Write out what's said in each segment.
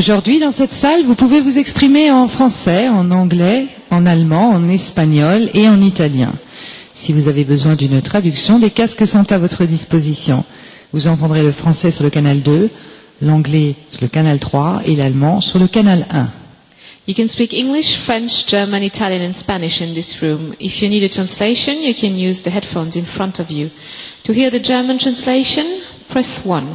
Aujourd'hui, dans cette salle, vous pouvez vous exprimer en français, en anglais, en allemand, en espagnol et en italien. Si vous avez besoin d'une traduction, des casques sont à votre disposition. Vous entendrez le français sur le canal 2, l'anglais sur le canal 3 et l'allemand sur le canal 1. You can speak English, French, German, Italian and Spanish in this room. If you need a translation, you can use the headphones in front of you. To hear the German translation, press 1.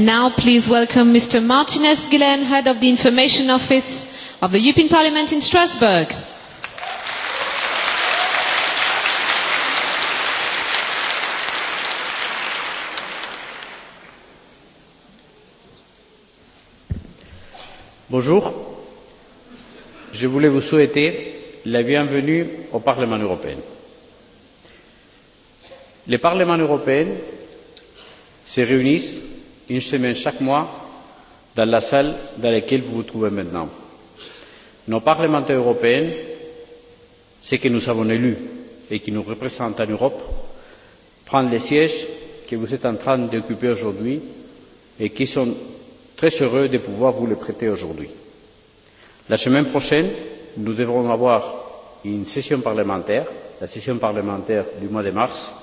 And now please welcome Mr. Martinez Gillen, Head of the Information Office of the European Parliament in Strasbourg. Bonjour. Je voulais vous souhaiter la bienvenue au Parlement européen. Le Parlement européen se réunit une semaine chaque mois dans la salle dans laquelle vous vous trouvez maintenant. Nos parlementaires européens, ceux que nous avons élus et qui nous représentent en Europe, prennent les sièges que vous êtes en train d'occuper aujourd'hui et qui sont très heureux de pouvoir vous les prêter aujourd'hui. La semaine prochaine, nous devrons avoir une session parlementaire, la session parlementaire du mois de mars,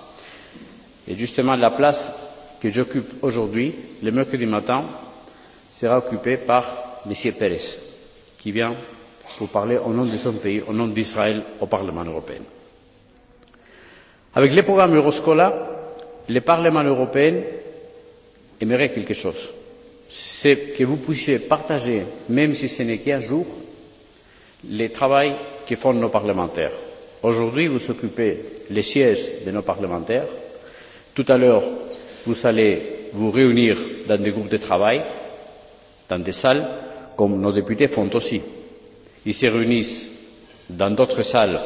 et justement la place que j'occupe aujourd'hui, le mercredi matin, sera occupé par M. Pérez, qui vient pour parler au nom de son pays, au nom d'Israël, au Parlement européen. Avec les programmes Euroscola, le Parlement européen aimerait quelque chose. C'est que vous puissiez partager, même si ce n'est qu'un jour, le travail que font nos parlementaires. Aujourd'hui, vous occupez les sièges de nos parlementaires. Tout à l'heure, vous allez vous réunir dans des groupes de travail, dans des salles, comme nos députés font aussi. Ils se réunissent dans d'autres salles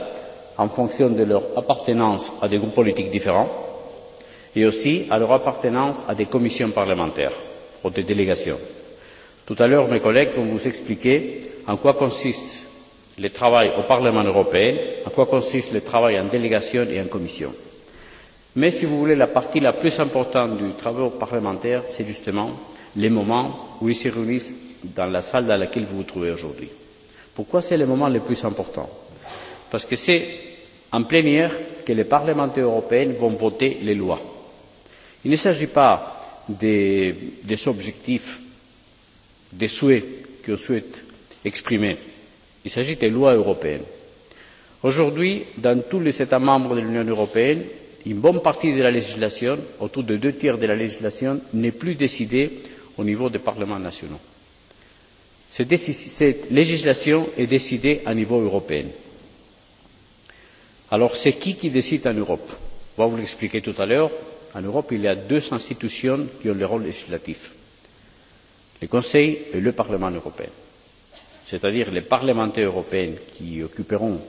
en fonction de leur appartenance à des groupes politiques différents et aussi à leur appartenance à des commissions parlementaires ou des délégations. Tout à l'heure, mes collègues vont vous expliquer en quoi consiste le travail au Parlement européen, en quoi consiste le travail en délégation et en commission. Mais si vous voulez, la partie la plus importante du travail parlementaire, c'est justement les moments où ils se réunissent dans la salle dans laquelle vous vous trouvez aujourd'hui. Pourquoi c'est le moment le plus important Parce que c'est en plénière que les parlementaires européens vont voter les lois. Il ne s'agit pas des, des objectifs, des souhaits qu'on souhaite exprimer. Il s'agit des lois européennes. Aujourd'hui, dans tous les États membres de l'Union européenne, une bonne partie de la législation, autour de deux tiers de la législation, n'est plus décidée au niveau des parlements nationaux. Cette, cette législation est décidée à niveau européen. Alors c'est qui qui décide en Europe On va vous l'expliquer tout à l'heure. En Europe, il y a deux institutions qui ont le rôle législatif. Le Conseil et le Parlement européen. C'est-à-dire les parlementaires européens qui occuperont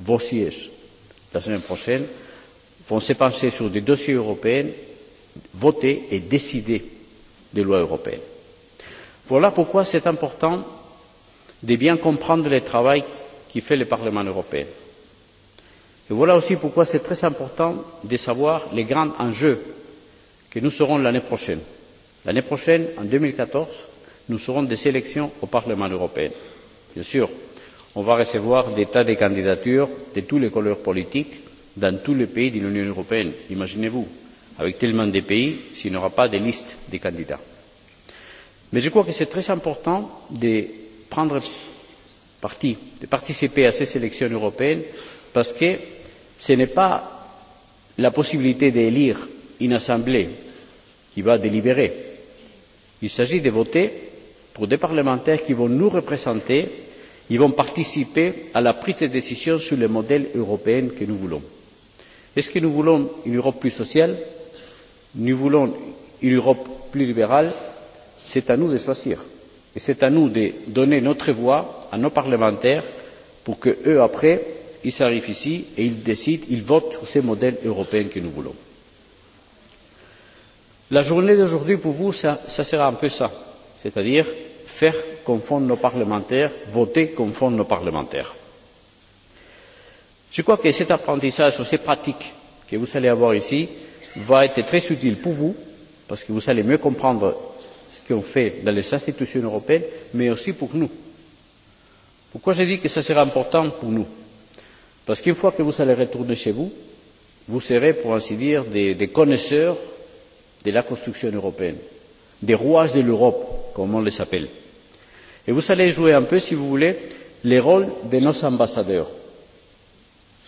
vos sièges la semaine prochaine vont se pencher sur des dossiers européens, voter et décider des lois européennes. Voilà pourquoi c'est important de bien comprendre le travail qui fait le Parlement européen. Et voilà aussi pourquoi c'est très important de savoir les grands enjeux que nous serons l'année prochaine. L'année prochaine, en 2014, nous serons des élections au Parlement européen. Bien sûr, on va recevoir des tas de candidatures de tous les couleurs politiques dans tous les pays de l'Union européenne. Imaginez-vous, avec tellement de pays, s'il n'y aura pas de liste de candidats. Mais je crois que c'est très important de prendre parti, de participer à ces élections européennes, parce que ce n'est pas la possibilité d'élire une assemblée qui va délibérer. Il s'agit de voter pour des parlementaires qui vont nous représenter, ils vont participer à la prise de décision sur le modèle européen que nous voulons. Est-ce que nous voulons une Europe plus sociale Nous voulons une Europe plus libérale C'est à nous de choisir. Et c'est à nous de donner notre voix à nos parlementaires pour que eux après, ils arrivent ici et ils décident, ils votent sur ces modèles européens que nous voulons. La journée d'aujourd'hui pour vous, ça, ça sera un peu ça. C'est-à-dire faire confondre nos parlementaires, voter confondre nos parlementaires. Je crois que cet apprentissage ou ces pratiques que vous allez avoir ici va être très utile pour vous, parce que vous allez mieux comprendre ce qu'on fait dans les institutions européennes, mais aussi pour nous. Pourquoi je dis que ça sera important pour nous Parce qu'une fois que vous allez retourner chez vous, vous serez, pour ainsi dire, des, des connaisseurs de la construction européenne, des rois de l'Europe, comme on les appelle. Et vous allez jouer un peu, si vous voulez, les rôles de nos ambassadeurs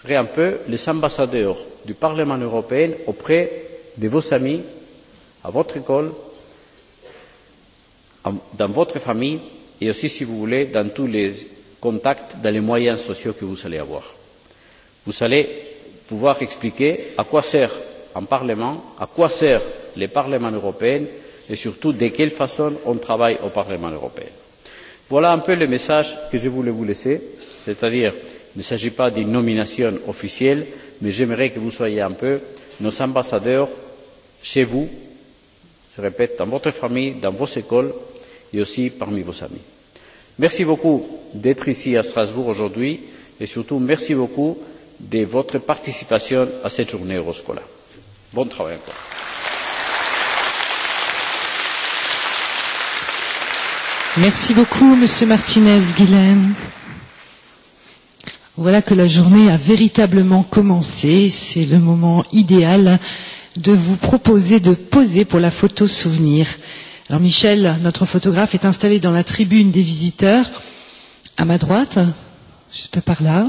serez un peu les ambassadeurs du Parlement européen auprès de vos amis, à votre école, dans votre famille et aussi, si vous voulez, dans tous les contacts, dans les moyens sociaux que vous allez avoir. Vous allez pouvoir expliquer à quoi sert un Parlement, à quoi sert le Parlement européen et surtout de quelle façon on travaille au Parlement européen. Voilà un peu le message que je voulais vous laisser, c'est-à-dire ne s'agit pas d'une nomination officielle, mais j'aimerais que vous soyez un peu nos ambassadeurs chez vous, je répète, dans votre famille, dans vos écoles et aussi parmi vos amis. Merci beaucoup d'être ici à Strasbourg aujourd'hui et surtout merci beaucoup de votre participation à cette journée Euroscola. Bon travail encore. Merci beaucoup, Monsieur martinez Guilhem. Voilà que la journée a véritablement commencé. C'est le moment idéal de vous proposer de poser pour la photo souvenir. Alors Michel, notre photographe, est installé dans la tribune des visiteurs, à ma droite, juste par là.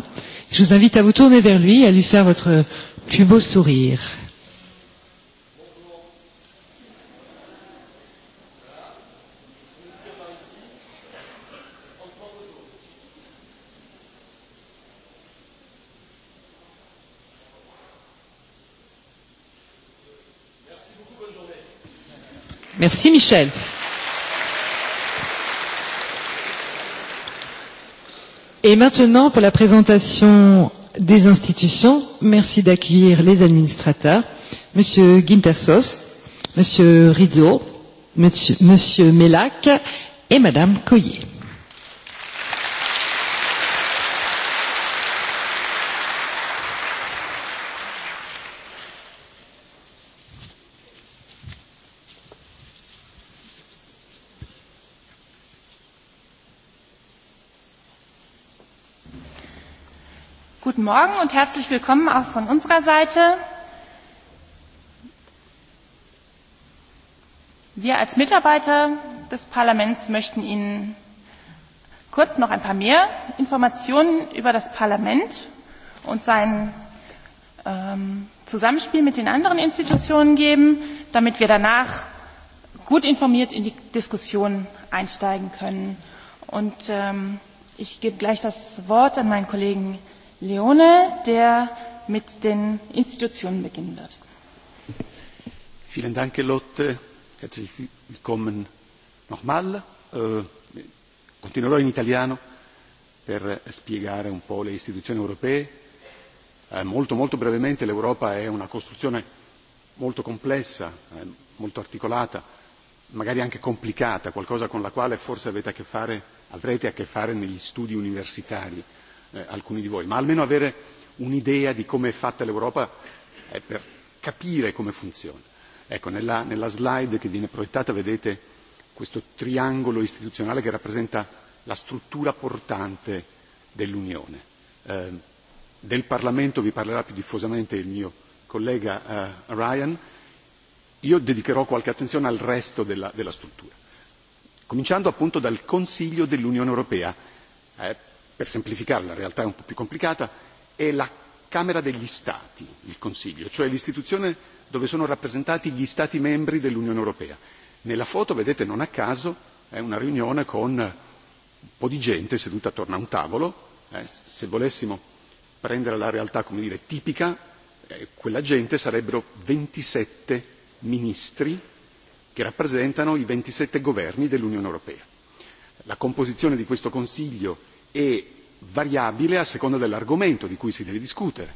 Je vous invite à vous tourner vers lui et à lui faire votre plus beau sourire. Merci Michel. Et maintenant, pour la présentation des institutions, merci d'accueillir les administrateurs, Monsieur Gintersos, Monsieur Rideau, Monsieur, Monsieur Mélac et Madame Collier. Guten Morgen und herzlich willkommen auch von unserer Seite. Wir als Mitarbeiter des Parlaments möchten Ihnen kurz noch ein paar mehr Informationen über das Parlament und sein ähm, Zusammenspiel mit den anderen Institutionen geben, damit wir danach gut informiert in die Diskussion einsteigen können. Und ähm, ich gebe gleich das Wort an meinen Kollegen Leone, der mit den Institutionen beginnen wird. Vielen Dank, Lotte. Herzlich willkommen nochmal. Äh, continuerò in italiano per spiegare un po' le istituzioni europee. Eh, molto, molto brevemente l'Europa è una costruzione molto complessa, eh, molto articolata, magari anche complicata, qualcosa con la quale forse avete a che fare, avrete a che fare negli studi universitari eh, alcuni di voi, ma almeno avere un'idea di come è fatta l'Europa eh, per capire come funziona. Ecco, nella, nella slide che viene proiettata vedete questo triangolo istituzionale che rappresenta la struttura portante dell'Unione. Eh, del Parlamento vi parlerà più diffusamente il mio collega eh, Ryan. Io dedicherò qualche attenzione al resto della, della struttura, cominciando appunto dal Consiglio dell'Unione Europea. Eh, per semplificare la realtà è un po' più complicata, è la Camera degli Stati, il Consiglio, cioè l'istituzione dove sono rappresentati gli Stati membri dell'Unione Europea. Nella foto, vedete, non a caso, è una riunione con un po' di gente seduta attorno a un tavolo. Eh, se volessimo prendere la realtà, come dire, tipica, eh, quella gente sarebbero 27 ministri che rappresentano i 27 governi dell'Unione Europea. La composizione di questo Consiglio è e variabile a seconda dell'argomento di cui si deve discutere.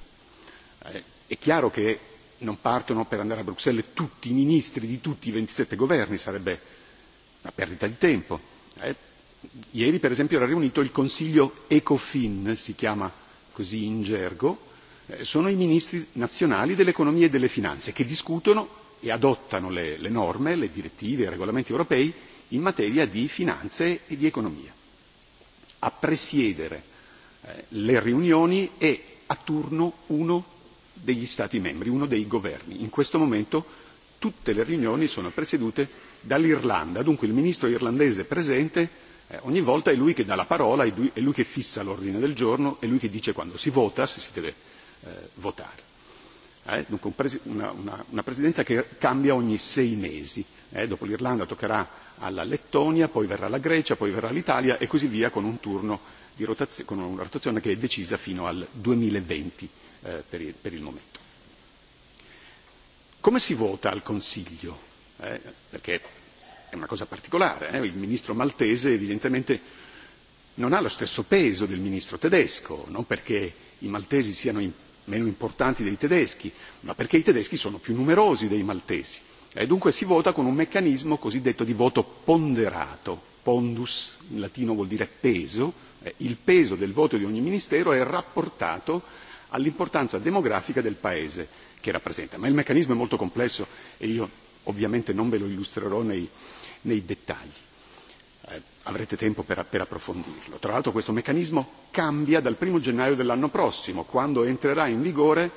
Eh, è chiaro che non partono per andare a Bruxelles tutti i ministri di tutti i 27 governi, sarebbe una perdita di tempo. Eh, ieri per esempio era riunito il Consiglio Ecofin, si chiama così in gergo, eh, sono i ministri nazionali dell'economia e delle finanze che discutono e adottano le, le norme, le direttive e i regolamenti europei in materia di finanze e di economia a presiedere eh, le riunioni è e a turno uno degli Stati membri, uno dei governi. In questo momento tutte le riunioni sono presiedute dall'Irlanda, dunque il ministro irlandese presente eh, ogni volta è lui che dà la parola, è lui, che fissa l'ordine del giorno, è lui che dice quando si vota, se si deve eh, votare. Eh, dunque una, una, una presidenza che cambia ogni sei mesi. Eh, dopo l'Irlanda toccherà alla Lettonia, poi verrà la Grecia, poi verrà l'Italia e così via con, un turno di rotazio- con una rotazione che è decisa fino al 2020 eh, per, il, per il momento. Come si vota al Consiglio? Eh, perché è una cosa particolare, eh? il ministro maltese evidentemente non ha lo stesso peso del ministro tedesco, non perché i maltesi siano in, meno importanti dei tedeschi, ma perché i tedeschi sono più numerosi dei maltesi E dunque si vota con un meccanismo cosiddetto di voto ponderato. Pondus in latino vuol dire peso, eh, il peso del voto di ogni ministero è rapportato all'importanza demografica del paese che rappresenta. Ma il meccanismo è molto complesso e io ovviamente non ve lo illustrerò nei, nei dettagli. Eh, avrete tempo per, per approfondirlo. Tra l'altro questo meccanismo cambia dal 1 gennaio dell'anno prossimo, quando entrerà in vigore,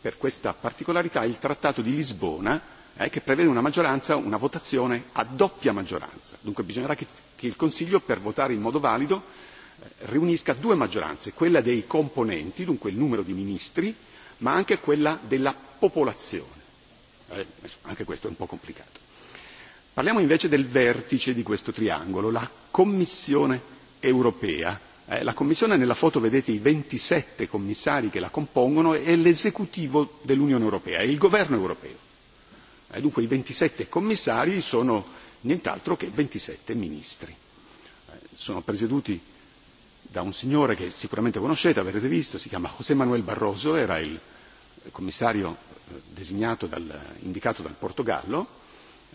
per questa particolarità, il Trattato di Lisbona, eh, che prevede una maggioranza, una votazione a doppia maggioranza. Dunque bisognerà che, che il Consiglio, per votare in modo valido, eh, riunisca due maggioranze, quella dei componenti, dunque il numero di ministri, ma anche quella della popolazione. Eh, anche questo è un po' complicato. Parliamo invece del vertice di questo triangolo, la Commissione europea. Eh, la Commissione nella foto vedete i 27 commissari che la compongono è l'esecutivo dell'Unione europea, è il governo europeo E dunque i 27 commissari sono nient'altro che 27 ministri. Eh, sono presieduti da un signore che sicuramente conoscete, avrete visto, si chiama José Manuel Barroso, era il commissario eh, designato dal, indicato dal Portogallo,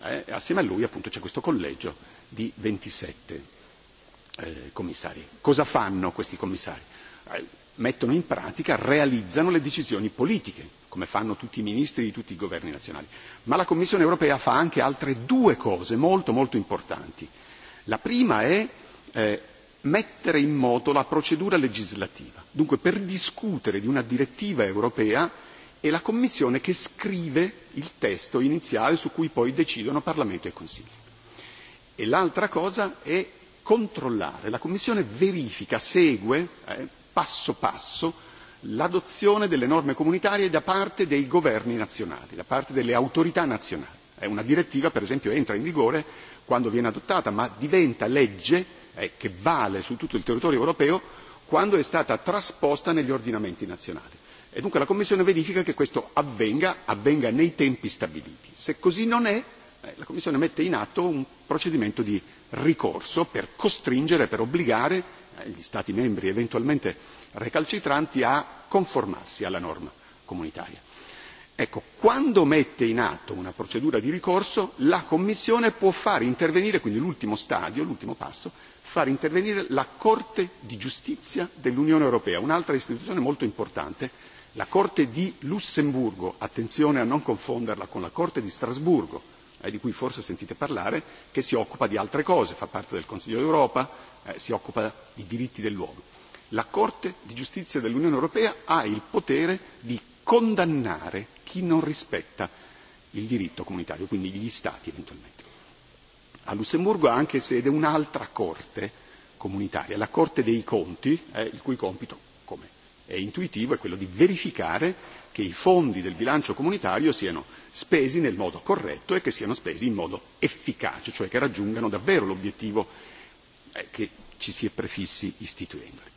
eh, e assieme a lui appunto c'è questo collegio di 27 eh, commissari. Cosa fanno questi commissari? Eh, mettono in pratica, realizzano le decisioni politiche come fanno tutti i ministri di tutti i governi nazionali. Ma la Commissione europea fa anche altre due cose molto molto importanti. La prima è eh, mettere in moto la procedura legislativa. Dunque per discutere di una direttiva europea è la Commissione che scrive il testo iniziale su cui poi decidono Parlamento e Consiglio. E l'altra cosa è controllare. La Commissione verifica, segue eh, passo passo l'adozione delle norme comunitarie da parte dei governi nazionali, da parte delle autorità nazionali. Una direttiva, per esempio, entra in vigore quando viene adottata, ma diventa legge eh, che vale su tutto il territorio europeo quando è stata trasposta negli ordinamenti nazionali. E dunque la Commissione verifica che questo avvenga, avvenga nei tempi stabiliti. Se così non è, eh, la Commissione mette in atto un procedimento di ricorso per costringere, per obbligare gli Stati membri eventualmente recalcitranti a conformarsi alla norma comunitaria. Ecco, quando mette in atto una procedura di ricorso, la Commissione può far intervenire, quindi l'ultimo stadio, l'ultimo passo, far intervenire la Corte di giustizia dell'Unione Europea, un'altra istituzione molto importante, la Corte di Lussemburgo, attenzione a non confonderla con la Corte di Strasburgo, eh, di cui forse sentite parlare, che si occupa di altre cose, fa parte del Consiglio d'Europa, Eh, si occupa di diritti dell'uomo. La Corte di giustizia dell'Unione Europea ha il potere di condannare chi non rispetta il diritto comunitario, quindi gli Stati eventualmente. A Lussemburgo ha anche sede un'altra Corte comunitaria, la Corte dei Conti, eh, il cui compito, come è intuitivo, è quello di verificare che i fondi del bilancio comunitario siano spesi nel modo corretto e che siano spesi in modo efficace, cioè che raggiungano davvero l'obiettivo Eh, che ci si è prefissi istituendoli.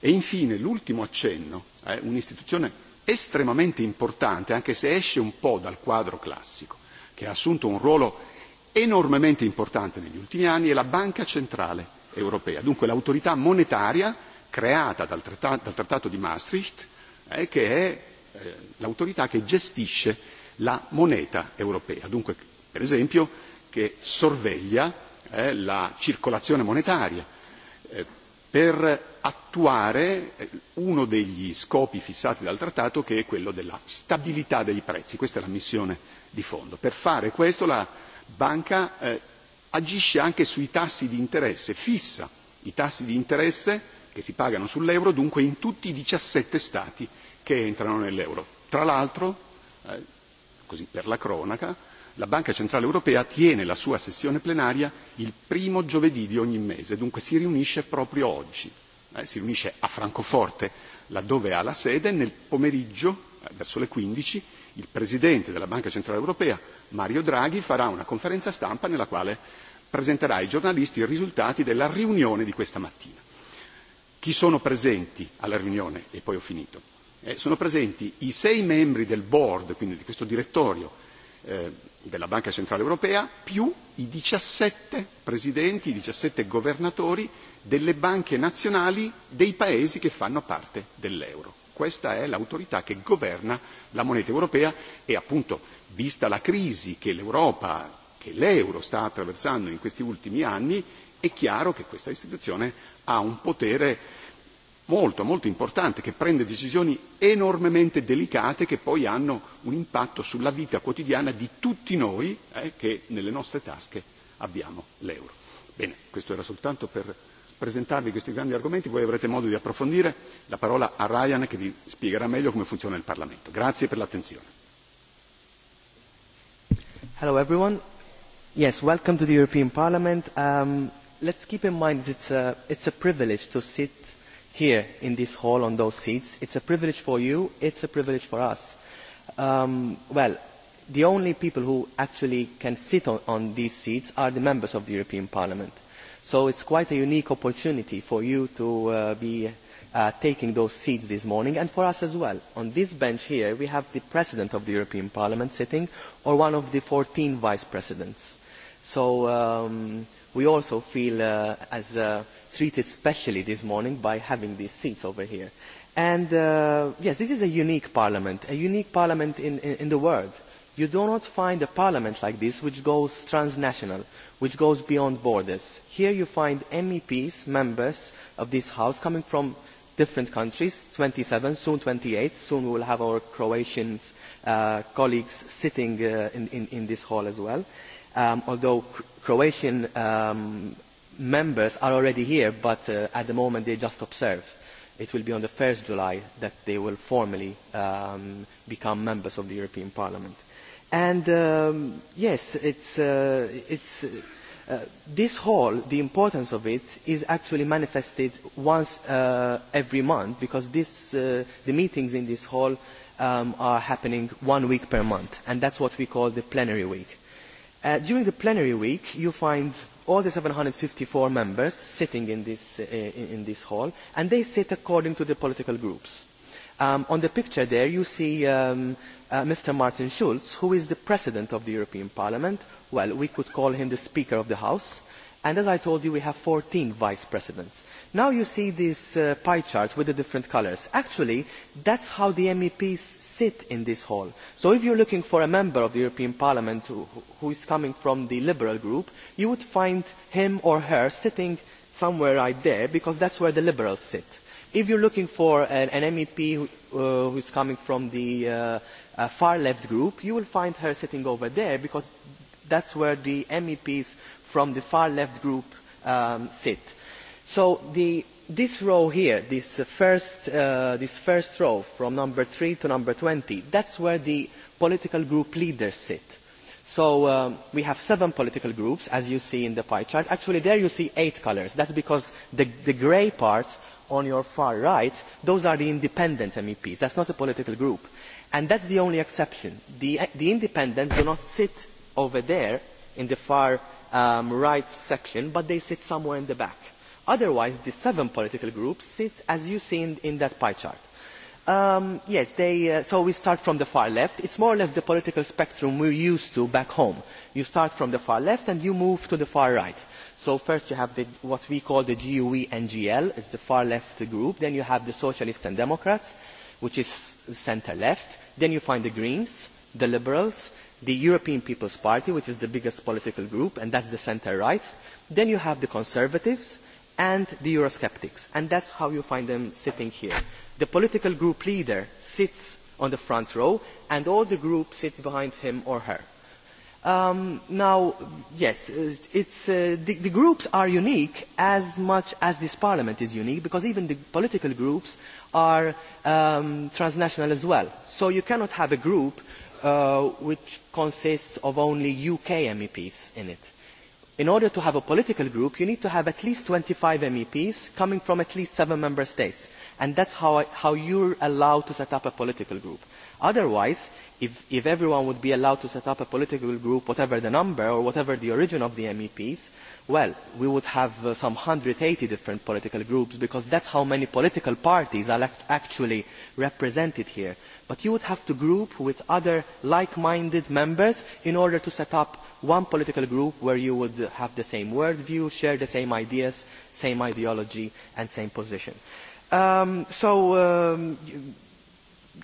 E infine l'ultimo accenno, eh, un'istituzione estremamente importante, anche se esce un po' dal quadro classico, che ha assunto un ruolo enormemente importante negli ultimi anni, è la Banca Centrale Europea, dunque l'autorità monetaria creata dal Trattato, dal trattato di Maastricht, eh, che è eh, l'autorità che gestisce la moneta europea, dunque per esempio che sorveglia eh, la circolazione monetaria, eh, per attuare eh, uno degli scopi fissati dal trattato che è quello della stabilità dei prezzi. Questa è la missione di fondo. Per fare questo la banca eh, agisce anche sui tassi di interesse, fissa i tassi di interesse che si pagano sull'euro dunque in tutti i diciassette Stati che entrano nell'euro. Tra l'altro, eh, così per la cronaca, La Banca Centrale Europea tiene la sua sessione plenaria il primo giovedì di ogni mese, dunque si riunisce proprio oggi. Eh, si riunisce a Francoforte, laddove ha la sede, nel pomeriggio, eh, verso le 15, il Presidente della Banca Centrale Europea, Mario Draghi, farà una conferenza stampa nella quale presenterà ai giornalisti i risultati della riunione di questa mattina. Chi sono presenti alla riunione? E poi ho finito. Eh, sono presenti i sei membri del board, quindi di questo direttorio, eh, della Banca Centrale Europea più i 17 presidenti, i 17 governatori delle banche nazionali dei paesi che fanno parte dell'euro. Questa è l'autorità che governa la moneta europea e appunto, vista la crisi che l'Europa, che l'euro sta attraversando in questi ultimi anni, è chiaro che questa istituzione ha un potere molto, molto importante che prende decisioni enormemente delicate che poi hanno un impatto sulla vita quotidiana di tutti noi eh, che nelle nostre tasche abbiamo l'euro. Bene, questo era soltanto per presentarvi questi grandi argomenti, voi avrete modo di approfondire la parola a Ryan che vi spiegherà meglio come funziona il Parlamento. Grazie per l'attenzione. Hello everyone. Yes, welcome to the European Parliament. Um, let's keep in mind that it's a, it's a privilege to sit here in this hall on those seats. It's a privilege for you. It's a privilege for us. Um, well, the only people who actually can sit on, on these seats are the members of the European Parliament. So it's quite a unique opportunity for you to uh, be uh, taking those seats this morning and for us as well. On this bench here, we have the President of the European Parliament sitting or one of the 14 Vice Presidents. So um, we also feel uh, as uh, treated specially this morning by having these seats over here. And uh, yes, this is a unique parliament, a unique parliament in, in, in the world. You do not find a parliament like this which goes transnational, which goes beyond borders. Here you find MEPs, members of this house coming from different countries, 27, soon 28. Soon we will have our Croatian uh, colleagues sitting uh, in, in, in this hall as well. Um, although Croatian um, members are already here, but uh, at the moment they just observe. It will be on the 1st July that they will formally um, become members of the European Parliament. And um, yes, it's, uh, it's, uh, this hall, the importance of it, is actually manifested once uh, every month because this, uh, the meetings in this hall um, are happening one week per month, and that's what we call the plenary week. Uh, during the plenary week, you find all the 754 members sitting in this, uh, in this hall, and they sit according to the political groups. Um, on the picture there, you see um, uh, Mr. Martin Schulz, who is the President of the European Parliament. Well, we could call him the Speaker of the House. And as I told you, we have 14 Vice Presidents. Now you see these uh, pie charts with the different colours. Actually, that's how the MEPs sit in this hall. So if you're looking for a member of the European Parliament who, who is coming from the Liberal group, you would find him or her sitting somewhere right there because that's where the Liberals sit. If you're looking for an, an MEP who, uh, is coming from the uh, uh, far left group, you will find her sitting over there because that's where the MEPs from the far left group um, sit. So this row here, this uh, first, uh, this first row from number 3 to number 20, that's where the political group leaders sit. So um, we have seven political groups, as you see in the pie chart. Actually, there you see eight colors. That's because the, the grey part on your far right, those are the independent MEPs. That's not a political group. And that's the only exception. The, the independents do not sit over there in the far um, right section, but they sit somewhere in the back. Otherwise, the seven political groups sit as you see in, in that pie chart. Um, yes, they, uh, so we start from the far left. It's more or less the political spectrum we're used to back home. You start from the far left and you move to the far right. So first you have the, what we call the GUE NGL, it's the far left group. Then you have the Socialists and Democrats, which is center left. Then you find the Greens, the Liberals, the European People's Party, which is the biggest political group, and that's the center right. Then you have the Conservatives, and the Eurosceptics, and that's how you find them sitting here. The political group leader sits on the front row, and all the group sits behind him or her. Um, now, yes, it's, uh, the, the groups are unique as much as this parliament is unique, because even the political groups are um, transnational as well. So you cannot have a group uh, which consists of only UK MEPs in it in order to have a political group, you need to have at least 25 MEPs coming from at least seven member states. And that's how, I, how you're allowed to set up a political group. Otherwise, if, if everyone would be allowed to set up a political group, whatever the number or whatever the origin of the MEPs, well, we would have uh, some 180 different political groups because that's how many political parties are act actually represented here. But you would have to group with other like-minded members in order to set up one political group where you would have the same worldview, share the same ideas, same ideology, and same position. Um, so, um,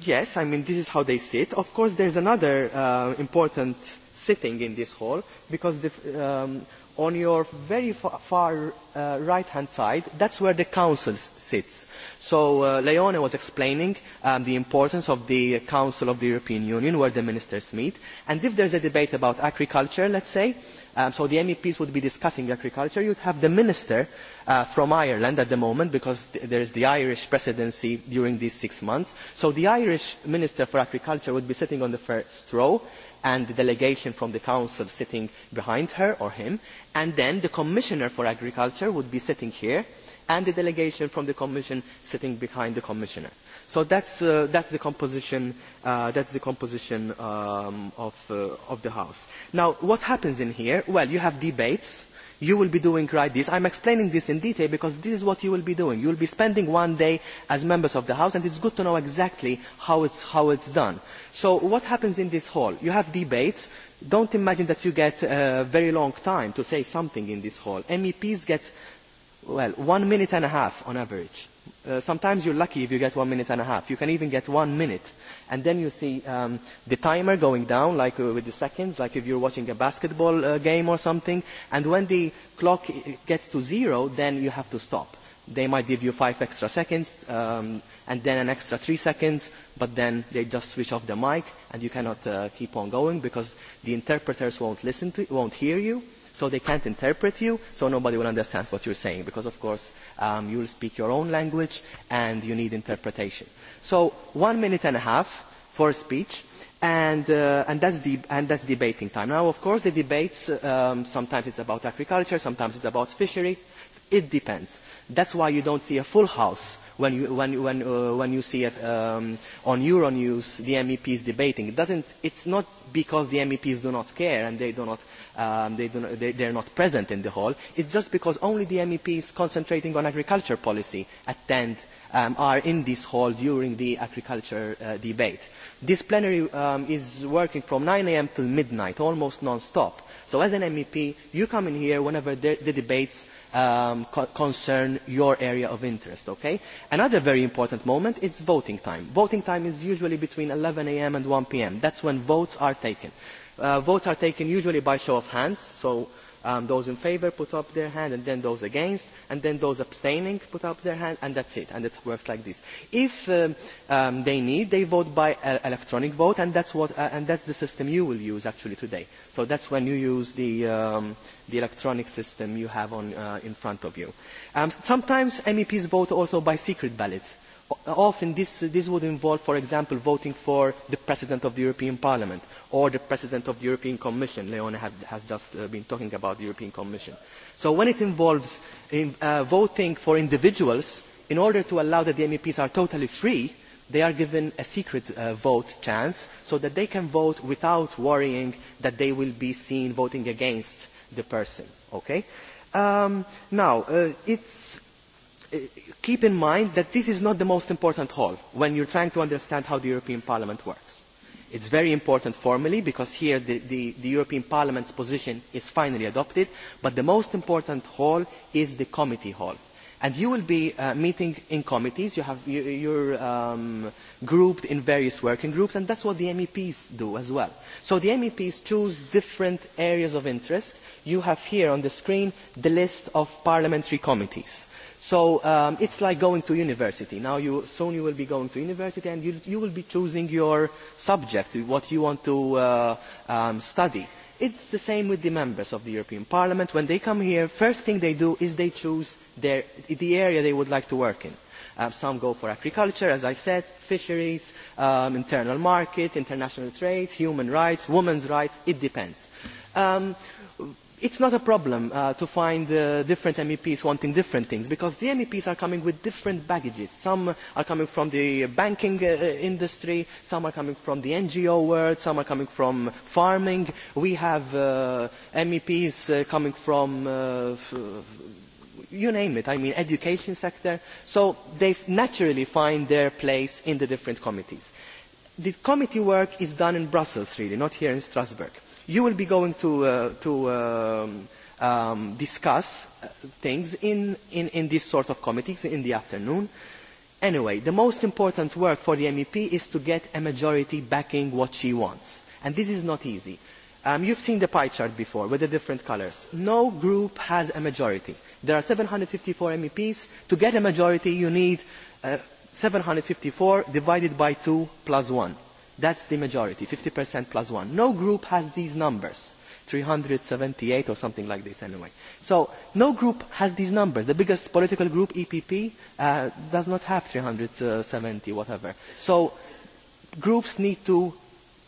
yes, I mean, this is how they sit. Of course, there's another uh, important sitting in this hall because the, um, on your very far, far uh, right-hand side, that's where the Council sits. So uh, Leone was explaining um, the importance of the Council of the European Union, where the ministers meet. And if there's a debate about agriculture, let's say, um, so the MEPs would be discussing agriculture, you'd have the minister uh, from Ireland at the moment, because th there is the Irish presidency during these six months. So the Irish minister for agriculture would be sitting on the first row, and the delegation from the Council sitting behind her or him, and then the Commissioner for Agriculture would be sitting here, and the delegation from the Commission sitting behind the Commissioner. So that's, uh, that's the composition, uh, that's the composition um, of, uh, of the House. Now, what happens in here? Well, you have debates you will be doing right this. I'm explaining this in detail because this is what you will be doing. You will be spending one day as members of the House and it's good to know exactly how it's, how it's done. So what happens in this hall? You have debates. Don't imagine that you get a very long time to say something in this hall. MEPs get, well, one minute and a half on average uh, sometimes you're lucky if you get one minute and a half. You can even get one minute. And then you see um, the timer going down, like uh, with the seconds, like if you're watching a basketball uh, game or something. And when the clock uh, gets to zero, then you have to stop. They might give you five extra seconds um, and then an extra three seconds, but then they just switch off the mic and you cannot uh, keep on going because the interpreters won't listen to, won't hear you so they can't interpret you, so nobody will understand what you're saying because, of course, um, you'll speak your own language and you need interpretation. So one minute and a half for speech and uh, and that's de and that's debating time now of course the debates um, sometimes it's about agriculture sometimes it's about fishery it depends that's why you don't see a full house when you, when, when, uh, when you see um, on Euronews the MEPs debating. It doesn't, it's not because the MEPs do not care and they do not, um, they do not, they, they're not present in the hall. It's just because only the MEPs concentrating on agriculture policy attend um, are in this hall during the agriculture uh, debate. This plenary um, is working from 9 a.m. till midnight, almost non-stop. So as an MEP, you come in here whenever the, the debates um, co concern your area of interest, okay? Another very important moment is voting time. Voting time is usually between 11 a.m. and 1 p.m. That's when votes are taken. Uh, votes are taken usually by show of hands, so Um, those in favor put up their hand, and then those against, and then those abstaining put up their hand, and that's it. And it works like this. If um, um, they need, they vote by uh, electronic vote, and that's, what, uh, and that's the system you will use actually today. So that's when you use the, um, the electronic system you have on, uh, in front of you. Um, sometimes MEPs vote also by secret ballot often this, this would involve, for example, voting for the President of the European Parliament or the President of the European Commission. Leone had has just uh, been talking about the European Commission. So when it involves in, uh, voting for individuals, in order to allow that the MEPs are totally free, they are given a secret uh, vote chance so that they can vote without worrying that they will be seen voting against the person. Okay? Um, now, uh, it's Uh, keep in mind that this is not the most important hall when you're trying to understand how the European Parliament works. It's very important formally because here the, the, the European Parliament's position is finally adopted, but the most important hall is the committee hall. And you will be uh, meeting in committees, you have, you, you're um, grouped in various working groups, and that's what the MEPs do as well. So the MEPs choose different areas of interest. You have here on the screen the list of parliamentary committees. So um, it's like going to university. Now you, soon you will be going to university and you, you will be choosing your subject, what you want to uh, um, study. It's the same with the members of the European Parliament. When they come here, first thing they do is they choose their, the area they would like to work in. Um, some go for agriculture, as I said, fisheries, um, internal market, international trade, human rights, women's rights, it depends. Um, it's not a problem uh, to find uh, different MEPs wanting different things because the MEPs are coming with different baggages. Some are coming from the banking uh, uh industry, some are coming from the NGO world, some are coming from farming. We have uh, MEPs uh, coming from, uh, you name it, I mean education sector. So they naturally find their place in the different committees. The committee work is done in Brussels really, not here in Strasbourg you will be going to, uh, to um, um, discuss uh, things in, in, in these sort of committees in the afternoon. Anyway, the most important work for the MEP is to get a majority backing what she wants. And this is not easy. Um, you've seen the pie chart before with the different colors. No group has a majority. There are 754 MEPs. To get a majority, you need uh, 754 divided by 2 plus 1 That's the majority, 50% plus one. No group has these numbers, 378 or something like this anyway. So no group has these numbers. The biggest political group, EPP, uh, does not have 370, whatever. So groups need to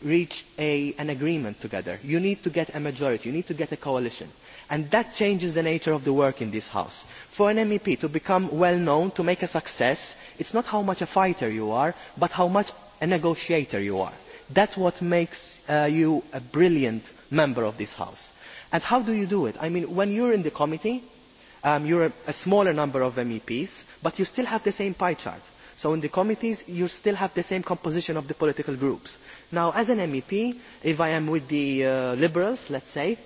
reach a, an agreement together. You need to get a majority. You need to get a coalition. And that changes the nature of the work in this House. For an MEP to become well known, to make a success, it's not how much a fighter you are, but how much a negotiator you are. That's what makes uh, you a brilliant member of this House. And how do you do it? I mean, when you're in the committee, um, you're a, a smaller number of MEPs, but you still have the same pie chart. So in the committees, you still have the same composition of the political groups. Now, as an MEP, if I am with the uh, Liberals, let's say,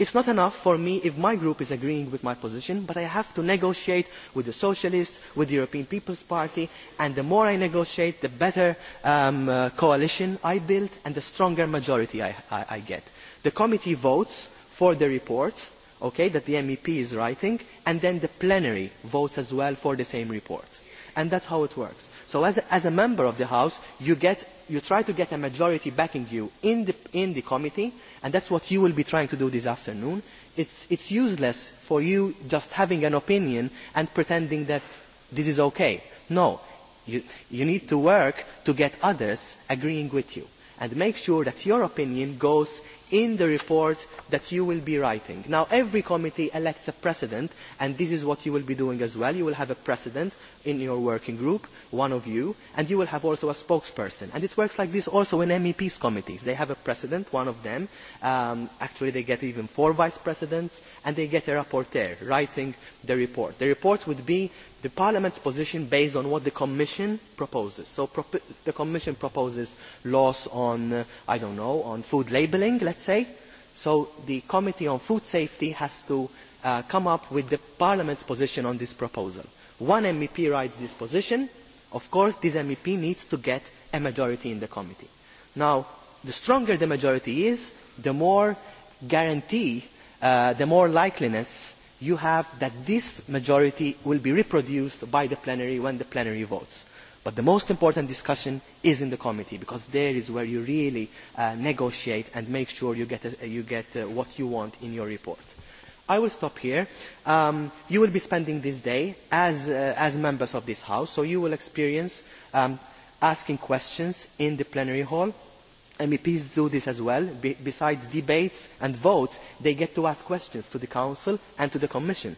It's not enough for me if my group is agreeing with my position, but I have to negotiate with the Socialists, with the European People's Party, and the more I negotiate, the better um, uh, coalition I build and the stronger majority I, I, I get. The committee votes for the report okay, that the MEP is writing, and then the plenary votes as well for the same report. And that's how it works. So as a, as a member of the House, you get you try to get a majority backing you in the, in the committee, and that's what you will be trying to do this afternoon. It's, it's useless for you just having an opinion and pretending that this is okay. No, you, you need to work to get others agreeing with you and make sure that your opinion goes in the report that you will be writing. Now, every committee elects a president, and this is what you will be doing as well. You will have a president in your working group, one of you, and you will have also a spokesperson. And it works like this also in MEPs committees. They have a president, one of them. Um, actually, they get even four vice presidents, and they get a rapporteur writing the report. The report would be the Parliament's position based on what the Commission proposes. So prop the Commission proposes laws on, uh, I don't know, on food labelling, let's let's say. So the Committee on Food Safety has to uh, come up with the Parliament's position on this proposal. One MEP writes this position. Of course, this MEP needs to get a majority in the committee. Now, the stronger the majority is, the more guarantee, uh, the more likeliness you have that this majority will be reproduced by the plenary when the plenary votes. But the most important discussion is in the committee because there is where you really uh, negotiate and make sure you get, a, you get uh, what you want in your report. I will stop here. Um, you will be spending this day as, uh, as members of this House, so you will experience um, asking questions in the plenary hall. MEPs do this as well. Be besides debates and votes, they get to ask questions to the Council and to the Commission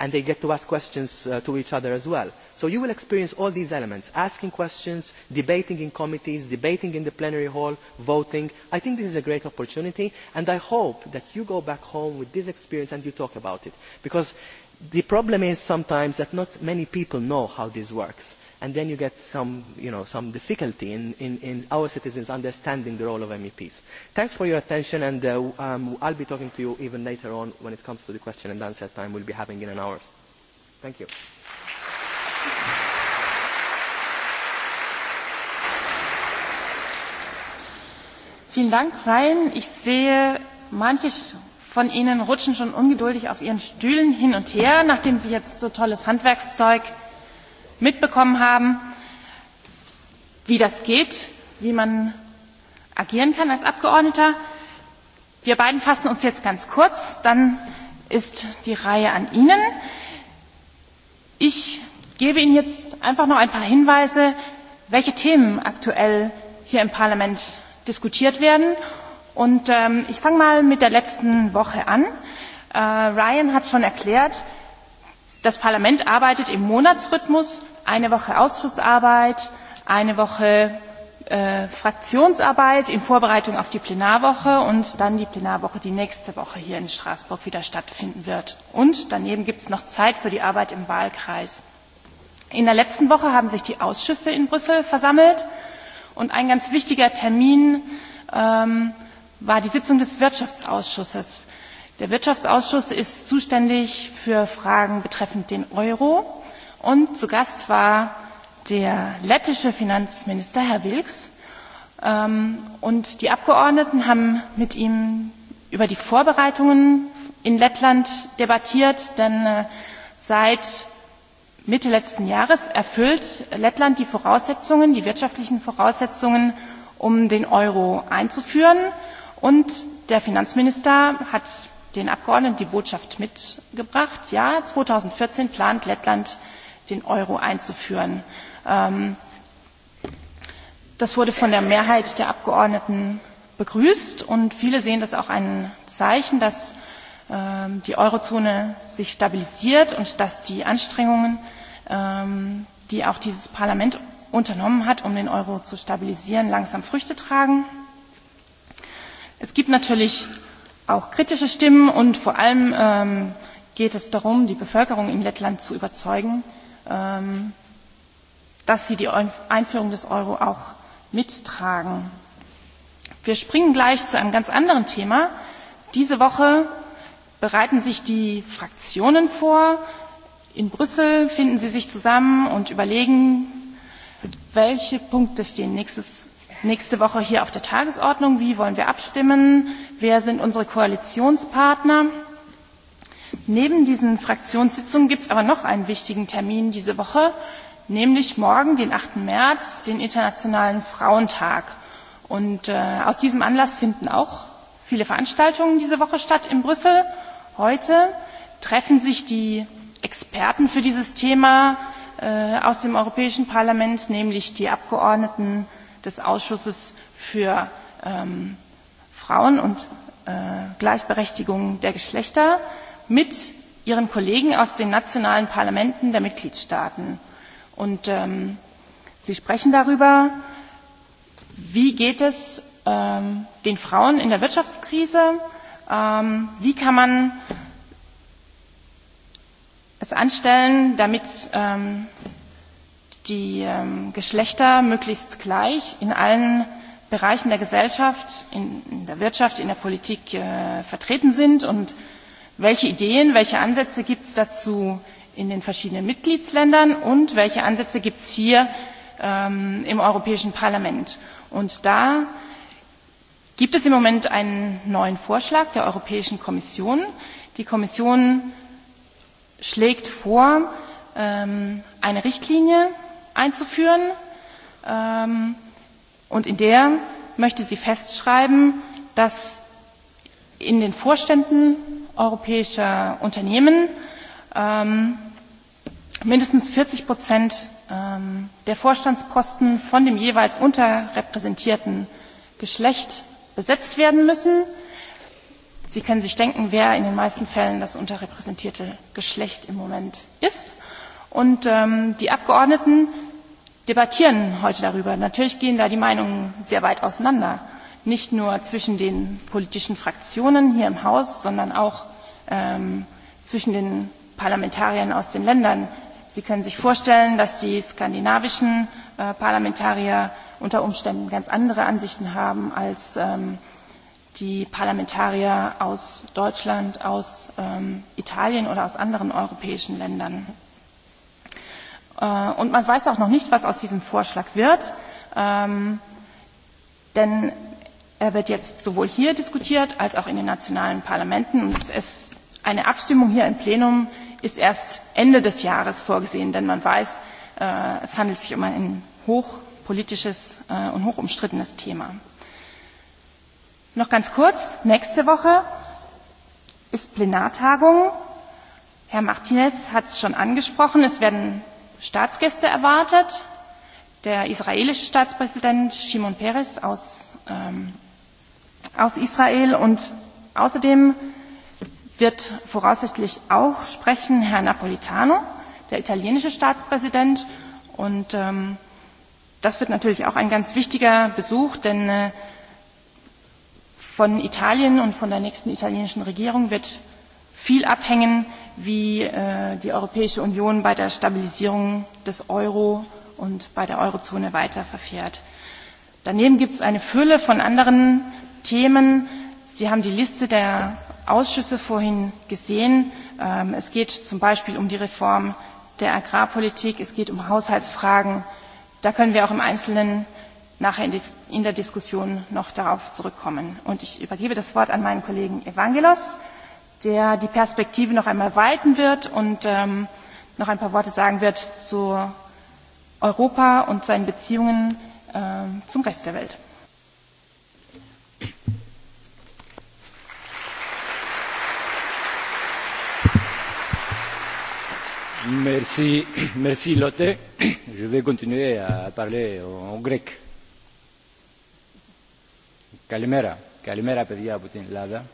and they get to ask questions uh, to each other as well. So you will experience all these elements, asking questions, debating in committees, debating in the plenary hall, voting. I think this is a great opportunity, and I hope that you go back home with this experience and you talk about it. Because the problem is sometimes that not many people know how this works and then you get some, you know, some difficulty in, in, in our citizens understanding the role of MEPs. Thanks for your attention, and uh, um, I'll be talking to you even later on when it comes to the question and answer time we'll be having in an hour. Thank you. Vielen Dank, Ryan. Ich sehe, manche von Ihnen rutschen schon ungeduldig auf Ihren Stühlen hin und her, nachdem Sie jetzt so tolles Handwerkszeug mitbekommen haben, wie das geht, wie man agieren kann als Abgeordneter. Wir beiden fassen uns jetzt ganz kurz, dann ist die Reihe an Ihnen. Ich gebe Ihnen jetzt einfach noch ein paar Hinweise, welche Themen aktuell hier im Parlament diskutiert werden. Und ähm, ich fange mal mit der letzten Woche an. Äh, Ryan hat schon erklärt, das Parlament arbeitet im Monatsrhythmus eine Woche Ausschussarbeit, eine Woche äh, Fraktionsarbeit in Vorbereitung auf die Plenarwoche und dann die Plenarwoche, die nächste Woche hier in Straßburg wieder stattfinden wird. Und daneben gibt es noch Zeit für die Arbeit im Wahlkreis. In der letzten Woche haben sich die Ausschüsse in Brüssel versammelt und ein ganz wichtiger Termin ähm, war die Sitzung des Wirtschaftsausschusses. Der Wirtschaftsausschuss ist zuständig für Fragen betreffend den Euro Und zu Gast war der lettische Finanzminister, Herr Wilks. Ähm, und die Abgeordneten haben mit ihm über die Vorbereitungen in Lettland debattiert, denn äh, seit Mitte letzten Jahres erfüllt Lettland die Voraussetzungen, die wirtschaftlichen Voraussetzungen, um den Euro einzuführen. Und der Finanzminister hat den Abgeordneten die Botschaft mitgebracht. Ja, 2014 plant Lettland den Euro einzuführen. Ähm, das wurde von der Mehrheit der Abgeordneten begrüßt und viele sehen das auch ein Zeichen, dass ähm, die Eurozone sich stabilisiert und dass die Anstrengungen, ähm, die auch dieses Parlament unternommen hat, um den Euro zu stabilisieren, langsam Früchte tragen. Es gibt natürlich auch kritische Stimmen und vor allem ähm, geht es darum, die Bevölkerung in Lettland zu überzeugen, ähm, dass sie die Einführung des Euro auch mittragen. Wir springen gleich zu einem ganz anderen Thema. Diese Woche bereiten sich die Fraktionen vor. In Brüssel finden sie sich zusammen und überlegen, welche Punkte stehen nächstes, nächste Woche hier auf der Tagesordnung, wie wollen wir abstimmen, wer sind unsere Koalitionspartner. Neben diesen Fraktionssitzungen gibt es aber noch einen wichtigen Termin diese Woche, nämlich morgen, den 8. März, den Internationalen Frauentag. Und äh, aus diesem Anlass finden auch viele Veranstaltungen diese Woche statt in Brüssel. Heute treffen sich die Experten für dieses Thema äh, aus dem Europäischen Parlament, nämlich die Abgeordneten des Ausschusses für ähm, Frauen und äh, Gleichberechtigung der Geschlechter, mit ihren Kollegen aus den nationalen Parlamenten der Mitgliedstaaten. Und ähm, sie sprechen darüber, wie geht es ähm, den Frauen in der Wirtschaftskrise, ähm, wie kann man es anstellen, damit ähm, die ähm, Geschlechter möglichst gleich in allen Bereichen der Gesellschaft, in, in der Wirtschaft, in der Politik äh, vertreten sind und Welche Ideen, welche Ansätze gibt es dazu in den verschiedenen Mitgliedsländern und welche Ansätze gibt es hier ähm, im Europäischen Parlament? Und da gibt es im Moment einen neuen Vorschlag der Europäischen Kommission. Die Kommission schlägt vor, ähm, eine Richtlinie einzuführen ähm, und in der möchte sie festschreiben, dass in den Vorständen europäischer Unternehmen ähm, mindestens 40 Prozent ähm, der Vorstandsposten von dem jeweils unterrepräsentierten Geschlecht besetzt werden müssen. Sie können sich denken, wer in den meisten Fällen das unterrepräsentierte Geschlecht im Moment ist. Und ähm, die Abgeordneten debattieren heute darüber. Natürlich gehen da die Meinungen sehr weit auseinander nicht nur zwischen den politischen Fraktionen hier im Haus, sondern auch ähm, zwischen den Parlamentariern aus den Ländern. Sie können sich vorstellen, dass die skandinavischen äh, Parlamentarier unter Umständen ganz andere Ansichten haben als ähm, die Parlamentarier aus Deutschland, aus ähm, Italien oder aus anderen europäischen Ländern. Äh, und man weiß auch noch nicht, was aus diesem Vorschlag wird. Ähm, denn Er wird jetzt sowohl hier diskutiert als auch in den nationalen Parlamenten. Und es ist eine Abstimmung hier im Plenum ist erst Ende des Jahres vorgesehen, denn man weiß, äh, es handelt sich um ein hochpolitisches äh, und hochumstrittenes Thema. Noch ganz kurz, nächste Woche ist Plenartagung. Herr Martinez hat es schon angesprochen, es werden Staatsgäste erwartet. Der israelische Staatspräsident Shimon Peres aus ähm, aus Israel und außerdem wird voraussichtlich auch sprechen Herr Napolitano, der italienische Staatspräsident. Und ähm, das wird natürlich auch ein ganz wichtiger Besuch, denn äh, von Italien und von der nächsten italienischen Regierung wird viel abhängen, wie äh, die Europäische Union bei der Stabilisierung des Euro und bei der Eurozone weiter verfährt. Daneben gibt es eine Fülle von anderen Themen. Sie haben die Liste der Ausschüsse vorhin gesehen. Ähm, es geht zum Beispiel um die Reform der Agrarpolitik, es geht um Haushaltsfragen. Da können wir auch im Einzelnen nachher in, dis in der Diskussion noch darauf zurückkommen. Und ich übergebe das Wort an meinen Kollegen Evangelos, der die Perspektive noch einmal weiten wird und ähm, noch ein paar Worte sagen wird zu Europa und seinen Beziehungen äh, zum Rest der Welt. Merci, merci Lotte. Je vais continuer à parler en grec. Kalimera, kalimera παιδιά από την Ελλάδα.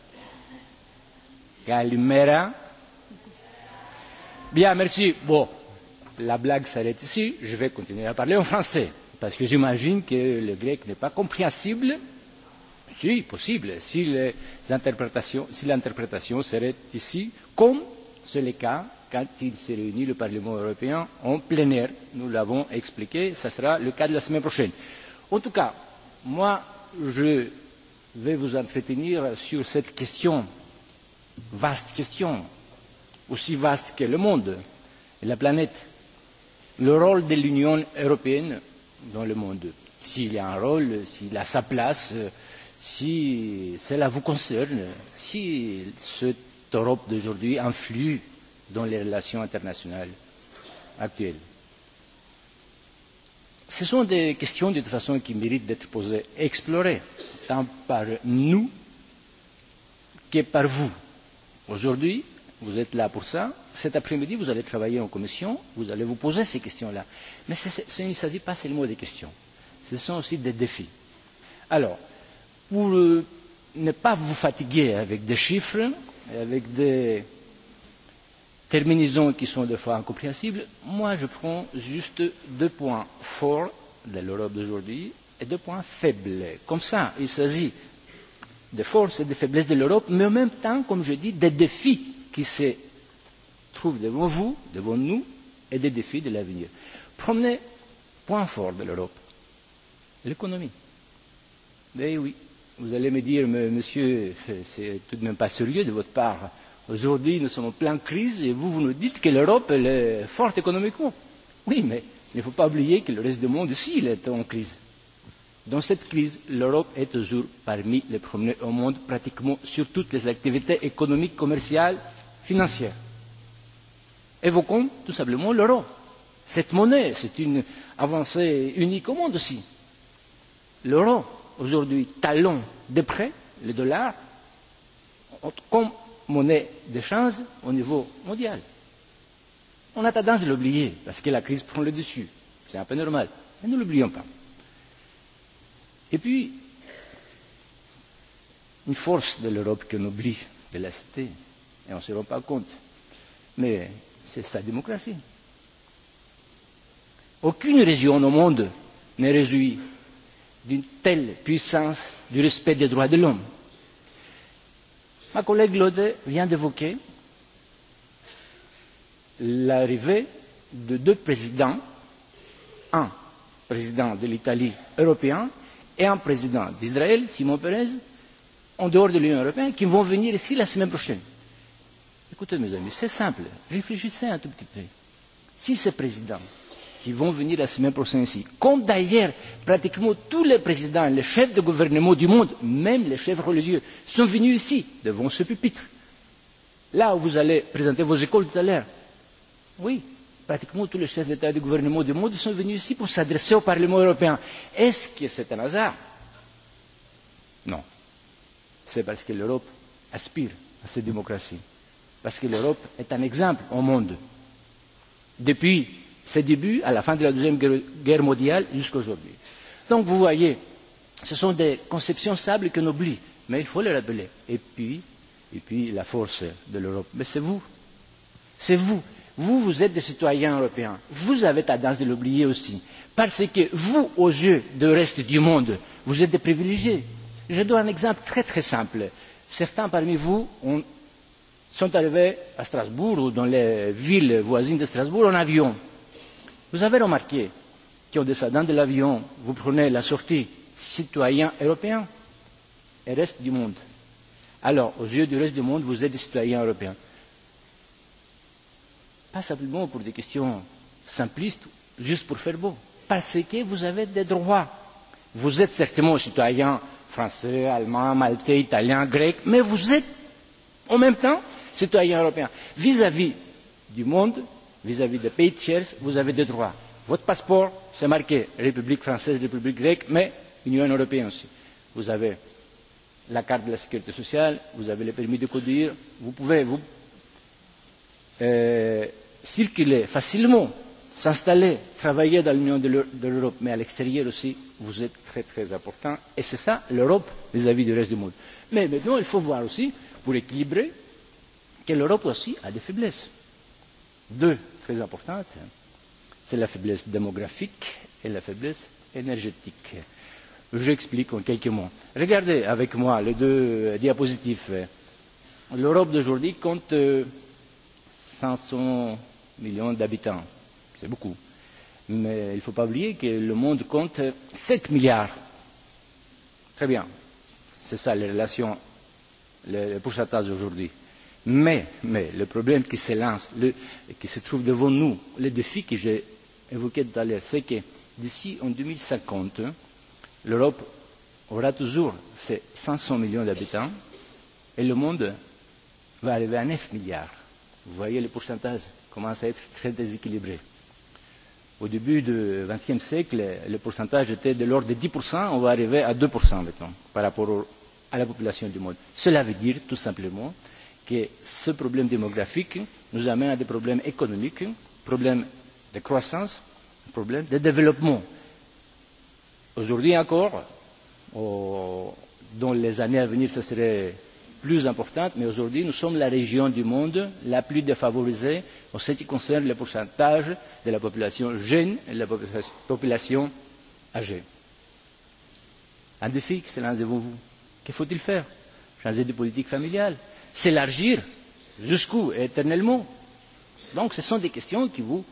Bien, merci. Bon, la blague s'arrête ici. Je vais continuer à parler en français. Parce que j'imagine que le grec n'est pas compréhensible si, possible, si les interprétations, si l'interprétation serait ici, comme c'est le cas quand il se réunit le Parlement européen en plénière. Nous l'avons expliqué, ce sera le cas de la semaine prochaine. En tout cas, moi, je vais vous entretenir sur cette question, vaste question, aussi vaste que le monde et la planète, le rôle de l'Union européenne dans le monde. S'il a un rôle, s'il a sa place, si cela vous concerne, si cette Europe d'aujourd'hui influe dans les relations internationales actuelles. Ce sont des questions de toute façon qui méritent d'être posées, explorées, tant par nous que par vous. Aujourd'hui, vous êtes là pour ça. Cet après-midi, vous allez travailler en commission, vous allez vous poser ces questions-là. Mais ce, est, il ne s'agit pas seulement des questions, ce sont aussi des défis. Alors, pour euh, ne pas vous fatiguer avec des chiffres et avec des terminaisons qui sont des fois incompréhensibles, moi je prends juste deux points forts de l'Europe d'aujourd'hui et deux points faibles. Comme ça, il s'agit des forces et des faiblesses de l'Europe, mais en même temps, comme je dis, des défis qui se trouvent devant vous, devant nous, et des défis de l'avenir. Premier point fort de l'Europe, l'économie. Eh oui, Vous allez me dire, mais monsieur, c'est tout de même pas sérieux de votre part. Aujourd'hui, nous sommes en pleine crise et vous, vous nous dites que l'Europe est forte économiquement. Oui, mais il ne faut pas oublier que le reste du monde aussi il est en crise. Dans cette crise, l'Europe est toujours parmi les premiers au monde, pratiquement sur toutes les activités économiques, commerciales, financières. Évoquons tout simplement l'euro. Cette monnaie, c'est une avancée unique au monde aussi. L'euro, aujourd'hui talon de près, le dollar, comme monnaie d'échange au niveau mondial. On a tendance à l'oublier parce que la crise prend le dessus. C'est un peu normal. Mais ne l'oublions pas. Et puis, une force de l'Europe qu'on oublie de la cité, et on ne se rend pas compte. Mais c'est sa démocratie. Aucune région au monde n'est réjouie d'une telle puissance du respect des droits de l'homme. Ma collègue Lode vient d'évoquer l'arrivée de deux présidents, un président de l'Italie européen et un président d'Israël, Simon Perez, en dehors de l'Union européenne, qui vont venir ici la semaine prochaine. Écoutez, mes amis, c'est simple. Réfléchissez un tout petit peu. Si ces présidents qui vont venir la semaine prochaine ici. Comme d'ailleurs, pratiquement tous les présidents, les chefs de gouvernement du monde, même les chefs religieux, sont venus ici, devant ce pupitre. Là où vous allez présenter vos écoles tout à l'heure. Oui, pratiquement tous les chefs d'État et de gouvernement du monde sont venus ici pour s'adresser au Parlement européen. Est-ce que c'est un hasard Non. C'est parce que l'Europe aspire à cette démocratie. Parce que l'Europe est un exemple au monde. Depuis ses débuts à la fin de la Deuxième Guerre mondiale jusqu'à aujourd'hui. Donc vous voyez, ce sont des conceptions sables qu'on oublie, mais il faut les rappeler. Et puis, et puis la force de l'Europe. Mais c'est vous, c'est vous. Vous, vous êtes des citoyens européens. Vous avez tendance de l'oublier aussi. Parce que vous, aux yeux du reste du monde, vous êtes des privilégiés. Je donne un exemple très très simple. Certains parmi vous ont, sont arrivés à Strasbourg ou dans les villes voisines de Strasbourg en avion Vous avez remarqué qu'au descendant de l'avion, vous prenez la sortie citoyen européen et reste du monde. Alors, aux yeux du reste du monde, vous êtes des citoyens européens. Pas simplement pour des questions simplistes, juste pour faire beau. Parce que vous avez des droits. Vous êtes certainement citoyen français, allemand, maltais, italien, grec, mais vous êtes en même temps citoyen européen. Vis-à-vis -vis du monde vis-à-vis des pays tiers, vous avez des droits. Votre passeport, c'est marqué République française, République grecque, mais Union européenne aussi. Vous avez la carte de la sécurité sociale, vous avez le permis de conduire, vous pouvez vous euh, circuler facilement, s'installer, travailler dans l'Union de l'Europe, mais à l'extérieur aussi, vous êtes très très important. Et c'est ça l'Europe vis-à-vis du reste du monde. Mais maintenant, il faut voir aussi, pour équilibrer, que l'Europe aussi a des faiblesses deux très importantes, c'est la faiblesse démographique et la faiblesse énergétique. J'explique en quelques mots. Regardez avec moi les deux euh, diapositives. L'Europe d'aujourd'hui compte 500 euh, millions d'habitants. C'est beaucoup. Mais il ne faut pas oublier que le monde compte 7 milliards. Très bien. C'est ça les relations, le pourcentage d'aujourd'hui. Mais, mais le problème qui se lance, le, qui se trouve devant nous, le défi que j'ai évoqué tout à l'heure, c'est que d'ici en 2050, l'Europe aura toujours ses 500 millions d'habitants et le monde va arriver à 9 milliards. Vous voyez, le pourcentage commence à être très déséquilibré. Au début du XXe siècle, le pourcentage était de l'ordre de 10%, on va arriver à 2% maintenant par rapport à la population du monde. Cela veut dire tout simplement que ce problème démographique nous amène à des problèmes économiques, problèmes de croissance, problèmes de développement. Aujourd'hui encore, dans les années à venir, ce serait plus important, mais aujourd'hui, nous sommes la région du monde la plus défavorisée en ce qui concerne le pourcentage de la population jeune et de la population âgée. Un défi, c'est l'un devant vous. Que faut-il faire Changer de politique familiale s'élargir jusqu'où éternellement Donc ce sont des questions qui vous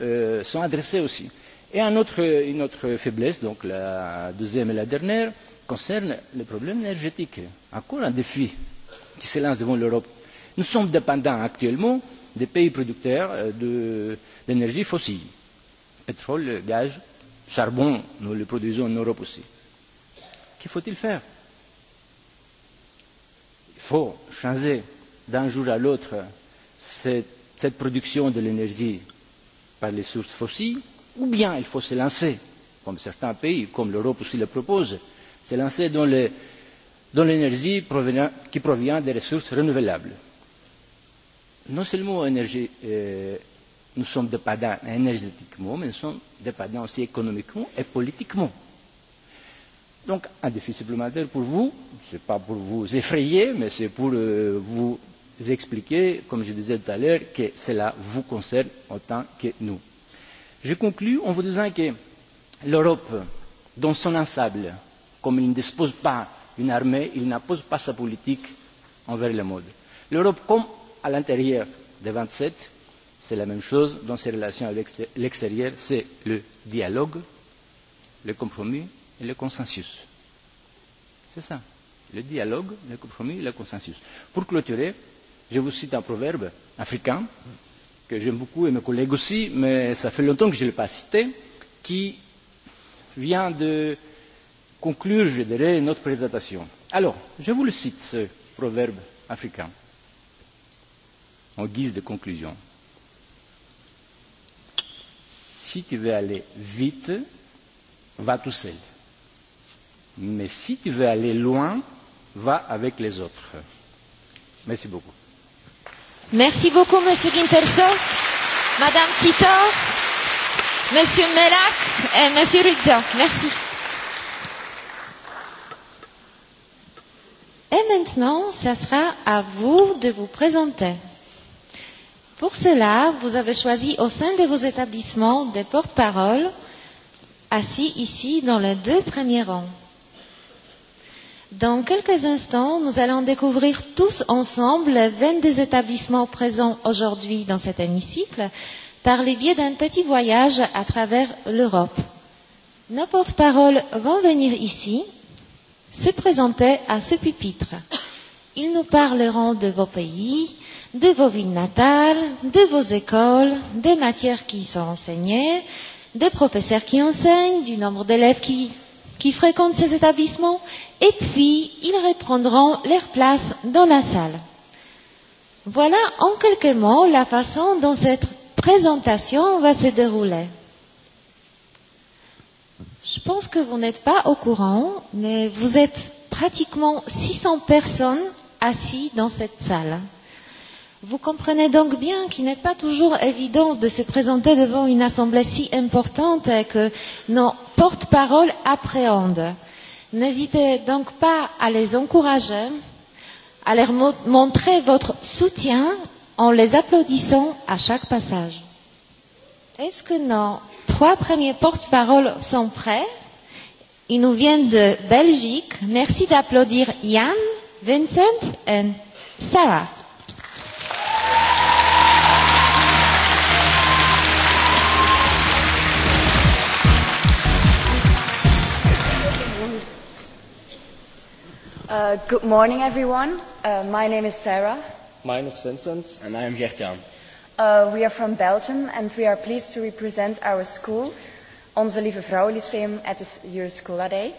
euh, sont adressées aussi. Et un autre, une autre faiblesse, donc la deuxième et la dernière, concerne le problème énergétique. Encore un défi qui s'élance devant l'Europe. Nous sommes dépendants actuellement des pays producteurs euh, d'énergie fossile. Pétrole, gaz, charbon, nous le produisons en Europe aussi. Que faut-il faire faut changer d'un jour à l'autre cette, cette production de l'énergie par les sources fossiles, ou bien il faut se lancer, comme certains pays, comme l'Europe aussi le propose, se lancer dans le dans l'énergie qui provient des ressources renouvelables. Non seulement énergie, euh, nous sommes dépendants énergétiquement, mais nous sommes dépendants aussi économiquement et politiquement. Donc, un défi supplémentaire pour vous, ce n'est pas pour vous effrayer, mais c'est pour euh, vous expliquer, comme je disais tout à l'heure, que cela vous concerne autant que nous. Je conclus en vous disant que l'Europe, dans son ensemble, comme il ne dispose pas d'une armée, il n'impose pas sa politique envers le monde. L'Europe, comme à l'intérieur des 27, c'est la même chose dans ses relations avec l'extérieur, c'est le dialogue, le compromis et le consensus. C'est ça le dialogue, le compromis, le consensus. Pour clôturer, je vous cite un proverbe africain que j'aime beaucoup et mes collègues aussi, mais ça fait longtemps que je ne l'ai pas cité, qui vient de conclure, je dirais, notre présentation. Alors, je vous le cite, ce proverbe africain, en guise de conclusion. Si tu veux aller vite, va tout seul. Mais si tu veux aller loin, va avec les autres. Merci beaucoup. Merci beaucoup, Monsieur Gintersos, Madame Titor, Monsieur Melak et Monsieur Rudda. Merci. Et maintenant, ce sera à vous de vous présenter. Pour cela, vous avez choisi au sein de vos établissements des porte-paroles assis ici dans les deux premiers rangs. Dans quelques instants, nous allons découvrir tous ensemble 22 établissements présents aujourd'hui dans cet hémicycle par le biais d'un petit voyage à travers l'Europe. Nos porte-paroles vont venir ici se présenter à ce pupitre. Ils nous parleront de vos pays, de vos villes natales, de vos écoles, des matières qui y sont enseignées, des professeurs qui enseignent, du nombre d'élèves qui qui fréquentent ces établissements et puis ils reprendront leur place dans la salle. Voilà en quelques mots la façon dont cette présentation va se dérouler. Je pense que vous n'êtes pas au courant, mais vous êtes pratiquement 600 personnes assises dans cette salle. Vous comprenez donc bien qu'il n'est pas toujours évident de se présenter devant une assemblée si importante et que nos porte-paroles appréhendent. N'hésitez donc pas à les encourager, à leur montrer votre soutien en les applaudissant à chaque passage. Est-ce que nos trois premiers porte-paroles sont prêts Ils nous viennent de Belgique. Merci d'applaudir Yann, Vincent et Sarah. Uh, good morning, everyone. Uh, my name is Sarah. Mine is Vincent. And I am Gertjan. Uh, we are from Belgium and we are pleased to represent our school, Onze Lieve Vrouw Lyceum, at this year's School Day.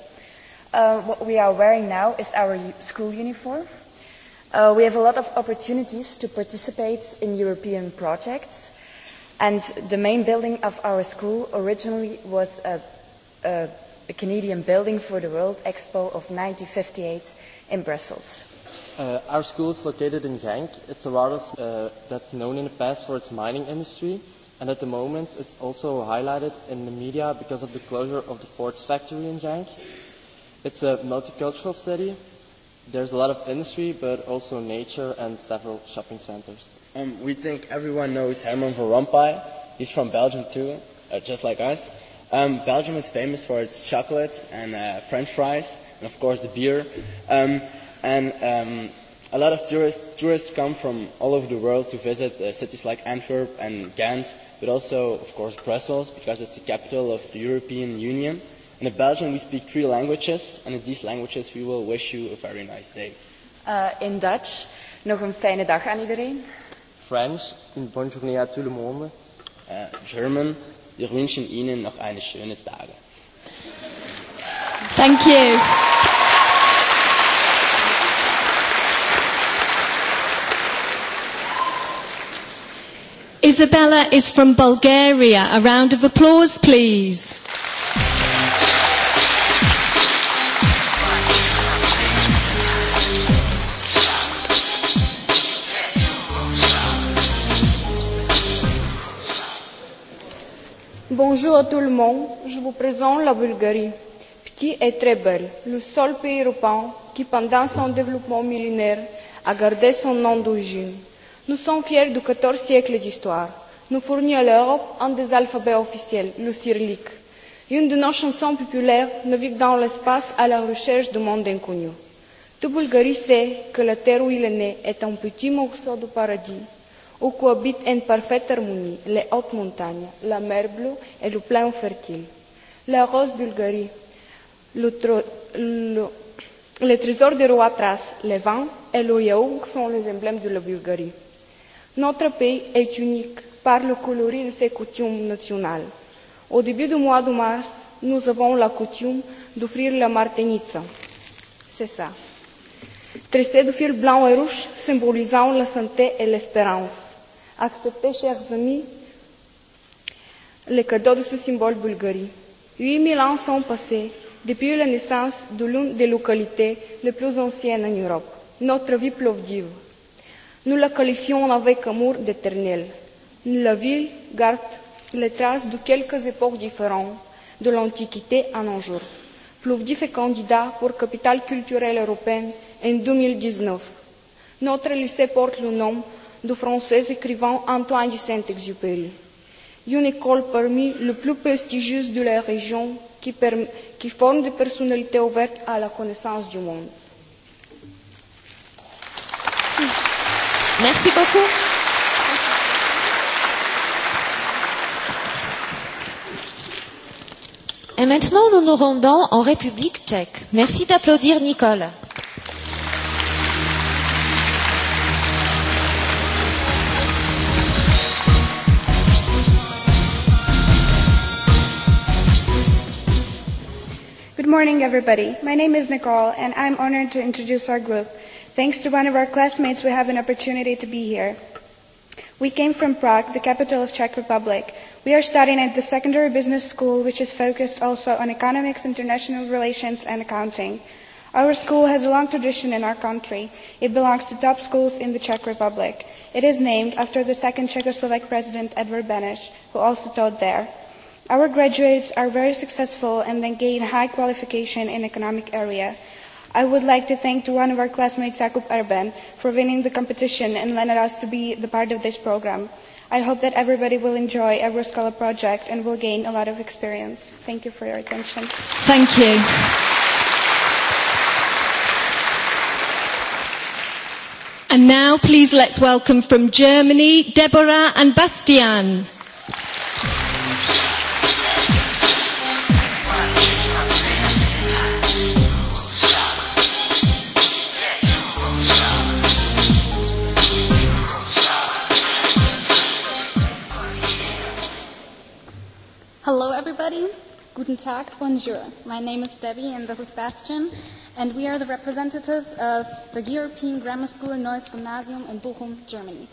Uh, what we are wearing now is our school uniform. Uh, we have a lot of opportunities to participate in European projects. And the main building of our school originally was a, a the Canadian Building for the World Expo of 1958 in Brussels. Uh, our school is located in Genk. It's a rather uh, that's known in the past for its mining industry, and at the moment it's also highlighted in the media because of the closure of the Ford's factory in Genk. It's a multicultural city. There's a lot of industry, but also nature and several shopping centers. Um, we think everyone knows Herman Van Rompuy. He's from Belgium too, uh, just like us. Um, Belgium is famous for its chocolates and uh, french fries, and of course the beer. Um, and um, a lot of tourists, tourists come from all over the world to visit uh, cities like Antwerp and Ghent, but also, of course, Brussels, because it's the capital of the European Union. And in Belgium, we speak three languages, and in these languages, we will wish you a very nice day. Uh, in Dutch, nog een fijne dag aan iedereen. French, in bonne à tout le monde. Uh, German, Wir wünschen Ihnen noch ein schönes Tage. Thank you. Isabella is from Bulgaria. A round of applause, please. Bonjour à tout le monde, je vous présente la Bulgarie, petit et très belle, le seul pays européen qui, pendant son développement millénaire, a gardé son nom d'origine. Nous sommes fiers de 14 siècles d'histoire. Nous fournissons à l'Europe un des alphabets officiels, le cyrillique. Une de nos chansons populaires navigue dans l'espace à la recherche du monde inconnu. Tout Bulgarie sait que la terre où il est né est un petit morceau de paradis où cohabitent en parfaite harmonie les hautes montagnes, la mer bleue et le plein fertile. La rose Bulgarie, le, tro, le, le trésor de roi Thrace, le vin et le yaourt sont les emblèmes de la Bulgarie. Notre pays est unique par le coloris de ses coutumes nationales. Au début du mois de mars, nous avons la coutume d'offrir la martenitsa. C'est ça. Tressé de fil blanc et rouge symbolisant la santé et l'espérance acceptez, chers amis, le cadeau de ce symbole bulgarie. 8000 ans sont passés depuis la naissance de l'une des localités les plus anciennes en Europe, notre ville Plovdiv. Nous la qualifions avec amour d'éternel. La ville garde les traces de quelques époques différentes de l'Antiquité à nos jours. Plovdiv est candidat pour capitale culturelle européenne en 2019. Notre lycée porte le nom du français écrivain Antoine de Saint-Exupéry. Une école parmi les plus prestigieuses de la région qui, qui forme des personnalités ouvertes à la connaissance du monde. Merci beaucoup. Et maintenant, nous nous rendons en République tchèque. Merci d'applaudir Nicole. morning, everybody. My name is Nicole, and I'm honored to introduce our group. Thanks to one of our classmates, we have an opportunity to be here. We came from Prague, the capital of Czech Republic. We are studying at the secondary business school, which is focused also on economics, international relations, and accounting. Our school has a long tradition in our country. It belongs to top schools in the Czech Republic. It is named after the second Czechoslovak president, Edward Beneš, who also taught there. Our graduates are very successful and they gain high qualification in economic area. I would like to thank to one of our classmates, Jakub Erben, for winning the competition and letting us to be the part of this program. I hope that everybody will enjoy scholar project and will gain a lot of experience. Thank you for your attention. Thank you. And now please let's welcome from Germany, Deborah and Bastian. everybody. Guten Tag, bonjour. My name is Debbie and this is Bastian, and we are the representatives of the European Grammar School Neues Gymnasium in Bochum, Germany.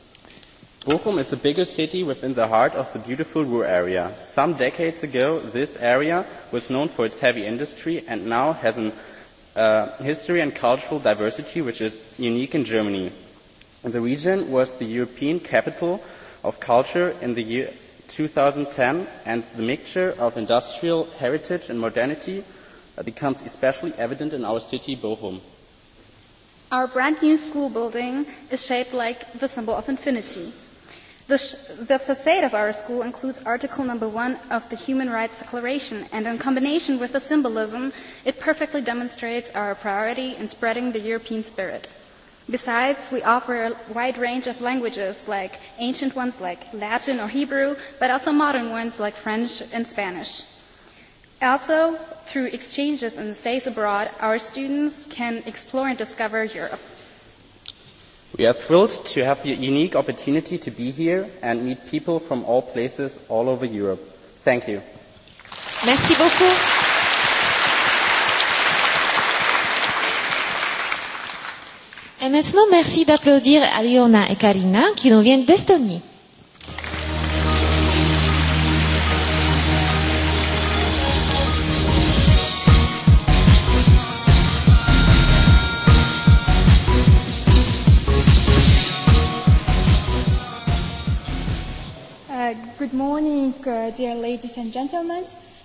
Bochum is the biggest city within the heart of the beautiful Ruhr area. Some decades ago, this area was known for its heavy industry and now has an uh, history and cultural diversity which is unique in Germany. The region was the European capital of culture in the year 2010 and the mixture of industrial heritage and modernity uh, becomes especially evident in our city, Bochum. Our brand new school building is shaped like the symbol of infinity. The, sh the facade of our school includes Article Number One of the Human Rights Declaration, and in combination with the symbolism, it perfectly demonstrates our priority in spreading the European spirit. Besides, we offer a wide range of languages, like ancient ones like Latin or Hebrew, but also modern ones like French and Spanish. Also, through exchanges and stays abroad, our students can explore and discover Europe. We are thrilled to have the unique opportunity to be here and meet people from all places all over Europe. Thank you. Merci beaucoup. Et maintenant, merci d'applaudir Aliona et Karina qui nous viennent d'Estonie. Uh, good morning, uh, dear ladies and gentlemen.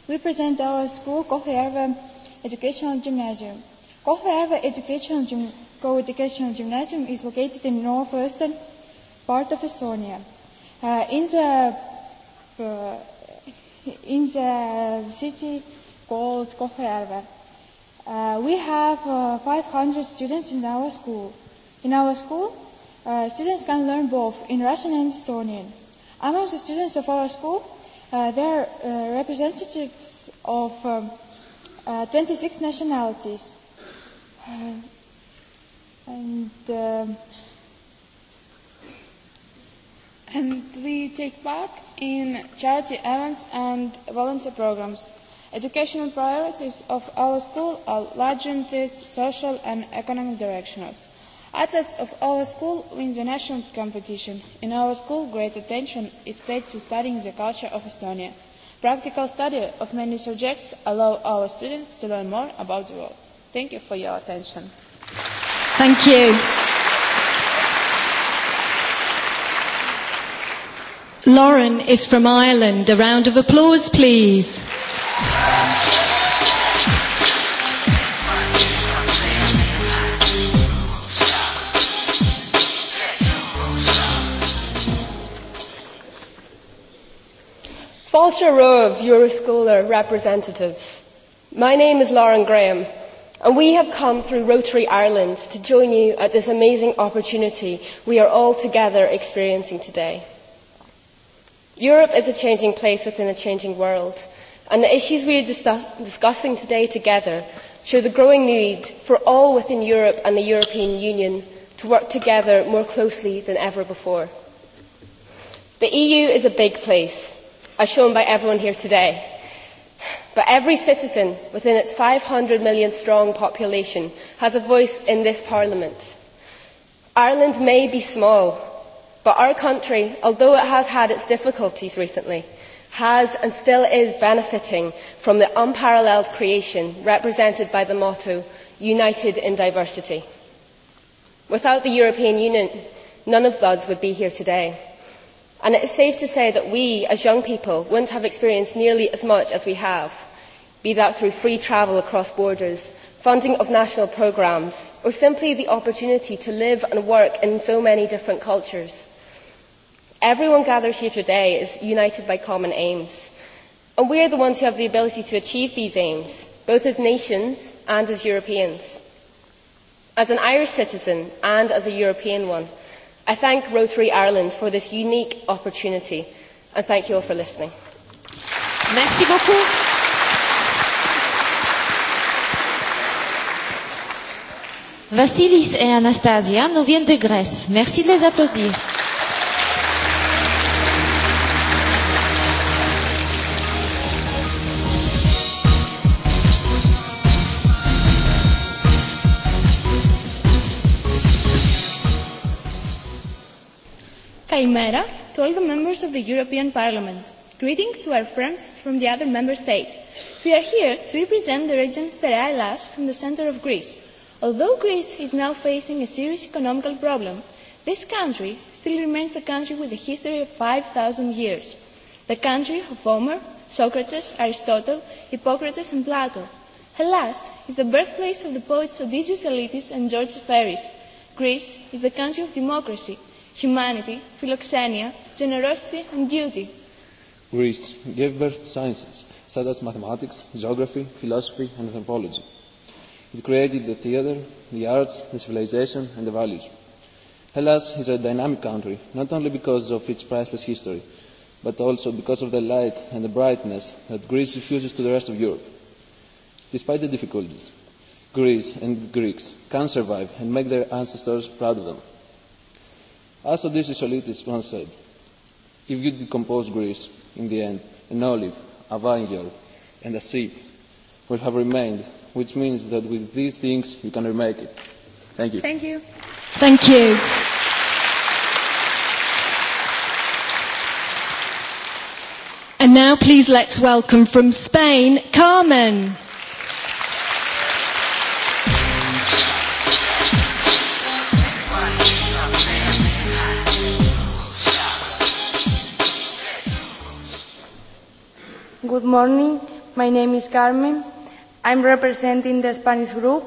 We present our school, Kohlerva Educational Gymnasium. Kohlerva Educational Gymnasium co-educational gymnasium is located in northwestern part of Estonia. Uh, in the uh, in the city called Kohtla-Järve. Uh, we have uh, 500 students in our school. In our school, uh, students can learn both in Russian and Estonian. Among the students of our school, uh, there are uh, representatives of um, uh, 26 nationalities. Uh, and uh, and we take part in charity events and volunteer programs. Educational priorities of our school are legitimate, social and economic directionals. Atlas of our school wins the national competition. In our school, great attention is paid to studying the culture of Estonia. Practical study of many subjects allow our students to learn more about the world. Thank you for your attention. Thank you. Lauren is from Ireland. A round of applause, please. Falter row of Euroscholar representatives. My name is Lauren Graham. And we have come through Rotary Ireland to join you at this amazing opportunity we are all together experiencing today. Europe is a changing place within a changing world, and the issues we are discuss discussing today together show the growing need for all within Europe and the European Union to work together more closely than ever before. The EU is a big place, as shown by everyone here today. But every citizen within its 500 million strong population has a voice in this Parliament. Ireland may be small, but our country, although it has had its difficulties recently, has and still is benefiting from the unparalleled creation represented by the motto, United in Diversity. Without the European Union, none of us would be here today. And it is safe to say that we, as young people, wouldn't have experienced nearly as much as we have, be that through free travel across borders, funding of national programmes, or simply the opportunity to live and work in so many different cultures. Everyone gathered here today is united by common aims, and we are the ones who have the ability to achieve these aims, both as nations and as Europeans. As an Irish citizen and as a European one, I thank Rotary Ireland for this unique opportunity and thank you all for listening. Merci beaucoup. Vasilis et Anastasia nous viennent de Grèce. Merci de les applaudir. Kaimera to all the members of the European Parliament. Greetings to our friends from the other member states. We are here to represent the region Sterailas from the center of Greece. Although Greece is now facing a serious economical problem, this country still remains the country with a history of 5,000 years. The country of Homer, Socrates, Aristotle, Hippocrates and Plato. Hellas is the birthplace of the poets Odysseus Elitis and George Ferris. Greece is the country of democracy, humanity, philoxenia, generosity and duty. Greece gave birth to sciences such as mathematics, geography, philosophy and anthropology. It created the theatre, the arts, the civilization and the values. Hellas is a dynamic country, not only because of its priceless history, but also because of the light and the brightness that Greece diffuses to the rest of Europe. Despite the difficulties, Greece and the Greeks can survive and make their ancestors proud of them. As Odysseus Solitis once said, if you decompose Greece in the end, an olive, a vineyard, and a sea will have remained, which means that with these things you can remake it. Thank you. Thank you. Thank you. And now please let's welcome from Spain, Carmen. Good morning. My name is Carmen. I'm representing the Spanish group.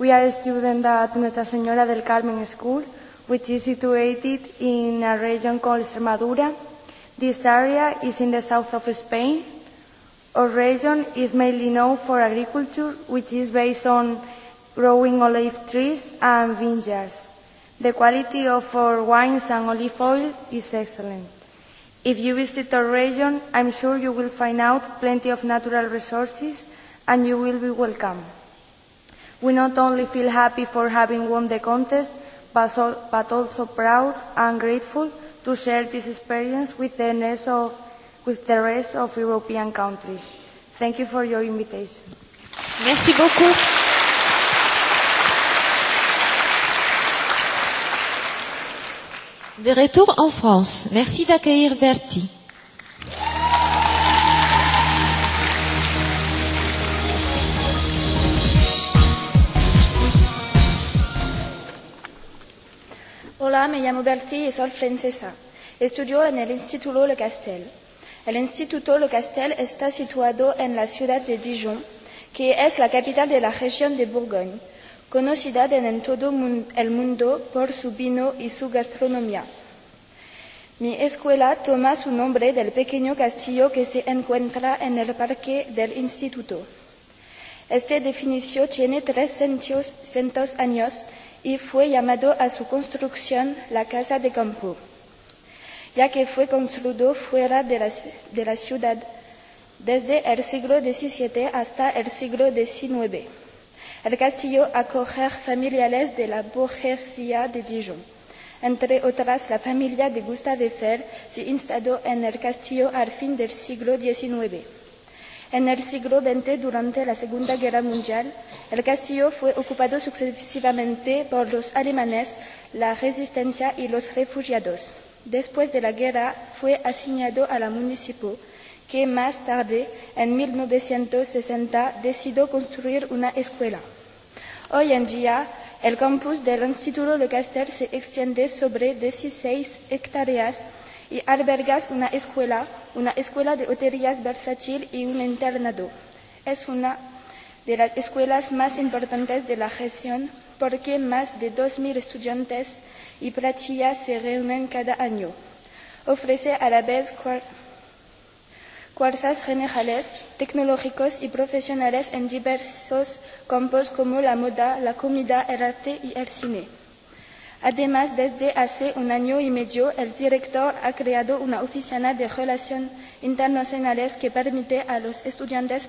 We are a student at Nuestra Señora del Carmen School, which is situated in a region called Extremadura. This area is in the south of Spain. Our region is mainly known for agriculture, which is based on growing olive trees and vineyards. The quality of our wines and olive oil is excellent. If you visit our region, I'm sure you will find out plenty of natural resources and you will be welcome. We not only feel happy for having won the contest, but, so, but also proud and grateful to share this experience with the, rest of, with the rest of European countries. Thank you for your invitation. Merci beaucoup. de retour en France. Merci d'accueillir Bertie. Hola, me llamo Berti et soy francesa. Estudio en el Instituto Le Castel. El Instituto Le Castel está situado en la ciudad de Dijon, que es la capital de la región de Bourgogne conocida en todo el mundo por su vino y su gastronomía. Mi escuela toma su nombre del pequeño castillo que se encuentra en el parque del instituto. Este edificio tiene 300 años y fue llamado a su construcción la Casa de Campo, ya que fue construido fuera de la, de la ciudad desde el siglo XVII hasta el siglo XIX. El Castillo acoger familiares de la burguesía de Dijon. Entre otras, la familia de Gustave Eiffel se instaló en el castillo al fin del siglo XIX. En el siglo XX, durante la Segunda Guerra Mundial, el castillo fue ocupado sucesivamente por los alemanes, la resistencia y los refugiados. Después de la guerra, fue asignado a la municipalidad que más tarde, en 1960, decidió construir una escuela. Hoy en día, el campus del Instituto Castel se extiende sobre 16 hectáreas y alberga una escuela, una escuela de hotelías versátil y un internado. Es una de las escuelas más importantes de la región porque más de 2.000 estudiantes y platillas se reúnen cada año. Ofrece a la vez fuerzas generales, tecnológicos y profesionales en diversos campos como la moda, la comida, el arte y el cine. Además, desde hace un año y medio, el director ha creado una oficina de relaciones internacionales que permite a los estudiantes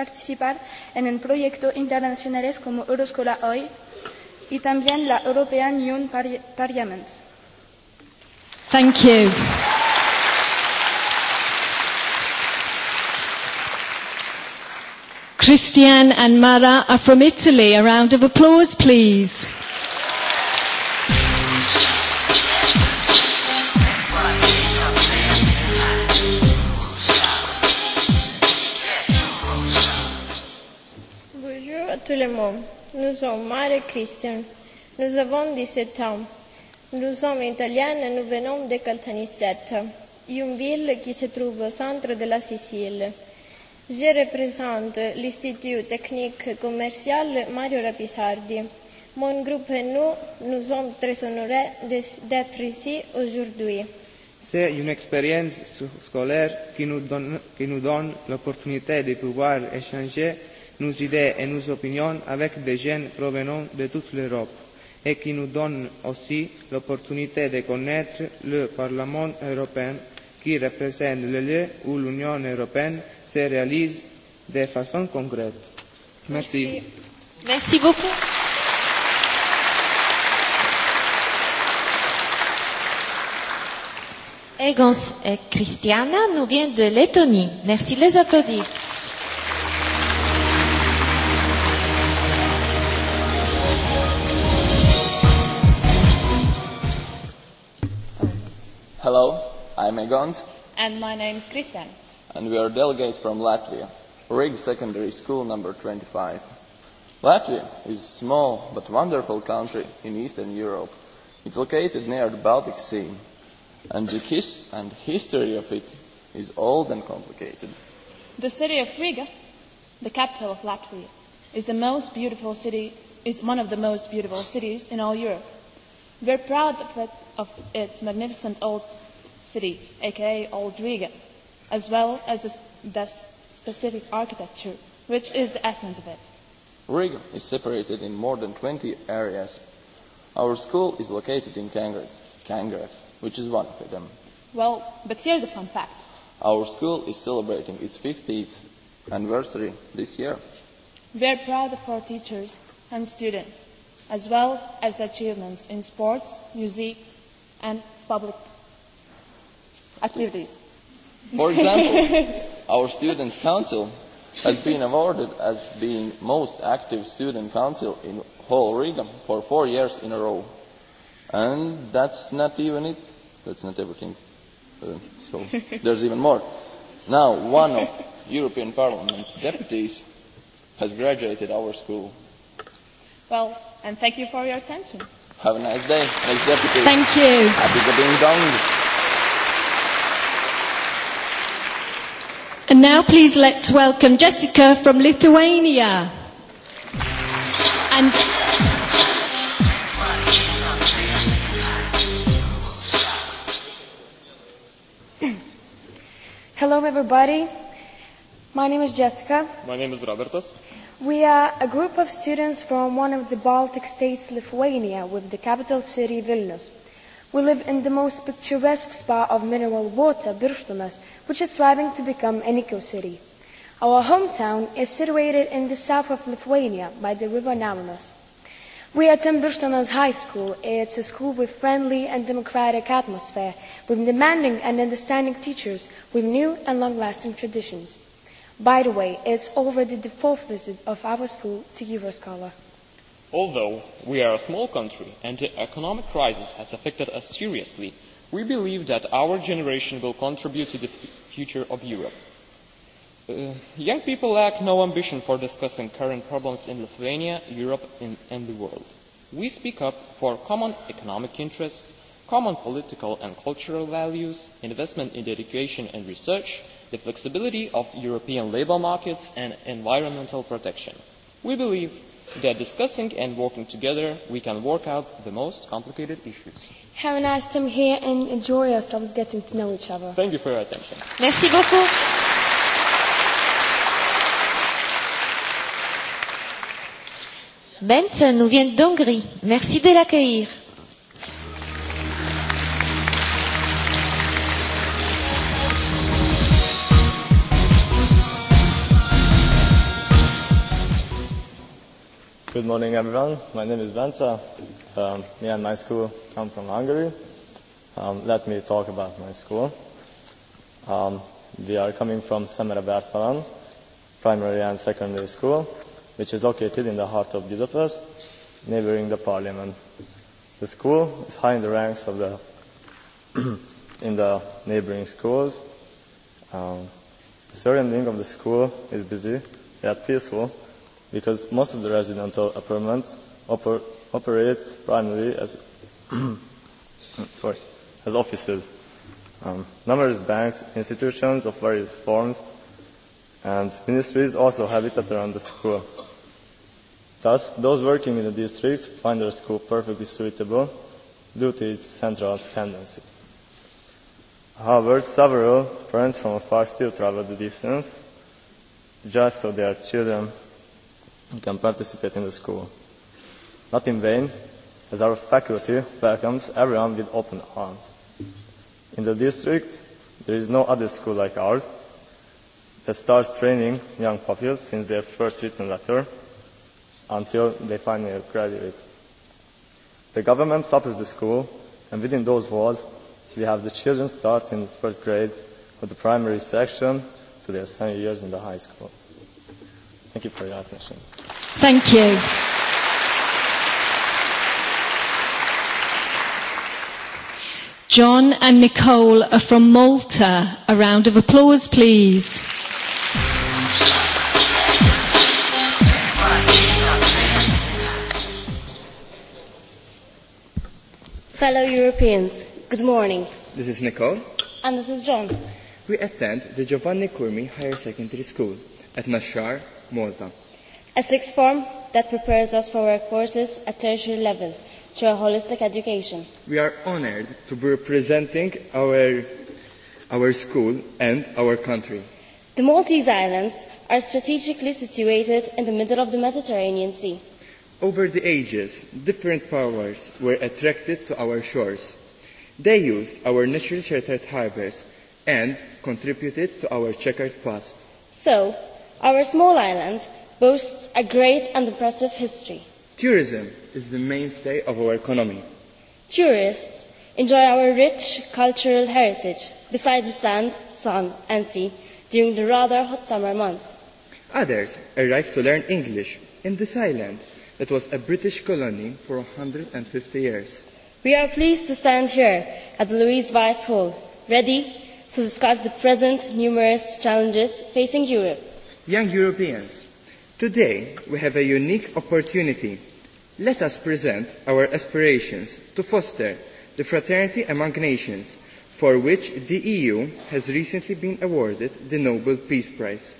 participar en proyectos internacionales como Euroscola Hoy y también la European Union Parliament. Thank you. Christian and Mara are from Italy. A round of applause, please. Bonjour à tout le monde. Nous sommes Mara et Christian. Nous avons 17 ans. Nous sommes italiens et nous venons de Caltanissette, une ville qui se trouve au centre de la Sicile. Je représente l'Institut technique commercial Mario Rapisardi. Mon groupe et nous, nous sommes très honorés d'être ici aujourd'hui. C'est une expérience scolaire qui nous donne, qui nous donne l'opportunité de pouvoir échanger nos idées et nos opinions avec des jeunes provenant de toute l'Europe et qui nous donne aussi l'opportunité de connaître le Parlement européen qui représente le lieu où l'Union européenne se réalise de façon concrète. Merci. Merci, beaucoup. Egons et eh, Christiana nous vient de Lettonie. Merci de les applaudir. Hello, I'm Egons. And my name is Christiana and we are delegates from Latvia, Rig Secondary School number 25. Latvia is a small but wonderful country in Eastern Europe. It's located near the Baltic Sea, and the his and history of it is old and complicated. The city of Riga, the capital of Latvia, is the most beautiful city, is one of the most beautiful cities in all Europe. We're proud of, it, of its magnificent old city, aka Old Riga as well as the the specific architecture, which is the essence of it. Riga is separated in more than 20 areas. Our school is located in Kangaroos, Kangaroos which is one of them. Well, but here's a fun fact. Our school is celebrating its 50th anniversary this year. We are proud of our teachers and students, as well as the achievements in sports, music, and public activities. For example, our Students' Council has been awarded as being most active student council in whole Riga for four years in a row. And that's not even it. That's not everything. Uh, so there's even more. Now, one of European Parliament deputies has graduated our school. Well, and thank you for your attention. Have a nice day. Next deputy. Thank you. Happy to being done. And now please let's welcome Jessica from Lithuania. And Hello everybody. My name is Jessica. My name is Robertos. We are a group of students from one of the Baltic states, Lithuania, with the capital city Vilnius. We live in the most picturesque spa of mineral water, Birshtumas, which is striving to become an eco-city. Our hometown is situated in the south of Lithuania by the river Nemunas. We attend Birshtumas High School. It's a school with friendly and democratic atmosphere, with demanding and understanding teachers, with new and long-lasting traditions. By the way, it's already the fourth visit of our school to Euroscholar. Although we are a small country and the economic crisis has affected us seriously, we believe that our generation will contribute to the future of Europe. Uh, young people lack no ambition for discussing current problems in Lithuania, Europe in, and the world. We speak up for common economic interests, common political and cultural values, investment in education and research, the flexibility of European labour markets and environmental protection. We believe that discussing and working together we can work out the most complicated issues. Have a nice time here and enjoy yourselves getting to know each other. Thank you for your attention. Merci beaucoup. Benson nous vient d'Hongrie. Merci de l'accueillir. Good morning, everyone. My name is Benza. Um, me and my school come from Hungary. Um, let me talk about my school. Um, we are coming from Semere Bertalan, primary and secondary school, which is located in the heart of Budapest, neighboring the parliament. The school is high in the ranks of the in the neighboring schools. Um, the surrounding of the school is busy yet peaceful because most of the residential apartments oper operate primarily as, sorry, as offices. Um, numerous banks, institutions of various forms, and ministries also habitat around the school. Thus, those working in the district find their school perfectly suitable due to its central tendency. However, several parents from afar still travel the distance just so their children and can participate in the school. Not in vain, as our faculty welcomes everyone with open arms. In the district, there is no other school like ours that starts training young pupils since their first written letter until they finally graduate. The government supports the school, and within those walls, we have the children start in the first grade of the primary section to their senior years in the high school. Thank you for your attention. Thank you. John and Nicole are from Malta. A round of applause, please. Fellow Europeans, good morning. This is Nicole. And this is John. We attend the Giovanni Curmi Higher Secondary School at Nashar, Malta. A sixth form that prepares us for our courses at tertiary level through a holistic education. We are honored to be representing our, our school and our country. The Maltese Islands are strategically situated in the middle of the Mediterranean Sea. Over the ages, different powers were attracted to our shores. They used our naturally sheltered harbours and contributed to our checkered past. So, our small island boasts a great and impressive history. Tourism is the mainstay of our economy. Tourists enjoy our rich cultural heritage besides the sand, sun and sea during the rather hot summer months. Others arrive to learn English in this island that was a British colony for 150 years. We are pleased to stand here at the Louise Weiss Hall, ready to discuss the present numerous challenges facing Europe. Young Europeans Today, we have a unique opportunity. Let us present our aspirations to foster the fraternity among nations, for which the EU has recently been awarded the Nobel Peace Prize.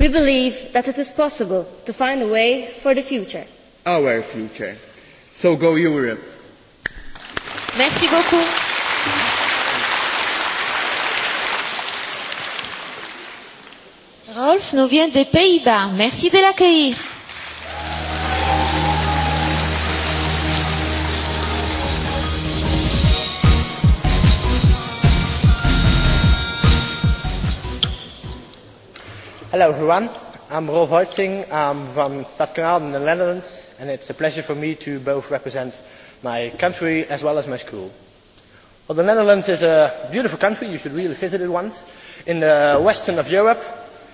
We believe that it is possible to find a way for the future. Our future. So go Europe. Merci beaucoup. Rolf nous vient des Pays-Bas. Merci de l'accueillir. Hello everyone, I'm Rolf Hoitzing, I'm from Stadskanaal in the Netherlands and it's a pleasure for me to both represent my country as well as my school. Well, the Netherlands is a beautiful country, you should really visit it once, in the western of Europe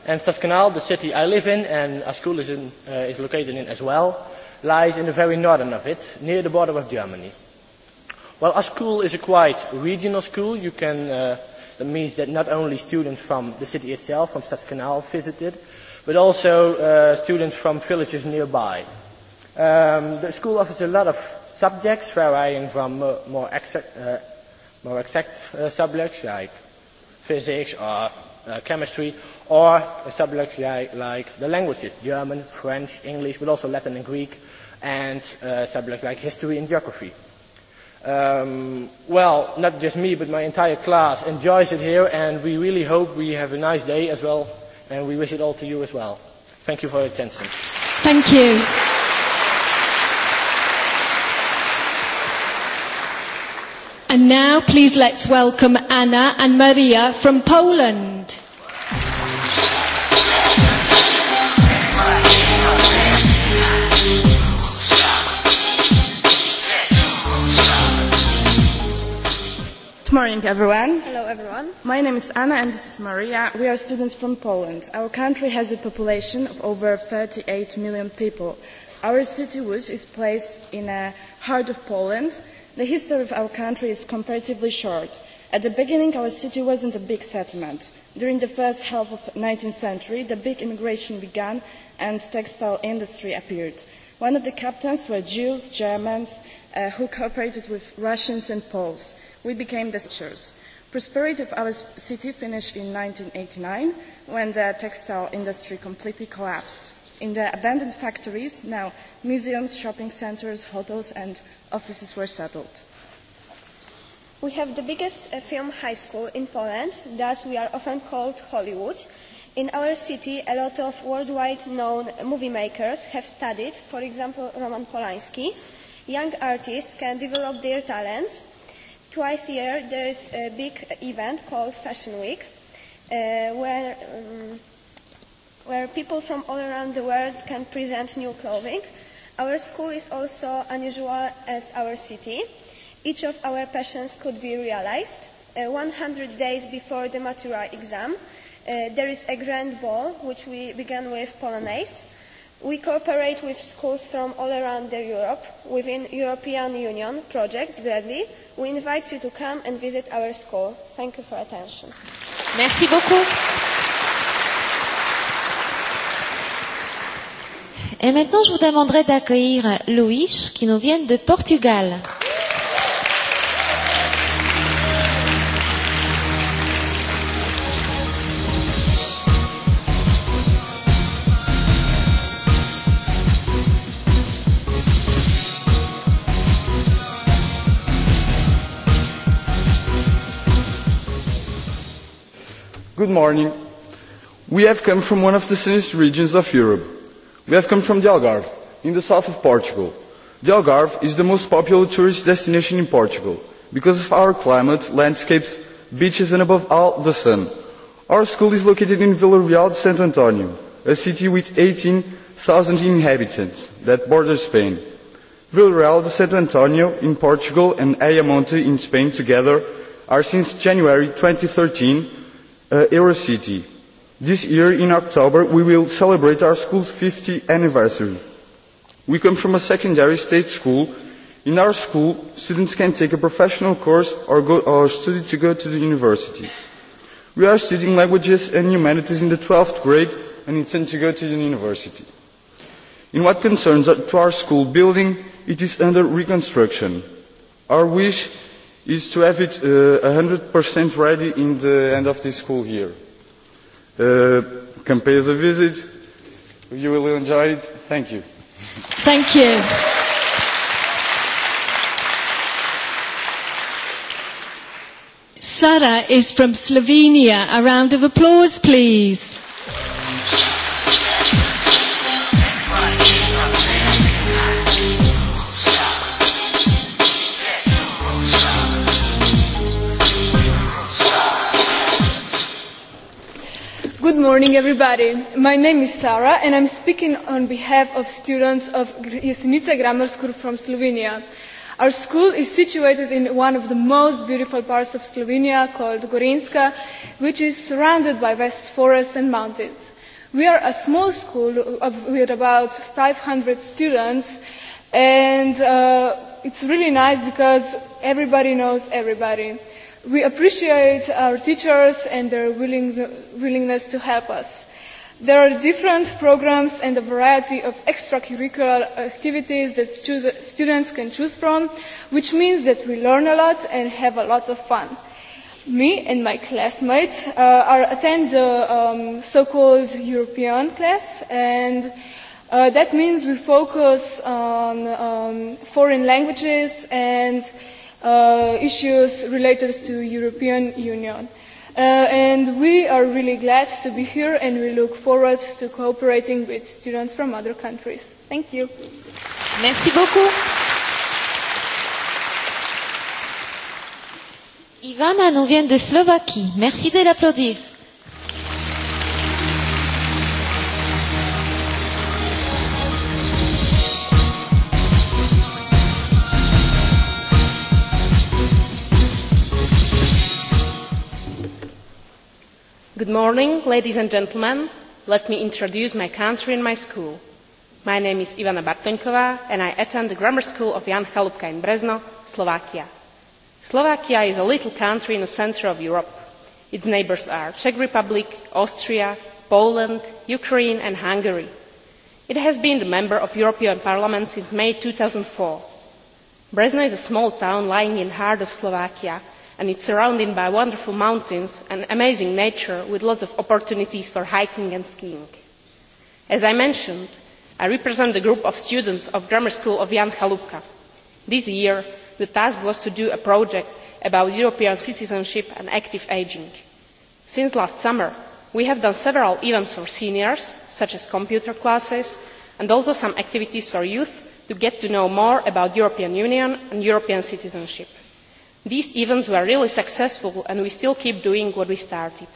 And Stadskanaal, the city I live in and a school is, in, uh, is located in as well, lies in the very northern of it, near the border of Germany. Well, our school is a quite regional school. You can, uh, that means that not only students from the city itself, from Stadskanaal, visited, but also uh, students from villages nearby. Um, the school offers a lot of subjects varying from more, more exact, uh, more exact uh, subjects like physics or uh, chemistry or a subject like, like the languages, German, French, English, but also Latin and Greek, and uh, subject like history and geography. Um, well, not just me, but my entire class enjoys it here, and we really hope we have a nice day as well, and we wish it all to you as well. Thank you for your attention. Thank you. And now please let's welcome Anna and Maria from Poland. morning, everyone. Hello, everyone. My name is Anna and this is Maria. We are students from Poland. Our country has a population of over 38 million people. Our city, which is placed in the heart of Poland, the history of our country is comparatively short. At the beginning, our city wasn't a big settlement. During the first half of the 19th century, the big immigration began and textile industry appeared. One of the captains were Jews, Germans, uh, who cooperated with Russians and Poles we became the teachers. Prosperity of our city finished in 1989 when the textile industry completely collapsed. In the abandoned factories, now museums, shopping centers, hotels and offices were settled. We have the biggest uh, film high school in Poland, thus we are often called Hollywood. In our city, a lot of worldwide known movie makers have studied, for example, Roman Polanski. Young artists can develop their talents Twice a year there is a big event called Fashion Week, uh, where um, where people from all around the world can present new clothing. Our school is also unusual as our city. Each of our passions could be realized. Uh, 100 days before the Matura exam, uh, there is a grand ball, which we began with Polonaise. We cooperate with schools from all around the Europe within European Union projects gladly. We invite you to come and visit our school. Thank you for attention. Merci beaucoup. Et maintenant, je vous demanderai d'accueillir Luis qui nous vient de Portugal. Applaudissements morning. We have come from one of the sunniest regions of Europe. We have come from the Algarve, in the south of Portugal. The Algarve is the most popular tourist destination in Portugal because of our climate, landscapes, beaches and above all, the sun. Our school is located in Villarreal de Santo Antonio, a city with 18,000 inhabitants that borders Spain. Villarreal de Santo Antonio in Portugal and Ayamonte in Spain together are since January 2013 uh, Eurocity. This year, in October, we will celebrate our school's 50th anniversary. We come from a secondary state school. In our school, students can take a professional course or, go, or study to go to the university. We are studying languages and humanities in the 12th grade and intend to go to the university. In what concerns to our school building, it is under reconstruction. Our wish is to have it uh, 100% ready in the end of the school year. Uh, come pay us a visit. You will enjoy it. Thank you. Thank you. Sara is from Slovenia. A round of applause, please. morning, everybody. My name is Sara, and I'm speaking on behalf of students of Jesenice Grammar School from Slovenia. Our school is situated in one of the most beautiful parts of Slovenia called Gorinska, which is surrounded by vast forests and mountains. We are a small school of, with about 500 students, and uh, it's really nice because everybody knows everybody. We appreciate our teachers and their willing, willingness to help us. There are different programs and a variety of extracurricular activities that choose, students can choose from, which means that we learn a lot and have a lot of fun. Me and my classmates uh, are attend the um, so-called European class, and uh, that means we focus on um, foreign languages and uh, issues related to European Union. Uh, and we are really glad to be here and we look forward to cooperating with students from other countries. Thank you. Merci beaucoup. Ivana nous vient de Slovaquie. Merci de l'applaudir. Good morning, ladies and gentlemen. Let me introduce my country and my school. My name is Ivana Bartonkova and I attend the grammar school of Jan Chalupka in Brezno, Slovakia. Slovakia is a little country in the center of Europe. Its neighbors are Czech Republic, Austria, Poland, Ukraine and Hungary. It has been a member of European Parliament since May 2004. Brezno is a small town lying in the heart of Slovakia and it's surrounded by wonderful mountains and amazing nature with lots of opportunities for hiking and skiing. As I mentioned, I represent the group of students of Grammar School of Jan Chalupka. This year, the task was to do a project about European citizenship and active aging. Since last summer, we have done several events for seniors, such as computer classes, and also some activities for youth to get to know more about the European Union and European citizenship. These events were really successful and we still keep doing what we started.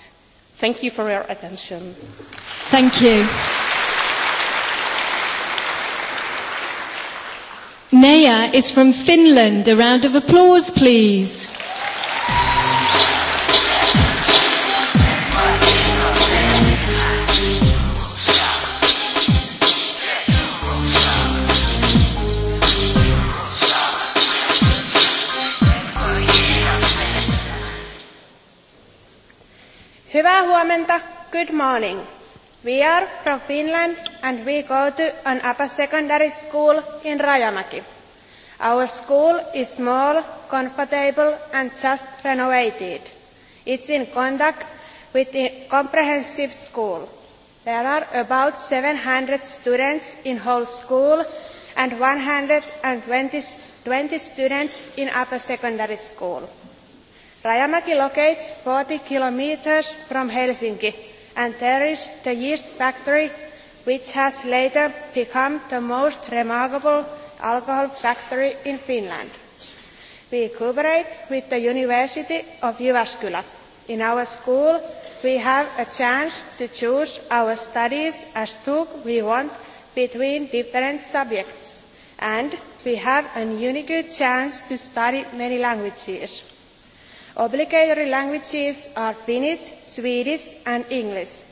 Thank you for your attention. Thank you. Neja is from Finland. A round of applause, please. Hyvää huomenta. Good morning. We are from Finland and we go to an upper secondary school in Rajamaki. Our school is small, comfortable and just renovated. It's in contact with a comprehensive school. There are about 700 students in whole school and 120 20 students in upper secondary school. Rajamäki locates 40 kilometers from Helsinki and there is the yeast factory which has later become the most remarkable alcohol factory in Finland. We cooperate with the University of Jyväskylä. In our school, we have a chance to choose our studies as took we want between different subjects. And we have a unique chance to study many languages. Obligatory languages are Finnish, Swedish and English.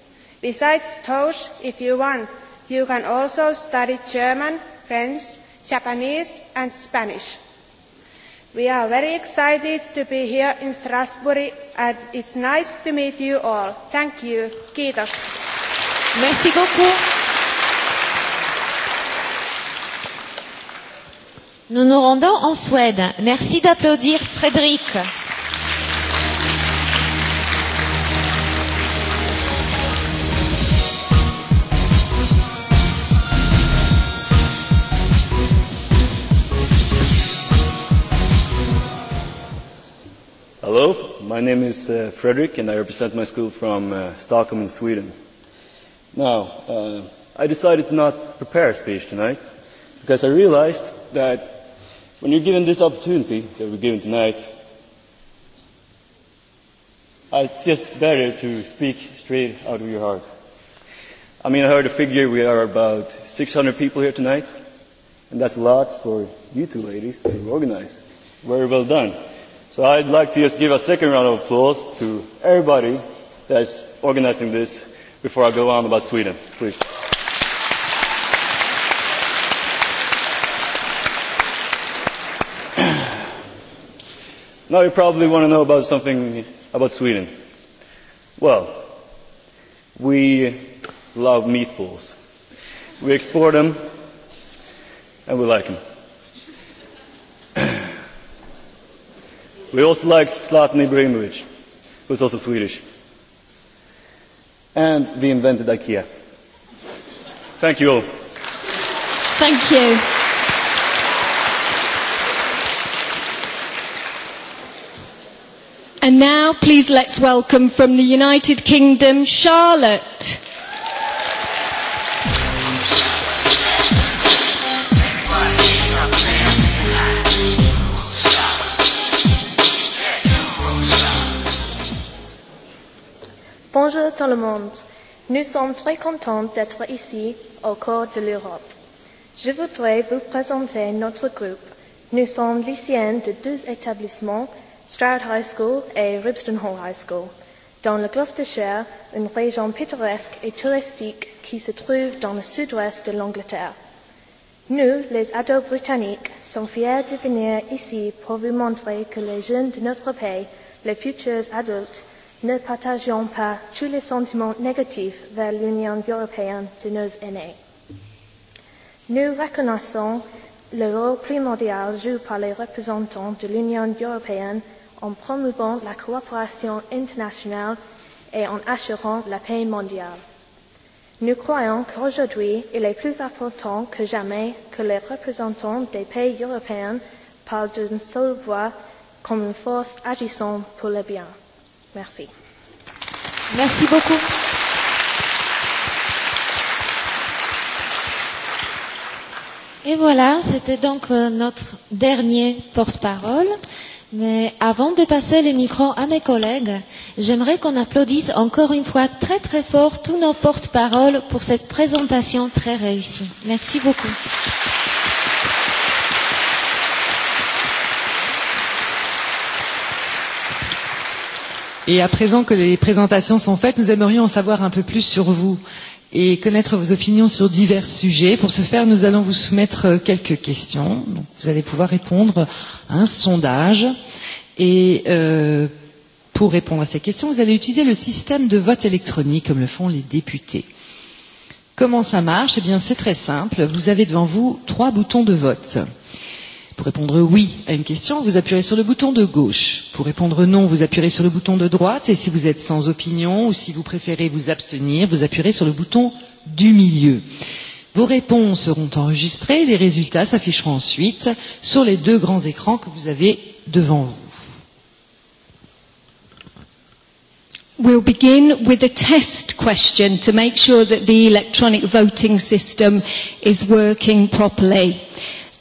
Besides those, if you want, you can also study German, French, Japanese and Spanish. We are very excited to be here in Strasbourg and it's nice to meet you all. Thank you. Kiitos. Merci beaucoup. Nous nous rendons en Suède. Merci d'applaudir Frédéric. Hello, my name is uh, Frederick and I represent my school from uh, Stockholm in Sweden. Now, uh, I decided to not prepare a speech tonight because I realized that when you're given this opportunity that we're given tonight, uh, it's just better to speak straight out of your heart. I mean, I heard a figure we are about 600 people here tonight, and that's a lot for you two ladies to organize. Very well done. So I'd like to just give a second round of applause to everybody that's organizing this before I go on about Sweden, please. now you probably want to know about something about Sweden. Well, we love meatballs. We export them and we like them. We also like Slatan Ibrahimovic, who's also Swedish. And we invented IKEA. Thank you all. Thank you. And now please let's welcome from the United Kingdom, Charlotte. Bonjour tout le monde. Nous sommes très contents d'être ici, au cœur de l'Europe. Je voudrais vous présenter notre groupe. Nous sommes lycéens de deux établissements, Stroud High School et Ribston Hall High School, dans le Gloucestershire, une région pittoresque et touristique qui se trouve dans le sud-ouest de l'Angleterre. Nous, les ados britanniques, sommes fiers de venir ici pour vous montrer que les jeunes de notre pays, les futurs adultes, ne partageons pas tous les sentiments négatifs vers l'Union européenne de nos aînés. Nous reconnaissons le rôle primordial joué par les représentants de l'Union européenne en promouvant la coopération internationale et en assurant la paix mondiale. Nous croyons qu'aujourd'hui, il est plus important que jamais que les représentants des pays européens parlent d'une seule voix comme une force agissant pour le bien. Merci. Merci beaucoup. Et voilà, c'était donc euh, notre dernier porte-parole. Mais avant de passer les micros à mes collègues, j'aimerais qu'on applaudisse encore une fois très très fort tous nos porte-paroles pour cette présentation très réussie. Merci beaucoup. Et à présent que les présentations sont faites, nous aimerions en savoir un peu plus sur vous et connaître vos opinions sur divers sujets. Pour ce faire, nous allons vous soumettre euh, quelques questions. Donc, vous allez pouvoir répondre à un sondage. Et euh, pour répondre à ces questions, vous allez utiliser le système de vote électronique, comme le font les députés. Comment ça marche Eh bien, c'est très simple. Vous avez devant vous trois boutons de vote. Euh, Pour répondre oui à une question, vous appuyez sur le bouton de gauche. Pour répondre non, vous appuyez sur le bouton de droite. Et si vous êtes sans opinion ou si vous préférez vous abstenir, vous appuyez sur le bouton du milieu. Vos réponses seront enregistrées et les résultats s'afficheront ensuite sur les deux grands écrans que vous avez devant vous. We'll begin with a test question to make sure that the electronic voting system is working properly.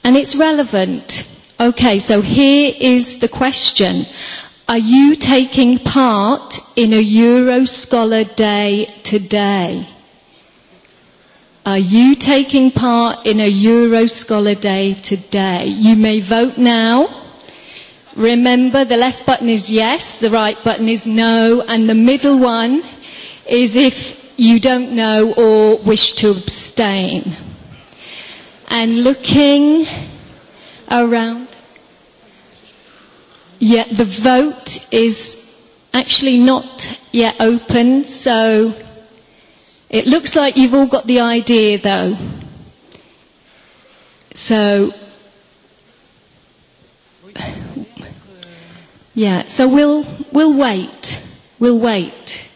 And it's relevant. Okay, so here is the question. Are you taking part in a Euroscholar Day today? Are you taking part in a Euroscholar Day today? You may vote now. Remember, the left button is yes, the right button is no, and the middle one is if you don't know or wish to abstain and looking around. Yet the vote is actually not yet open, so it looks like you've all got the idea though. So, yeah, so we'll, we'll wait. We'll wait.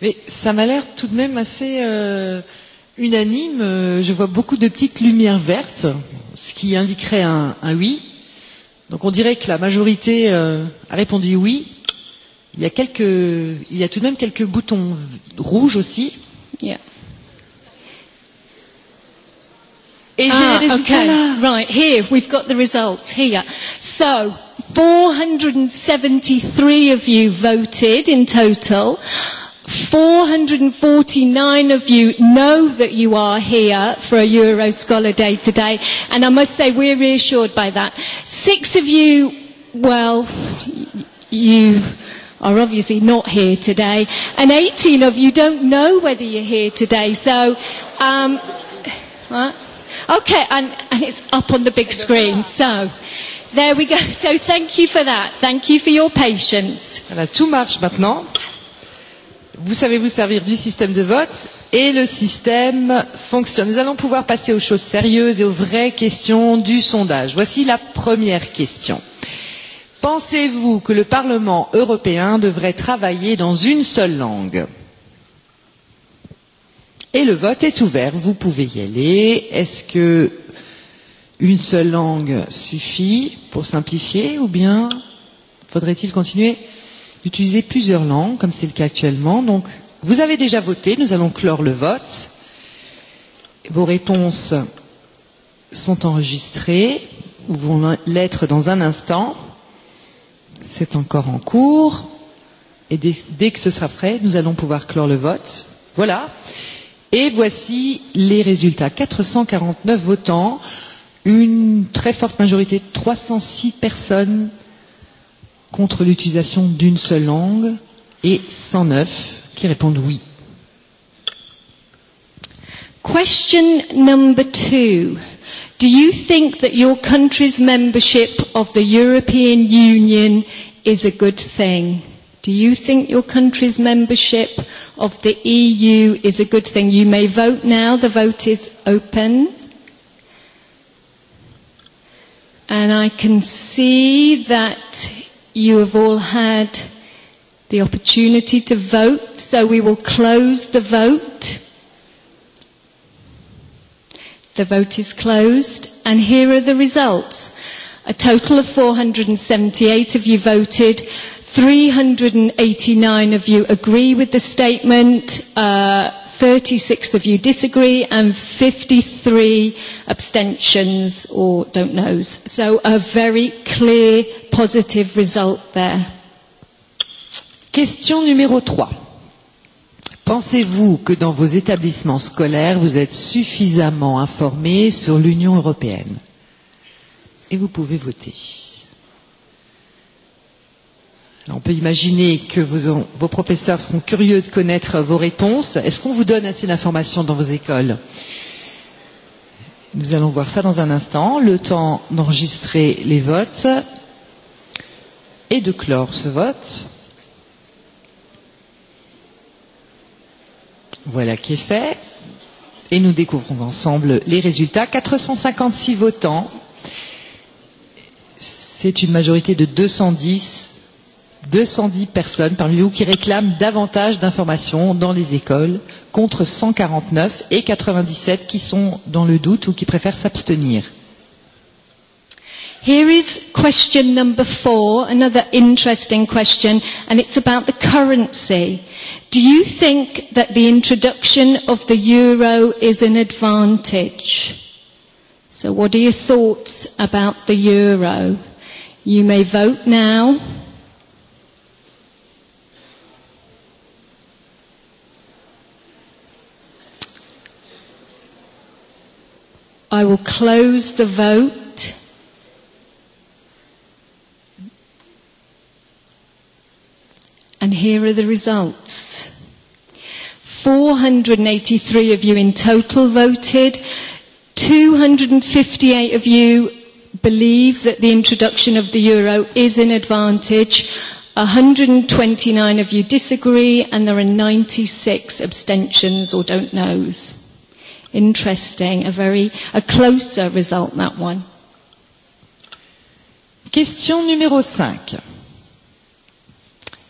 Mais ça m'a l'air tout de même assez. Euh unanime. Euh, je vois beaucoup de petites lumières vertes, ce qui indiquerait un, un oui. Donc on dirait que la majorité euh, a répondu oui. Il y, a quelques, il y a tout de même quelques boutons rouges aussi. Yeah. Et ah, j'ai les résultats okay. là. Right, here, we've got the results here. So, 473 of you voted in total. 449 of you know that you are here for a Euro Scholar Day today, and I must say we're reassured by that. Six of you, well, you are obviously not here today, and 18 of you don't know whether you're here today, so, um, Okay, and, and it's up on the big screen, so. There we go. So thank you for that. Thank you for your patience. too much, but maintenant vous savez vous servir du système de vote et le système fonctionne. Nous allons pouvoir passer aux choses sérieuses et aux vraies questions du sondage. Voici la première question. Pensez-vous que le Parlement européen devrait travailler dans une seule langue Et le vote est ouvert, vous pouvez y aller. Est-ce que une seule langue suffit pour simplifier ou bien faudrait-il continuer d'utiliser plusieurs langues, comme c'est le cas actuellement. Donc, vous avez déjà voté, nous allons clore le vote. Vos réponses sont enregistrées, ou vont l'être dans un instant. C'est encore en cours. Et dès, dès que ce sera prêt, nous allons pouvoir clore le vote. Voilà. Et voici les résultats. 449 votants, une très forte majorité, 306 personnes contre l'utilisation d'une seule langue et 109 qui répondent oui. Question number two. Do you think that your country's membership of the European Union is a good thing? Do you think your country's membership of the EU is a good thing? You may vote now. The vote is open. And I can see that You have all had the opportunity to vote, so we will close the vote. The vote is closed, and here are the results. A total of 478 of you voted. 389 of you agree with the statement, uh, 36 of you disagree, and 53 abstentions or don't knows. So a very clear positive result there. Question numéro 3. Pensez-vous que dans vos établissements scolaires, vous êtes suffisamment informés sur l'Union européenne Et vous pouvez voter. On peut imaginer que vos, vos professeurs seront curieux de connaître vos réponses. Est-ce qu'on vous donne assez d'informations dans vos écoles Nous allons voir ça dans un instant. Le temps d'enregistrer les votes et de clore ce vote. Voilà qui est fait. Et nous découvrons ensemble les résultats. 456 votants. C'est une majorité de 210 210 personnes parmi vous qui réclament davantage d'informations dans les écoles contre 149 et 97 qui sont dans le doute ou qui préfèrent s'abstenir. Here is question number four, another interesting question, and it's about the currency. Do you think that the introduction of the euro is an advantage? So what are your thoughts about the euro? You may vote now. I will close the vote. And here are the results. 483 of you in total voted. 258 of you believe that the introduction of the euro is an advantage. 129 of you disagree and there are 96 abstentions or don't knows. Interesting, a very a closer result that one. Question numéro 5.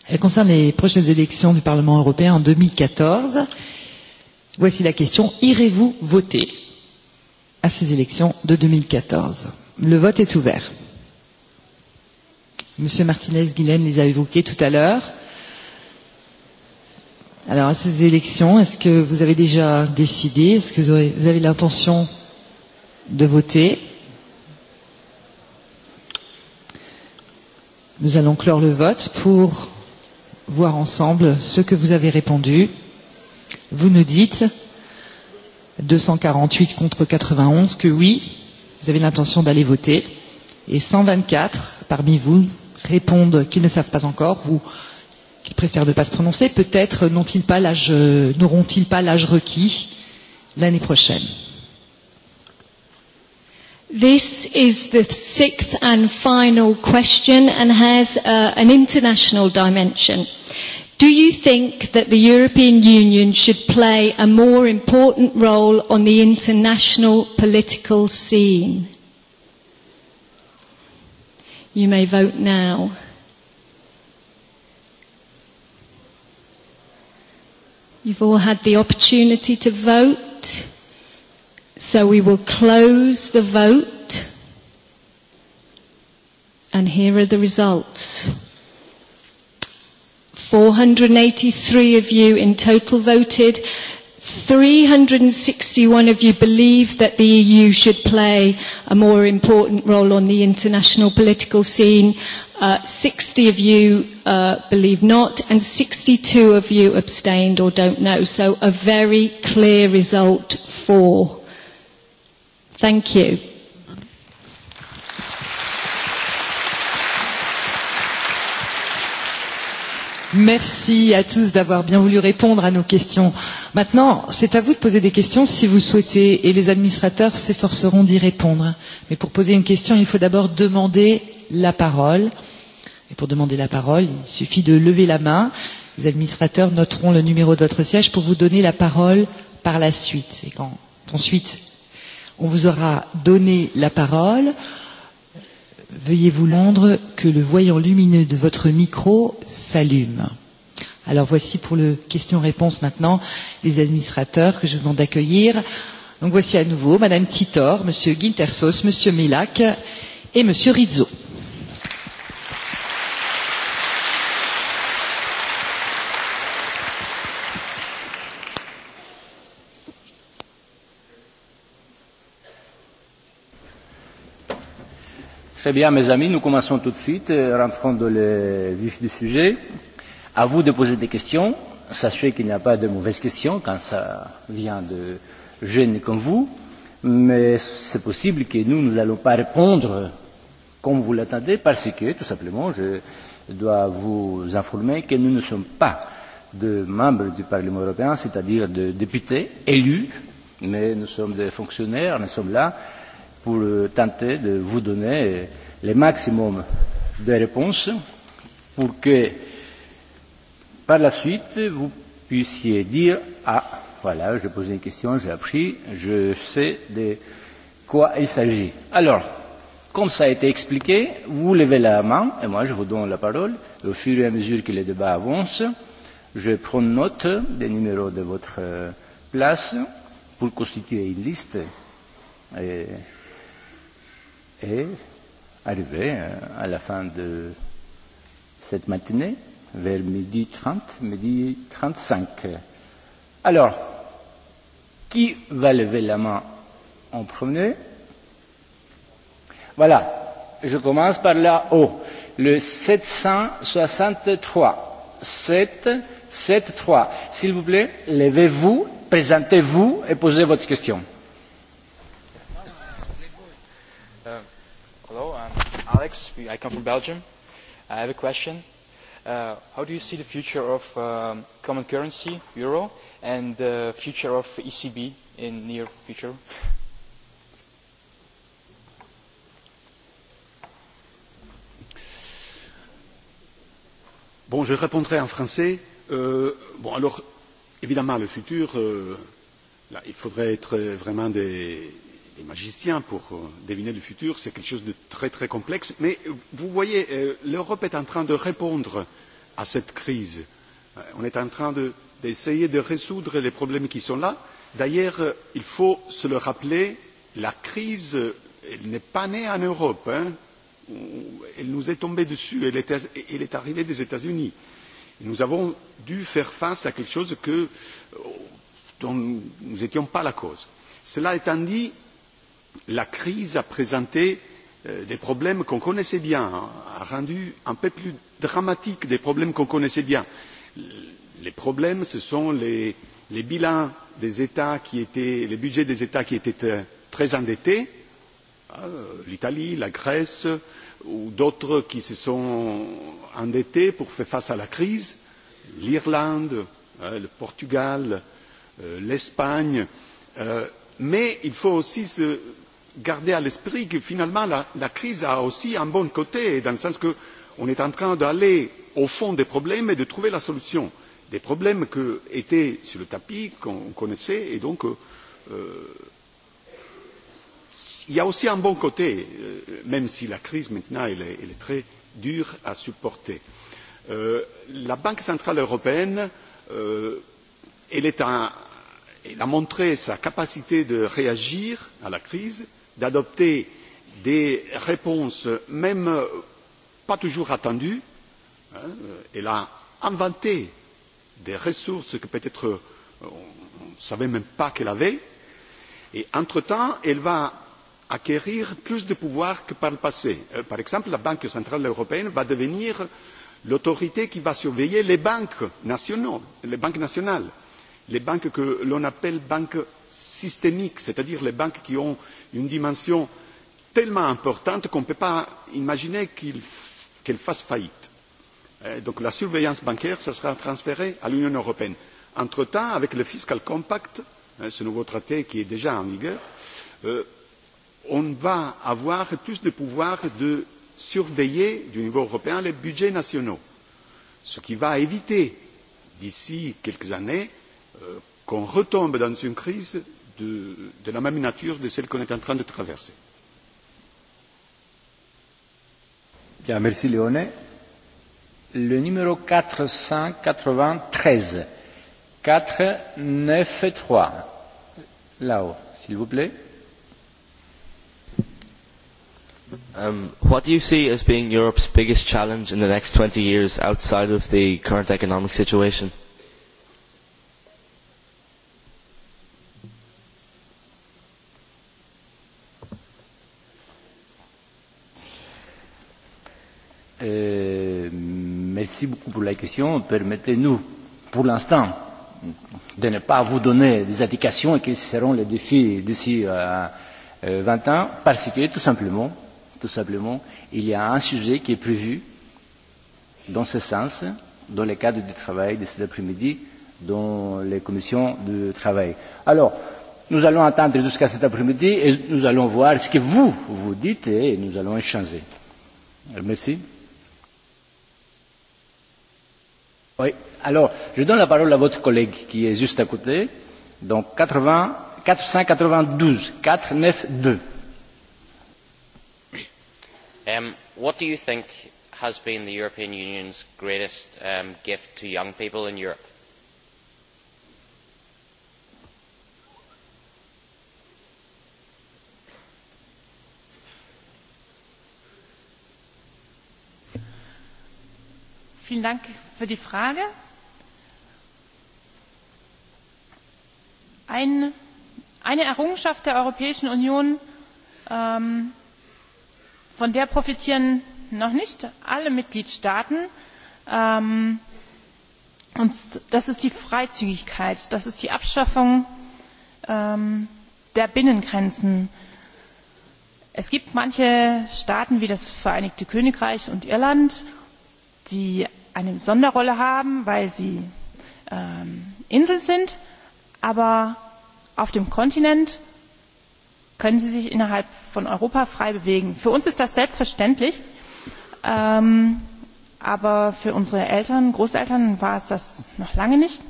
Elle concerne les prochaines élections du Parlement européen en 2014. Voici la question. Irez-vous voter à ces élections de 2014 Le vote est ouvert. Monsieur Martinez-Guilaine les a évoqués tout à l'heure. Alors, à ces élections, est-ce que vous avez déjà décidé Est-ce que vous aurez, vous avez l'intention de voter Nous allons clore le vote pour voir ensemble ce que vous avez répondu. Vous nous dites 248 contre 91 que oui, vous avez l'intention d'aller voter et 124 parmi vous répondent qu'ils ne savent pas encore ou qu'ils préfèrent ne pas se prononcer. Peut-être n'auront-ils pas l'âge requis l'année prochaine. This is the sixth and final question and has uh, an international dimension. Do you think that the European Union should play a more important role on the international political scene? You may vote now. You've all had the opportunity to vote. So we will close the vote. And here are the results. 483 of you in total voted. 361 of you believe that the EU should play a more important role on the international political scene. Uh, 60 of you uh, believe not, and 62 of you abstained or don't know. So a very clear result for Thank you. Merci à tous d'avoir bien voulu répondre à nos questions. Maintenant, c'est à vous de poser des questions si vous souhaitez et les administrateurs s'efforceront d'y répondre. Mais pour poser une question, il faut d'abord demander la parole. Et pour demander la parole, il suffit de lever la main. Les administrateurs noteront le numéro de votre siège pour vous donner la parole par la suite. Et quand ensuite On vous aura donné la parole. Veuillez vous rendre que le voyant lumineux de votre micro s'allume. Alors voici pour le question-réponse maintenant les administrateurs que je demande d'accueillir. Donc voici à nouveau Madame Titor, Monsieur Guintersos, Monsieur Milac et Monsieur Rizzo. Très bien, mes amis, nous commençons tout de suite, euh, rentrons dans le vif du sujet. À vous de poser des questions. Sachez qu'il n'y a pas de mauvaises questions quand ça vient de jeunes comme vous, mais c'est possible que nous, nous n'allons pas répondre comme vous l'attendez, parce que, tout simplement, je dois vous informer que nous ne sommes pas de membres du Parlement européen, c'est-à-dire de députés élus, mais nous sommes des fonctionnaires, nous sommes là pour euh, tenter de vous donner euh, le maximum de réponses pour que par la suite vous puissiez dire ah voilà je pose une question j'ai appris je sais de quoi il s'agit alors comme ça a été expliqué vous levez la main et moi je vous donne la parole au fur et à mesure que le débat avance je prends note des numéros de votre euh, place pour constituer une liste et Et arrivé euh, à la fin de cette matinée, vers midi 30, midi 35. Alors, qui va lever la main en premier Voilà, je commence par là haut. Le 763. 7, 7, 3. S'il vous plaît, levez-vous, présentez-vous et posez votre question. Alex. I come from Belgium. I have a question. Uh, how do you see the future of um, common currency, euro, and the future of ECB in near future? Bon, je répondrai en français. Euh, bon, alors, évidemment, le futur, euh, là, il faudrait être vraiment des, les magiciens pour euh, deviner le futur, c'est quelque chose de très très complexe. Mais vous voyez, euh, l'Europe est en train de répondre à cette crise. Euh, on est en train d'essayer de, de résoudre les problèmes qui sont là. D'ailleurs, il faut se le rappeler, la crise, n'est pas née en Europe. Hein. Elle nous est tombée dessus, elle est, elle est arrivée des États-Unis. Nous avons dû faire face à quelque chose que, dont nous n'étions pas la cause. Cela étant dit, la crise a présenté euh, des problèmes qu'on connaissait bien, a rendu un peu plus dramatique des problèmes qu'on connaissait bien. Les problèmes, ce sont les, les bilans des États qui étaient, les budgets des États qui étaient euh, très endettés, euh, l'Italie, la Grèce ou d'autres qui se sont endettés pour faire face à la crise, l'Irlande, le Portugal, l'Espagne. Mais il faut aussi se garder à l'esprit que finalement la, la, crise a aussi un bon côté, dans le sens qu'on est en train d'aller au fond des problèmes et de trouver la solution. Des problèmes qui étaient sur le tapis, qu'on connaissait, et donc euh, euh, il y a aussi un bon côté, euh, même si la crise maintenant elle est, elle est très dure à supporter. Euh, la Banque centrale européenne, euh, elle est un, il a montré sa capacité de réagir à la crise d'adopter des réponses même pas toujours attendues. Hein, elle a inventé des ressources que peut-être euh, on ne savait même pas qu'elle avait. Et entre-temps, elle va acquérir plus de pouvoir que par le passé. Euh, par exemple, la Banque centrale européenne va devenir l'autorité qui va surveiller les banques nationaux, Les banques nationales les banques que l'on appelle banques systémiques, c'est-à-dire les banques qui ont une dimension tellement importante qu'on ne peut pas imaginer qu'elles qu fassent faillite. Eh, donc la surveillance bancaire, ça sera transféré à l'Union européenne. Entre-temps, avec le Fiscal Compact, eh, ce nouveau traité qui est déjà en vigueur, eh, on va avoir plus de pouvoir de surveiller du niveau européen les budgets nationaux, ce qui va éviter d'ici quelques années Euh, qu'on retombe dans une crise de, de la même nature de celle qu'on est en train de traverser. Bien, merci Léoné. Le numéro 493. 493. Là-haut, s'il vous plaît. Um, what do you see as being Europe's biggest challenge in the next 20 years outside of the current economic situation? Euh, merci beaucoup pour la question. Permettez-nous, pour l'instant, de ne pas vous donner des indications et quels seront les défis d'ici euh, euh, vingt euh, 20 ans, parce que tout simplement, tout simplement, il y a un sujet qui est prévu dans ce sens, dans le cadre du travail de cet après-midi, dans les commissions de travail. Alors, nous allons attendre jusqu'à cet après-midi et nous allons voir ce que vous, vous dites et nous allons échanger. Merci. Oui. Alors, je donne la parole à votre collègue qui est juste à côté. Donc, 80, 492, 492. Um, um Vielen Dank für die Frage. Ein, eine Errungenschaft der Europäischen Union, ähm, von der profitieren noch nicht alle Mitgliedstaaten. Ähm, und das ist die Freizügigkeit, das ist die Abschaffung ähm, der Binnengrenzen. Es gibt manche Staaten wie das Vereinigte Königreich und Irland, die eine Sonderrolle haben, weil sie ähm, Inseln sind, aber auf dem Kontinent können sie sich innerhalb von Europa frei bewegen. Für uns ist das selbstverständlich, ähm, aber für unsere Eltern, Großeltern war es das noch lange nicht.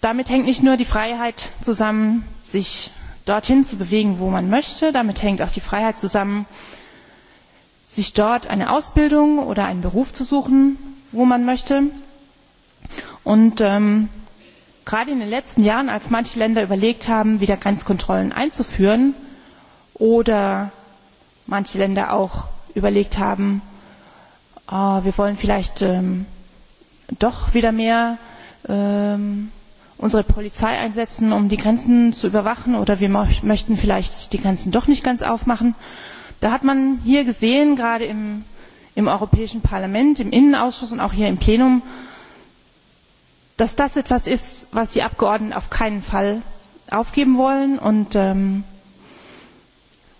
Damit hängt nicht nur die Freiheit zusammen, sich dorthin zu bewegen, wo man möchte, damit hängt auch die Freiheit zusammen, sich dort eine Ausbildung oder einen Beruf zu suchen wo man möchte. Und ähm, gerade in den letzten Jahren, als manche Länder überlegt haben, wieder Grenzkontrollen einzuführen oder manche Länder auch überlegt haben, äh, wir wollen vielleicht ähm, doch wieder mehr ähm, unsere Polizei einsetzen, um die Grenzen zu überwachen oder wir möchten vielleicht die Grenzen doch nicht ganz aufmachen. Da hat man hier gesehen, gerade im im Europäischen Parlament, im Innenausschuss und auch hier im Plenum, dass das etwas ist, was die Abgeordneten auf keinen Fall aufgeben wollen und ähm,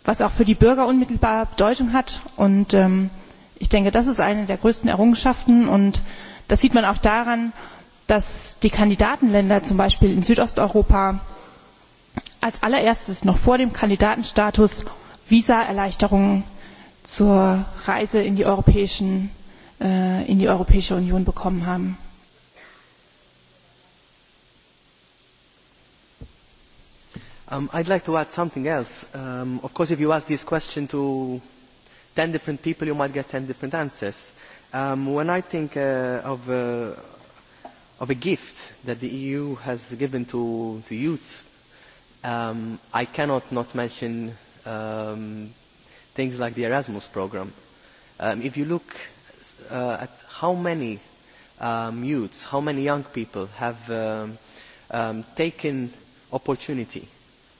was auch für die Bürger unmittelbar Bedeutung hat. Und ähm, ich denke, das ist eine der größten Errungenschaften. Und das sieht man auch daran, dass die Kandidatenländer zum Beispiel in Südosteuropa als allererstes noch vor dem Kandidatenstatus Visaerleichterungen zur Reise in die, europäischen, äh, in die Europäische Union bekommen haben. Um, I'd like to add something else. Um, of course, if you ask this question to 10 different people, you might get 10 different answers. Um, when I think uh, of, uh, of a gift that the EU has given to, to youths um, I cannot not mention um, things like the Erasmus program. Um, if you look uh, at how many um, youths, how many young people have um, um, taken opportunity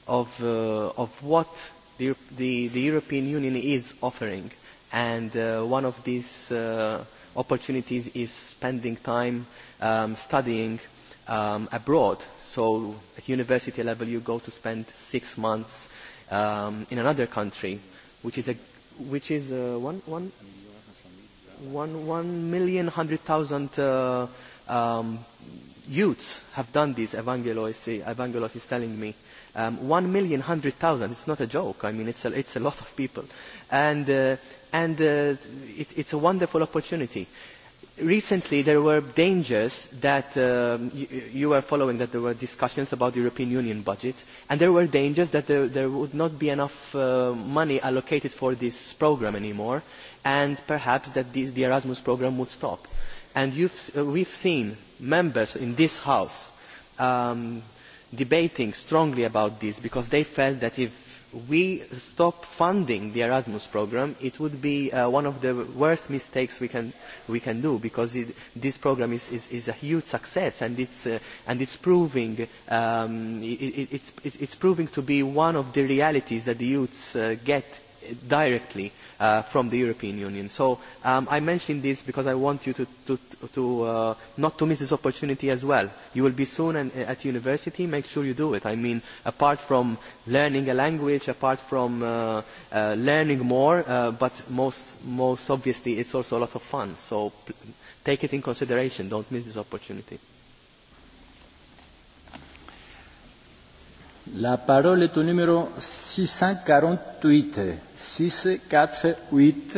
of, uh, of what the, the, the European Union is offering. And uh, one of these uh, opportunities is spending time um, studying um, abroad. So at university level you go to spend six months um, in another country which is a which is uh, one one one one million hundred thousand uh, um, youths have done this. Evangelos, Evangelos is telling me um, one million hundred thousand. It's not a joke. I mean, it's a, it's a lot of people, and uh, and uh, it, it's a wonderful opportunity recently there were dangers that um, you, you were following that there were discussions about the European Union budget and there were dangers that there, there would not be enough uh, money allocated for this program anymore and perhaps that this, the Erasmus program would stop. And you've, uh, we've seen members in this house um, debating strongly about this because they felt that if we stop funding the Erasmus program, it would be uh, one of the worst mistakes we can, we can do because it, this program is, is, is a huge success and it's, uh, and it's, proving, um, it, it, it's, it, it's proving to be one of the realities that the youths uh, get directly uh, from the European Union. So um, I mentioned this because I want you to, to, to uh, not to miss this opportunity as well. You will be soon an, uh, at university, make sure you do it. I mean, apart from learning a language, apart from uh, uh, learning more, uh, but most, most obviously it's also a lot of fun. So take it in consideration, don't miss this opportunity. La parole est au numéro 648. 648.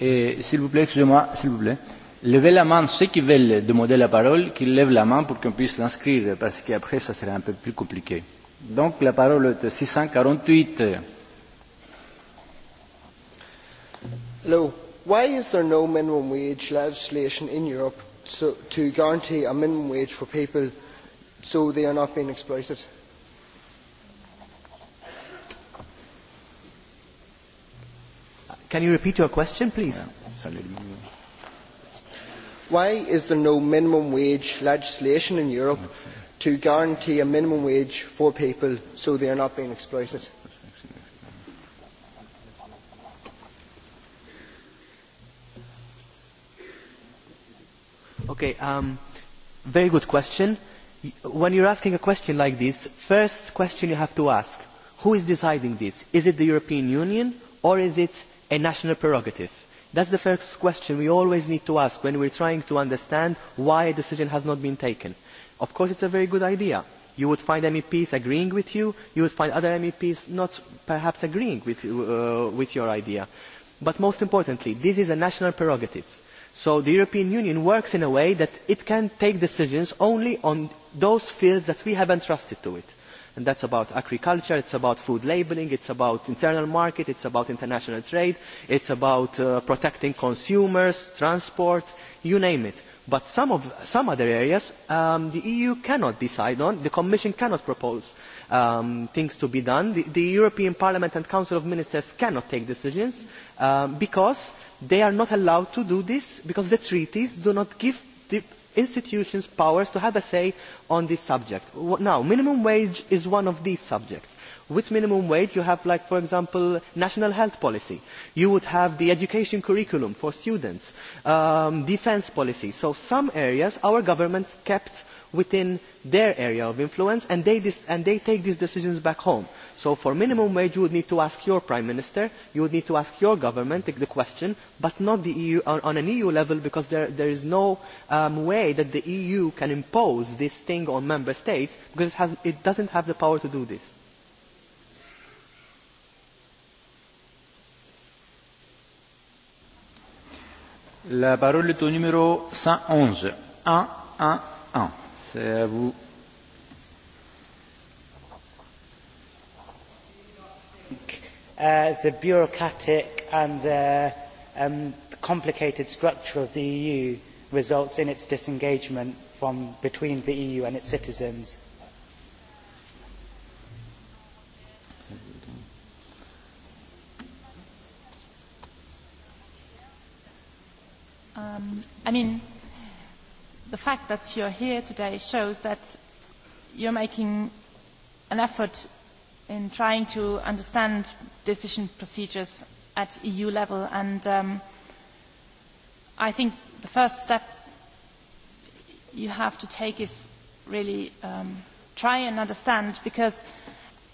s'il vous plaît, excusez-moi, s'il vous plaît. Levez la main ceux qui veulent demander la parole, qu'ils lèvent la main pour qu'on puisse l'inscrire, parce qu'après, ça serait un peu plus compliqué. Donc, la parole est 648. Hello. Why is there no minimum wage legislation in Europe to guarantee a minimum wage for people so they are not being exploited. Can you repeat your question, please? Why is there no minimum wage legislation in Europe to guarantee a minimum wage for people so they are not being exploited? Okay, um, very good question when you're asking a question like this, first question you have to ask, who is deciding this? Is it the European Union or is it a national prerogative? That's the first question we always need to ask when we're trying to understand why a decision has not been taken. Of course, it's a very good idea. You would find MEPs agreeing with you, you would find other MEPs not perhaps agreeing with, uh, with your idea. But most importantly, this is a national prerogative So the European Union works in a way that it can take decisions only on those fields that we have entrusted to it. And that's about agriculture, it's about food labeling, it's about internal market, it's about international trade, it's about uh, protecting consumers, transport, you name it. But some, of, some other areas um, the EU cannot decide on, the Commission cannot propose um, things to be done, the, the European Parliament and Council of Ministers cannot take decisions um, because they are not allowed to do this because the treaties do not give the institutions powers to have a say on this subject. Now, minimum wage is one of these subjects With minimum wage, you have, like, for example, national health policy. You would have the education curriculum for students, um, defense policy. So some areas our governments kept within their area of influence and they, dis and they take these decisions back home. So for minimum wage, you would need to ask your prime minister, you would need to ask your government the question, but not the EU on, on an EU level because there, there is no um, way that the EU can impose this thing on member states because it, has, it doesn't have the power to do this. La parole est au numéro 111. 1, 1, 1. C'est à vous. Uh, the bureaucratic and the um, complicated structure of the EU results in its disengagement from between the EU and its citizens Um, I mean, the fact that you're here today shows that you're making an effort in trying to understand decision procedures at EU level and um, I think the first step you have to take is really um, try and understand because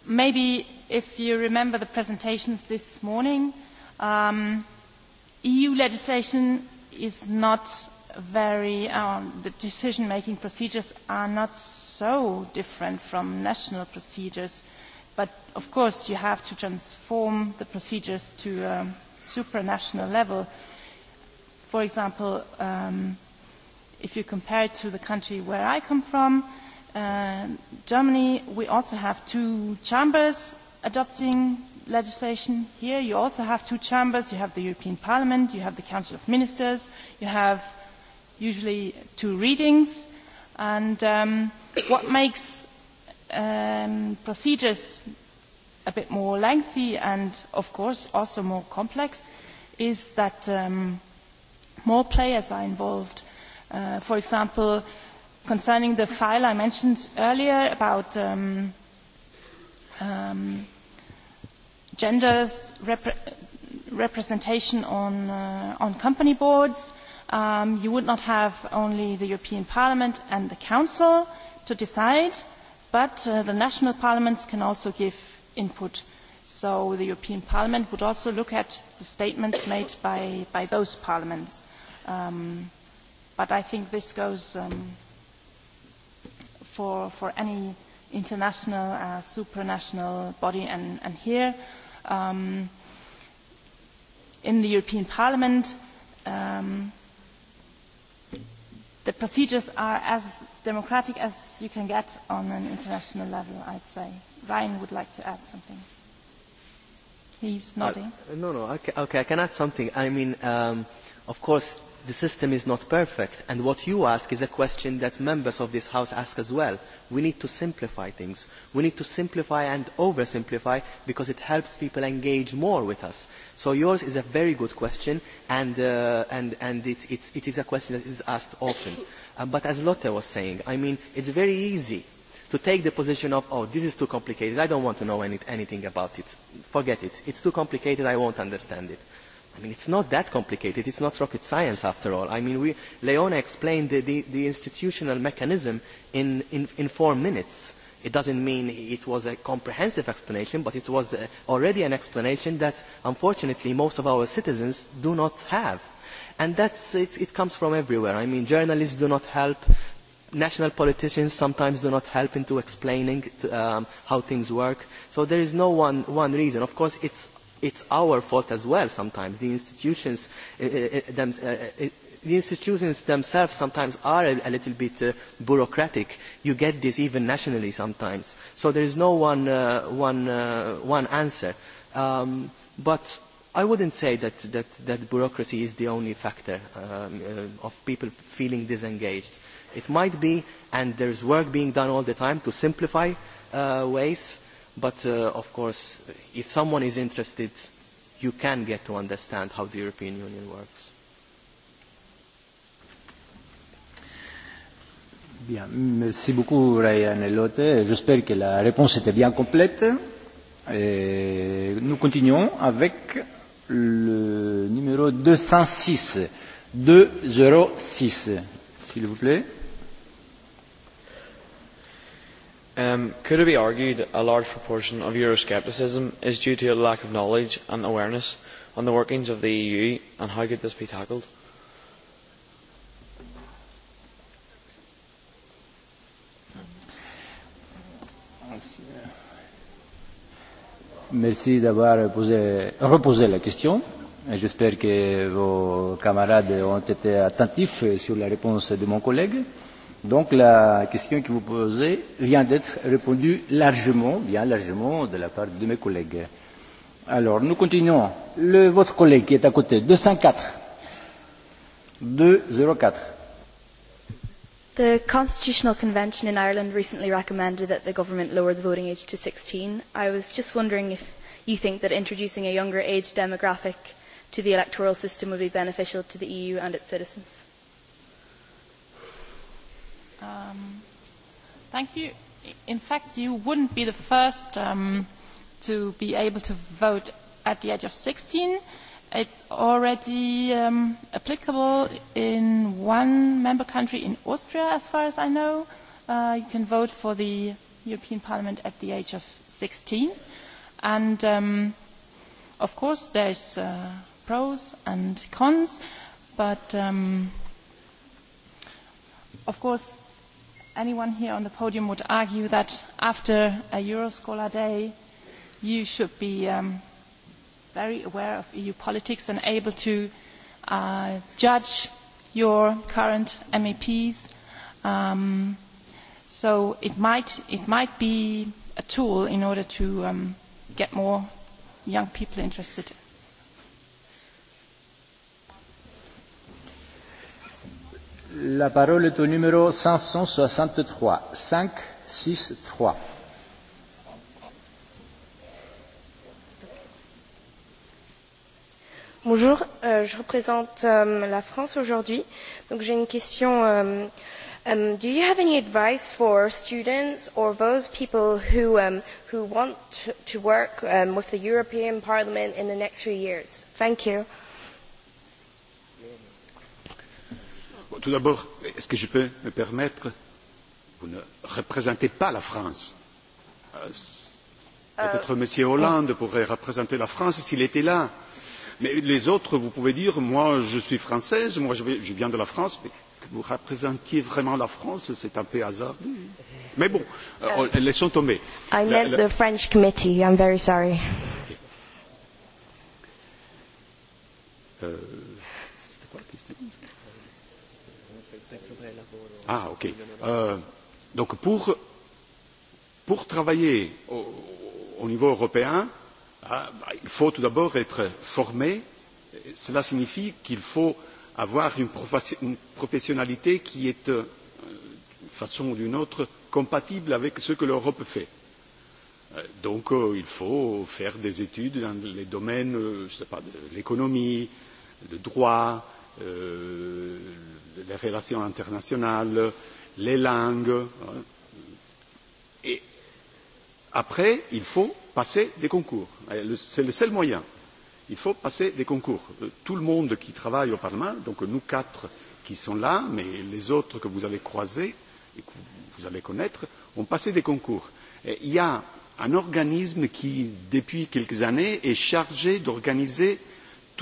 maybe if you remember the presentations this morning, um, EU legislation is not very, um, the decision-making procedures are not so different from national procedures, but of course you have to transform the procedures to a um, supranational level. For example, um, if you compare it to the country where I come from, uh, Germany, we also have two chambers adopting legislation here, you also have two chambers. You have the European Parliament, you have the Council of Ministers, you have usually two readings. And um, what makes um, procedures a bit more lengthy and, of course, also more complex is that um, more players are involved. Uh, for example, concerning the file I mentioned earlier about um, um, gender rep representation on, uh, on company boards. Um, you would not have only the European Parliament and the Council to decide, but uh, the national parliaments can also give input. So the European Parliament would also look at the statements made by, by those parliaments. Um, but I think this goes um, for, for any international, uh, supranational body, and, and here um, in the European Parliament, um, the procedures are as democratic as you can get on an international level, I'd say. Ryan would like to add something. He's uh, nodding. Uh, no, no, okay, okay, I can add something. I mean, um, of course, the system is not perfect. And what you ask is a question that members of this House ask as well. We need to simplify things. We need to simplify and oversimplify because it helps people engage more with us. So yours is a very good question and, uh, and, and it, it's, it is a question that is asked often. Uh, but as Lotte was saying, I mean, it's very easy to take the position of, oh, this is too complicated, I don't want to know any, anything about it, forget it, it's too complicated, I won't understand it. I mean, it's not that complicated. It's not rocket science, after all. I mean, we, Leona explained the, the, the institutional mechanism in, in, in four minutes. It doesn't mean it was a comprehensive explanation, but it was uh, already an explanation that, unfortunately, most of our citizens do not have. And that's, it, it comes from everywhere. I mean, journalists do not help. National politicians sometimes do not help into explaining to, um, how things work. So there is no one, one reason. Of course, it's it's our fault as well sometimes. The institutions, uh, them, uh, the institutions themselves sometimes are a, a little bit uh, bureaucratic. You get this even nationally sometimes. So there is no one, uh, one, uh, one answer. Um, but I wouldn't say that, that, that bureaucracy is the only factor um, uh, of people feeling disengaged. It might be, and there's work being done all the time to simplify uh, ways But uh, of course, if someone is interested, you can get to understand how the European Union works. Bien, merci beaucoup Ryan Elote. J'espère que la réponse était bien complète. Et nous continuons avec le numéro 206. 206, s'il vous plaît. Um, could it be argued a large proportion of Euroscepticism is due to a lack of knowledge and awareness on the workings of the EU and how could this be tackled? Merci d'avoir reposé la question. J'espère que vos camarades ont été attentifs sur la réponse de mon collègue. Donc la question que vous posez vient d'être répondue largement, bien largement, de la part de mes collègues. Alors, nous continuons. Le, votre collègue qui est à côté, 204. 204. The Constitutional Convention in Ireland recently recommended that the government lower the voting age to 16. I was just wondering if you think that introducing a younger age demographic to the electoral system would be beneficial to the EU and its citizens. Um, thank you. In fact, you wouldn't be the first um, to be able to vote at the age of 16. It's already um, applicable in one member country in Austria, as far as I know. Uh, you can vote for the European Parliament at the age of 16. And um, of course, there's uh, pros and cons, but um, of course, anyone here on the podium would argue that after a Euroscholar day, you should be um, very aware of EU politics and able to uh, judge your current MEPs. Um, so it might, it might be a tool in order to um, get more young people interested La parole est au numéro 563. 5, 6, 3. Bonjour, euh, je représente euh, la France aujourd'hui. Donc j'ai une question. Euh, um, do you have any advice for students or those people who, um, who want to, work um, with the European Parliament in the next few years? Thank you. Tout d'abord, est-ce que je peux me permettre Vous ne représentez pas la France. Euh, peut-être euh, Monsieur Hollande pourrait représenter la France s'il était là. Mais les autres, vous pouvez dire, moi je suis française, moi je, viens de la France, mais que vous représentiez vraiment la France, c'est un peu hasardeux. Mais bon, euh, euh laissons tomber. I la, meant la... the French committee, I'm very sorry. Okay. Euh, Ah, ok. Euh, donc pour, pour travailler au, au niveau européen, ah, bah, il faut tout d'abord être formé. Cela signifie qu'il faut avoir une, une professionnalité qui est, euh, d'une façon ou d'une autre, compatible avec ce que l'Europe fait. Euh, donc euh, il faut faire des études dans les domaines, euh, je sais pas, de l'économie, le droit, euh, les relations internationales, les langues. Et après, il faut passer des concours. C'est le seul moyen. Il faut passer des concours. Euh, tout le monde qui travaille au Parlement, donc nous quatre qui sont là, mais les autres que vous allez croiser et que vous allez connaître, ont passé des concours. Et il y a un organisme qui, depuis quelques années, est chargé d'organiser euh,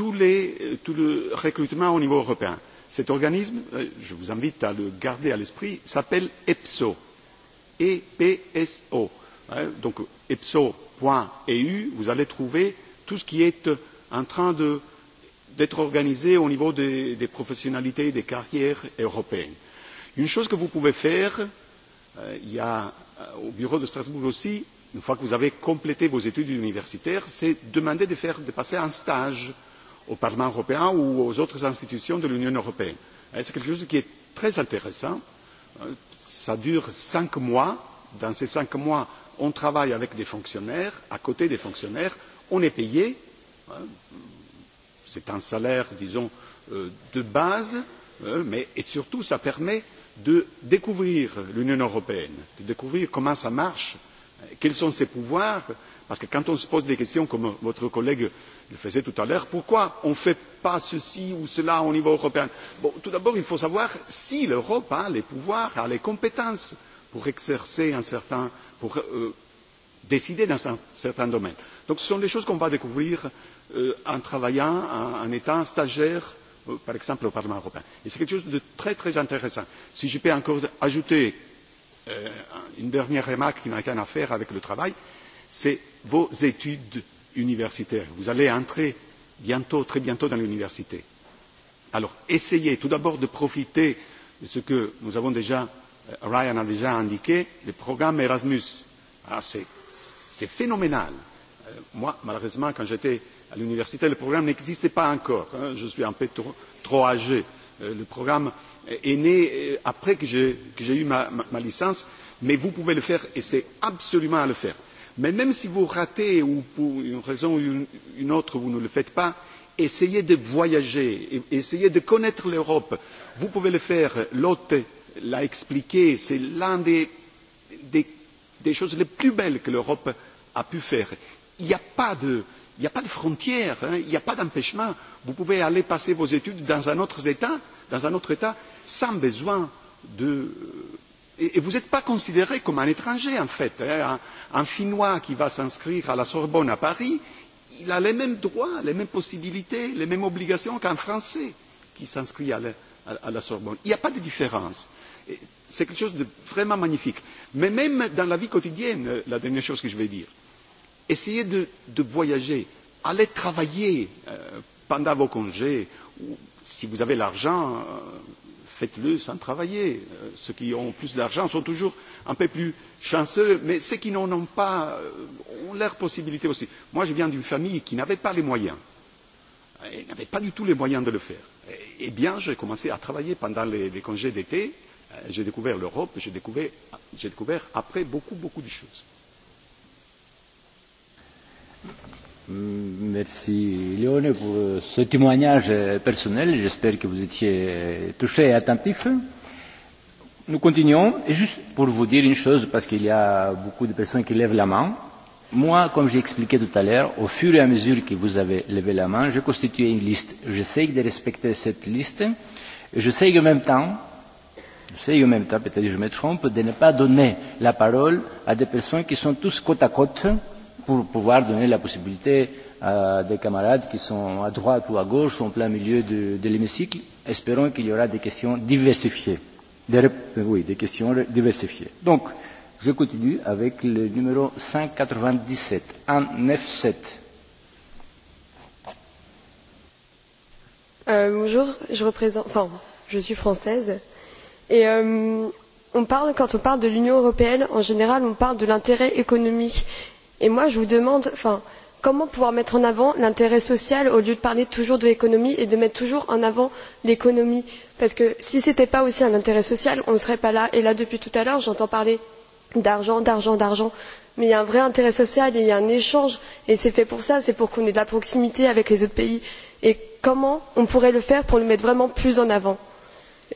tout, les, tout le recrutement au niveau européen. Cet organisme, euh, je vous invite à le garder à l'esprit, s'appelle EPSO. E EPSO. Donc EPSO.eu, vous allez trouver tout ce qui est euh, en train d'être organisé au niveau des, des professionnalités et des carrières européennes. Une chose que vous pouvez faire, euh, il y a au bureau de Strasbourg aussi, une fois que vous avez complété vos études universitaires, c'est demander de, faire, de passer un stage au Parlement européen ou aux autres institutions de l'Union européenne. C'est quelque chose qui est très intéressant. Euh, ça dure cinq mois. Dans ces cinq mois, on travaille avec des fonctionnaires, à côté des fonctionnaires, on est payé. C'est un salaire, disons, euh, de base, euh, mais et surtout, ça permet de découvrir l'Union européenne, de découvrir comment ça marche, quels sont ses pouvoirs, parce que quand on se pose des questions, comme votre collègue le faisait tout à l'heure, pourquoi on ne fait pas ceci ou cela au niveau européen bon, Tout d'abord, il faut savoir si l'Europe a les pouvoirs, a les compétences pour exercer un certain, pour euh, décider dans un certain domaine. Donc ce sont des choses qu'on va découvrir euh, en travaillant, en, en étant stagiaire, euh, par exemple au Parlement européen. Et c'est quelque chose de très très intéressant. Si je peux encore ajouter euh, une dernière remarque qui n'a rien à faire avec le travail, c'est vos études universitaire. Vous allez entrer bientôt, très bientôt dans l'université. Alors, essayez tout d'abord de profiter de ce que nous avons déjà, euh, Ryan a déjà indiqué, le programme Erasmus. Ah, c'est phénoménal. Euh, moi, malheureusement, quand j'étais à l'université, le programme n'existait pas encore. Hein, je suis un peu trop, trop âgé. Euh, le programme est né euh, après que j'ai eu ma, ma, ma licence, mais vous pouvez le faire et c'est absolument à le faire. Mais même si vous ratez ou pour une raison ou une autre, vous ne le faites pas, essayez de voyager, essayez de connaître l'Europe. Vous pouvez le faire, l'hôte l'a expliqué, c'est l'un des, des, des choses les plus belles que l'Europe a pu faire. Il n'y a pas de, il n'y a pas de frontières, hein, il n'y a pas d'empêchement. Vous pouvez aller passer vos études dans un autre État, dans un autre État, sans besoin de Et, et vous n'êtes pas considéré comme un étranger, en fait. Hein. Un, un Finnois qui va s'inscrire à la Sorbonne à Paris, il a les mêmes droits, les mêmes possibilités, les mêmes obligations qu'un Français qui s'inscrit à, la, à, à la Sorbonne. Il n'y a pas de différence. C'est quelque chose de vraiment magnifique. Mais même dans la vie quotidienne, la dernière chose que je vais dire, essayez de, de voyager, allez travailler euh, pendant vos congés, ou si vous avez l'argent, euh, faites-le sans travailler. Euh, ceux qui ont plus d'argent sont toujours un peu plus chanceux, mais ceux qui n'en ont pas euh, ont leurs possibilités aussi. Moi, je viens d'une famille qui n'avait pas les moyens. Elle n'avait pas du tout les moyens de le faire. Eh bien, j'ai commencé à travailler pendant les, les congés d'été. Euh, j'ai découvert l'Europe, j'ai découvert, découvert après beaucoup, beaucoup de choses. Mm, merci Léone pour euh, ce témoignage euh, personnel. J'espère que vous étiez euh, touché et attentif. Nous continuons. Et juste pour vous dire une chose, parce qu'il y a beaucoup de personnes qui lèvent la main. Moi, comme j'ai expliqué tout à l'heure, au fur et à mesure que vous avez levé la main, j'ai constitué une liste. J'essaye de respecter cette liste. J'essaye en même temps, j'essaye en même temps, peut-être je me trompe, de ne pas donner la parole à des personnes qui sont tous côte à côte pour pouvoir donner la possibilité à euh, des camarades qui sont à droite ou à gauche en plein milieu de, de l'hémicycle. Espérons qu'il y aura des questions diversifiées. Des, euh, oui, des questions diversifiées. Donc, je continue avec le numéro 597, 197, 197. Euh, bonjour, je représente, enfin, je suis française. Et euh, on parle, quand on parle de l'Union européenne, en général, on parle de l'intérêt économique Et moi, je vous demande, enfin, comment pouvoir mettre en avant l'intérêt social au lieu de parler toujours de l'économie et de mettre toujours en avant l'économie Parce que si ce n'était pas aussi un intérêt social, on ne serait pas là. Et là, depuis tout à l'heure, j'entends parler d'argent, d'argent, d'argent. Mais il y a un vrai intérêt social et il y a un échange. Et c'est fait pour ça, c'est pour qu'on ait de la proximité avec les autres pays. Et comment on pourrait le faire pour le mettre vraiment plus en avant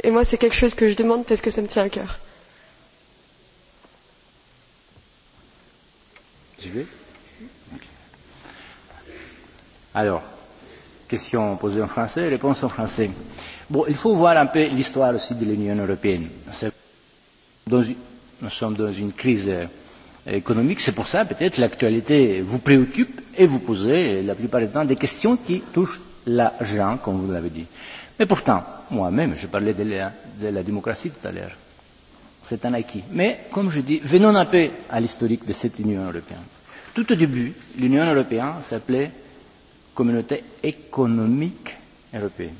Et moi, c'est quelque chose que je demande parce que ça me tient à cœur. vais Alors, question posée en français, réponse en français. Bon, il faut voir un peu l'histoire aussi de l'Union européenne. Dans une, nous sommes dans une crise euh, économique, c'est pour ça peut-être l'actualité vous préoccupe et vous posez la plupart du temps des questions qui touchent l'argent, comme vous l'avez dit. Mais pourtant, moi-même, je parlais de la, de la démocratie tout à l'heure. C'est un acquis. Mais, comme je dis, venons un peu à l'historique de cette Union européenne. Tout au début, l'Union européenne s'appelait Communauté économique européenne.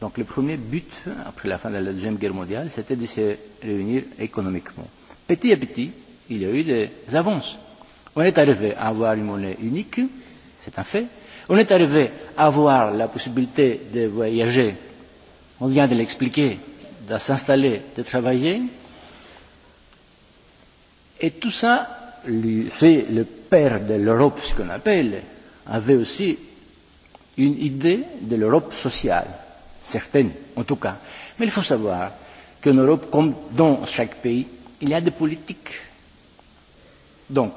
Donc le premier but, après la fin de la Deuxième Guerre mondiale, c'était de se réunir économiquement. Petit à petit, il y a eu des avances. On est arrivé à avoir une monnaie unique, c'est un fait. On est arrivé à avoir la possibilité de voyager, on vient de l'expliquer, de s'installer, de travailler. Et tout ça fait le père de l'Europe, ce qu'on appelle, avait aussi une idée de l'Europe sociale, certaine en tout cas. Mais il faut savoir qu'en Europe, comme dans chaque pays, il y a des politiques. Donc,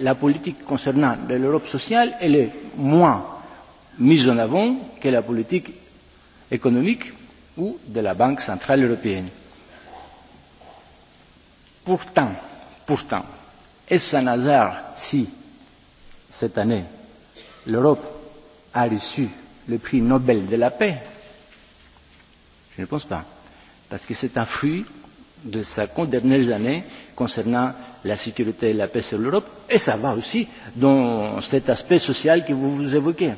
la politique concernant l'Europe sociale, elle est moins mise en avant que la politique économique ou de la Banque centrale européenne. Pourtant, pourtant, Est-ce hasard si, cette année, l'Europe a reçu le prix Nobel de la paix Je ne pense pas. Parce que c'est un fruit de ces dernières années concernant la sécurité et la paix sur l'Europe, et ça va aussi dans cet aspect social que vous, vous évoquez.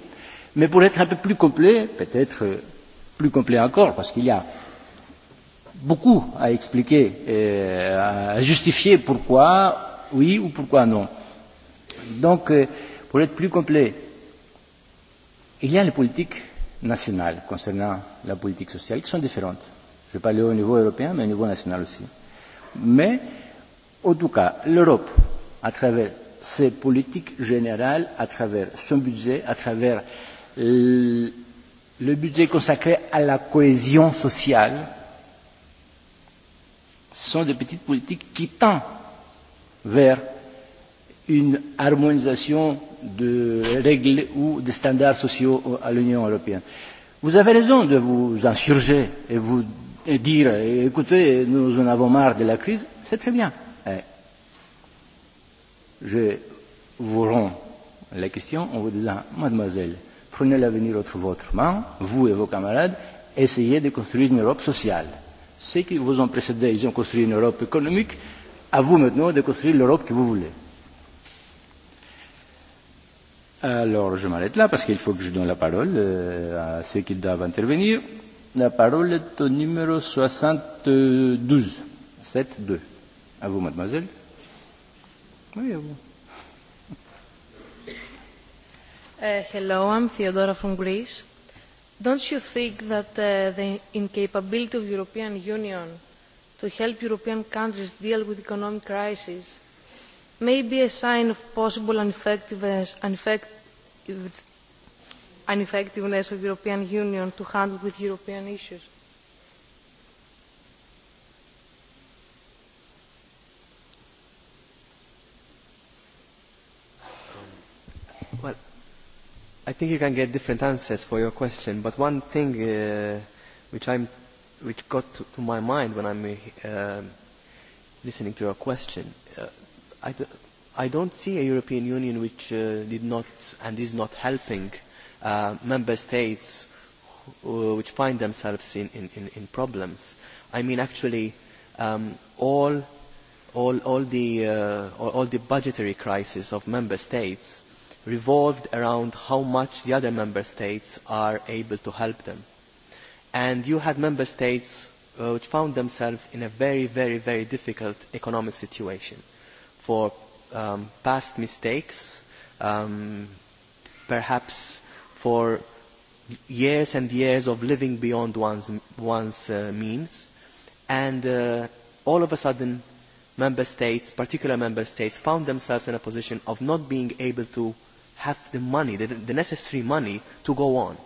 Mais pour être un peu plus complet, peut-être euh, plus complet encore, parce qu'il y a beaucoup à expliquer, et à justifier pourquoi oui ou pourquoi non. Donc, euh, pour être plus complet, il y a les politiques nationales concernant la politique sociale qui sont différentes. Je parle au niveau européen, mais au niveau national aussi. Mais, en tout cas, l'Europe, à travers ses politiques générales, à travers son budget, à travers le budget consacré à la cohésion sociale, ce sont des petites politiques qui tendent vers une harmonisation de règles ou de standards sociaux à l'Union européenne. Vous avez raison de vous insurger et vous dire écoutez, nous en avons marre de la crise, c'est très bien. Eh, je vous rends la question en vous disant mademoiselle, prenez l'avenir entre votre main, vous et vos camarades, essayez de construire une Europe sociale. Ceux qui vous ont précédé, ils ont construit une Europe économique, À vous maintenant de construire l'Europe que vous voulez. Alors, je m'arrête là parce qu'il faut que je donne la parole euh, à ceux qui doivent intervenir. La parole est au numéro 72. 7-2. À vous, mademoiselle. Oui, à vous. Uh, hello, I'm Theodora from Greece. Don't you think that uh, the incapability of European Union to help European countries deal with economic crisis may be a sign of possible ineffectiveness, ineffectiveness of European Union to handle with European issues. Um, well, I think you can get different answers for your question, but one thing uh, which I'm which got to, to my mind when I'm uh, listening to your question. Uh, I, I don't see a European Union which uh, did not and is not helping uh, member states who, uh, which find themselves in, in, in, in problems. I mean, actually, um, all, all, all, the, uh, all, all the budgetary crisis of member states revolved around how much the other member states are able to help them and you had member states uh, which found themselves in a very, very, very difficult economic situation for um, past mistakes, um, perhaps for years and years of living beyond one's, one's uh, means. And uh, all of a sudden, member states, particular member states, found themselves in a position of not being able to have the money, the, the necessary money to go on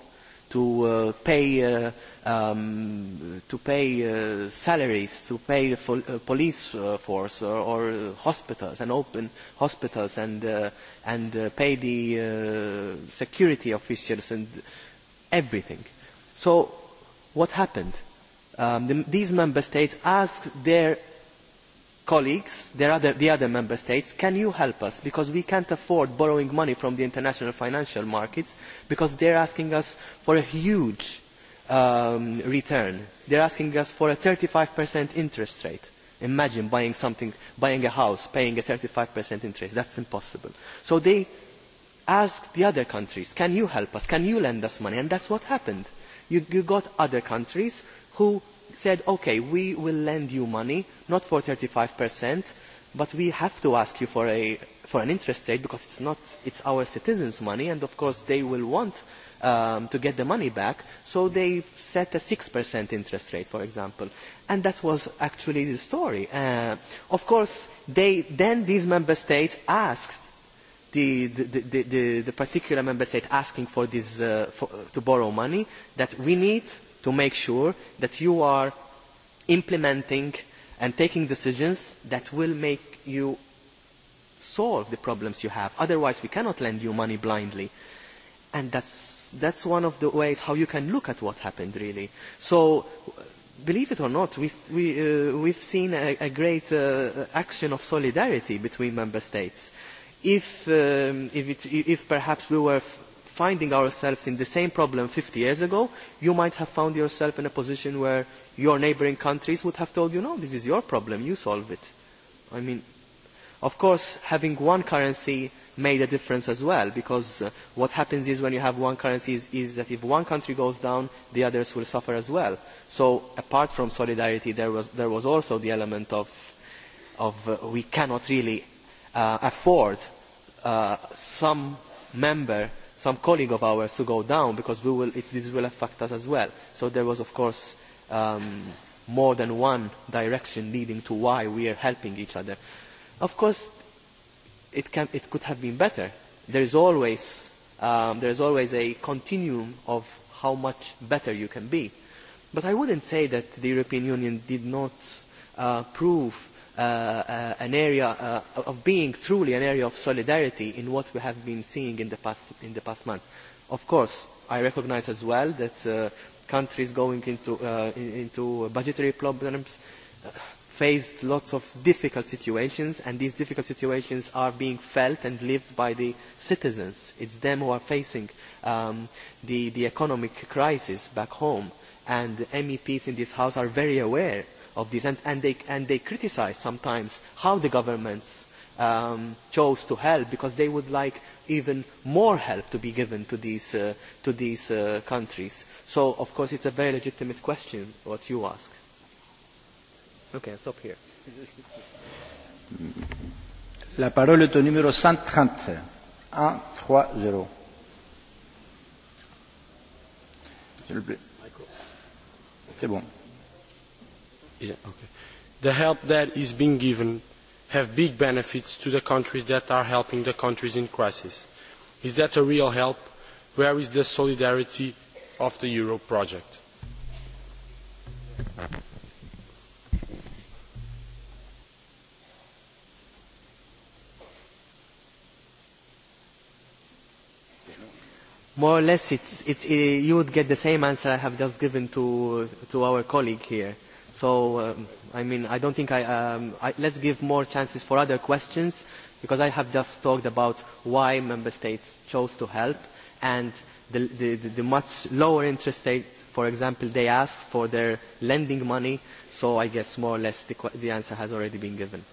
to uh, pay, uh, um, to pay uh, salaries, to pay the fol uh, police uh, force or, or uh, hospitals and open hospitals and, uh, and uh, pay the uh, security officials and everything. So what happened? Um, the, these member states asked their colleagues, there are the, the other member states, can you help us? Because we can't afford borrowing money from the international financial markets because they're asking us for a huge um, return. They're asking us for a 35% interest rate. Imagine buying something, buying a house, paying a 35% interest. That's impossible. So they asked the other countries, can you help us? Can you lend us money? And that's what happened. You, you got other countries who said, okay, we will lend you money, not for 35%, but we have to ask you for, a, for an interest rate because it's, not, it's our citizens' money, and of course they will want um, to get the money back, so they set a 6% interest rate, for example. And that was actually the story. Uh, of course, they, then these member states asked the, the, the, the, the particular member state asking for this, uh, for, to borrow money that we need to make sure that you are implementing and taking decisions that will make you solve the problems you have. Otherwise, we cannot lend you money blindly. And that's, that's one of the ways how you can look at what happened, really. So, believe it or not, we've, we, uh, we've seen a, a great uh, action of solidarity between member states. If, um, if, it, if perhaps we were finding ourselves in the same problem 50 years ago, you might have found yourself in a position where your neighboring countries would have told you, no, this is your problem, you solve it. I mean, of course, having one currency made a difference as well, because uh, what happens is when you have one currency is, is that if one country goes down, the others will suffer as well. So apart from solidarity, there was, there was also the element of, of uh, we cannot really uh, afford uh, some member some colleague of ours to go down because we will, it, this will affect us as well. So there was, of course, um, more than one direction leading to why we are helping each other. Of course, it, can, it could have been better. There is always, um, there is always a continuum of how much better you can be. But I wouldn't say that the European Union did not uh, prove Uh, uh, an area uh, of being truly an area of solidarity in what we have been seeing in the past, in the past months. Of course, I recognize as well that uh, countries going into, uh, into budgetary problems uh, faced lots of difficult situations and these difficult situations are being felt and lived by the citizens. It's them who are facing um, the, the economic crisis back home and MEPs in this house are very aware of these, and, and, they, and they criticize sometimes how the governments um, chose to help because they would like even more help to be given to these, uh, to these uh, countries. So, of course, it's a very legitimate question what you ask. Okay, I'll stop here. La parole est au numéro 130. 1, 3, 0. C'est bon okay. The help that is being given have big benefits to the countries that are helping the countries in crisis. Is that a real help? Where is the solidarity of the Euro project? More or less, it's, it's, it, you would get the same answer I have just given to, to our colleague here So, um, I mean, I don't think I, um, I, let's give more chances for other questions because I have just talked about why member states chose to help and the, the, the much lower interest rate, for example, they asked for their lending money. So I guess more or less the, the answer has already been given.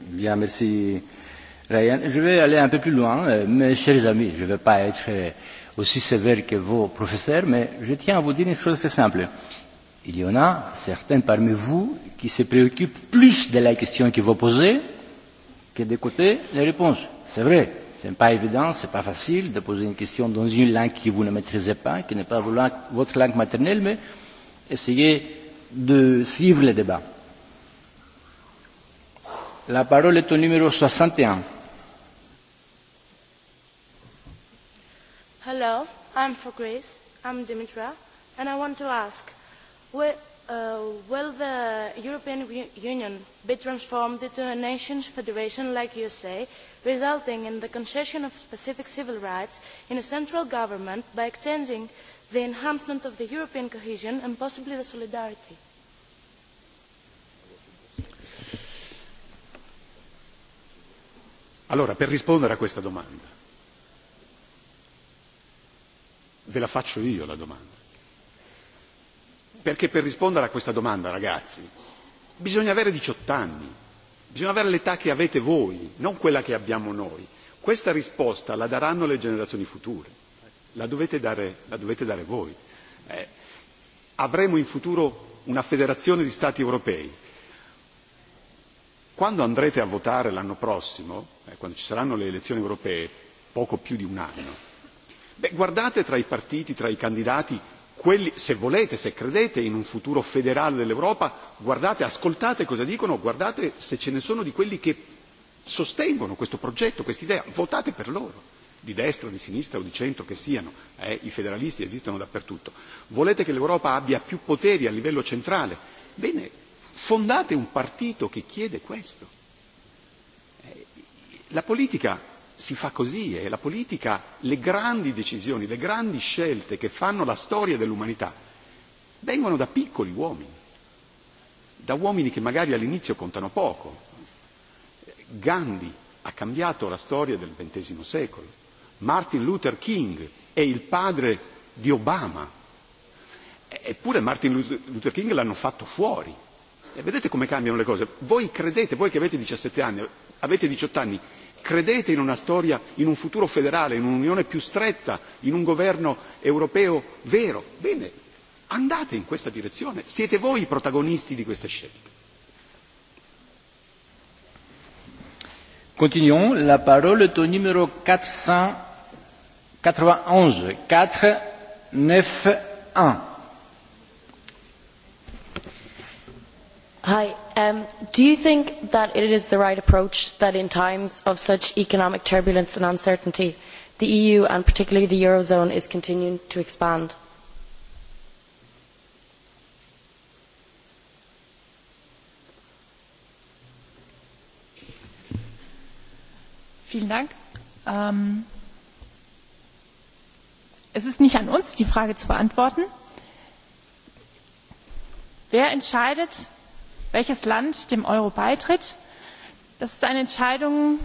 Bien, merci. Ryan, je vais aller un peu plus loin, euh, mes chers amis, je ne vais pas être euh, aussi sévère que vos professeurs, mais je tiens à vous dire une chose très simple. Euh, Il y en a certains parmi vous qui se préoccupent plus de la question que vous posez que d'écouter les réponses. C'est vrai, ce n'est pas évident, ce n'est pas facile de poser une question dans une langue que vous ne maîtrisez pas, qui n'est pas votre langue maternelle, mais essayez de suivre le débat. La parole est au numéro 61. Hello, I'm for Greece, I'm Dimitra, and I want to ask, Well, uh, will the European Union be transformed into a nations federation like you say, resulting in the concession of specific civil rights in a central government by exchanging the enhancement of the European cohesion and possibly the solidarity? Allora, per rispondere a questa domanda, ve la faccio io la domanda. Perché per rispondere a questa domanda, ragazzi, bisogna avere 18 anni, bisogna avere l'età che avete voi, non quella che abbiamo noi. Questa risposta la daranno le generazioni future, la dovete dare, la dovete dare voi. Eh, avremo in futuro una federazione di Stati europei. Quando andrete a votare l'anno prossimo, eh, quando ci saranno le elezioni europee, poco più di un anno, beh, guardate tra i partiti, tra i candidati, quelli, se volete, se credete in un futuro federale dell'Europa, guardate, ascoltate cosa dicono, guardate se ce ne sono di quelli che sostengono questo progetto, quest'idea, votate per loro di destra, di sinistra o di centro che siano, eh, i federalisti esistono dappertutto. Volete che l'Europa abbia più poteri a livello centrale? Bene, fondate un partito che chiede questo. Eh, la politica si fa così e la politica, le grandi decisioni, le grandi scelte che fanno la storia dell'umanità vengono da piccoli uomini, da uomini che magari all'inizio contano poco. Gandhi ha cambiato la storia del XX secolo, Martin Luther King è e il padre di Obama, e, eppure Martin Luther King l'hanno fatto fuori. E vedete come cambiano le cose? Voi credete, voi che avete 17 anni, avete 18 anni, Credete in una storia, in un futuro federale, in un'unione più stretta, in un governo europeo vero? Bene, andate in questa direzione, siete voi i protagonisti di queste scelte. continuiamo. la parola è au numero 491, 491. Hi, Um, do you think that it is the right approach that in times of such economic turbulence and uncertainty, the EU and particularly the Eurozone is continuing to expand? Ähm, es ist nicht an uns, die Frage zu beantworten. Wer entscheidet, welches Land dem Euro beitritt. Das ist eine Entscheidung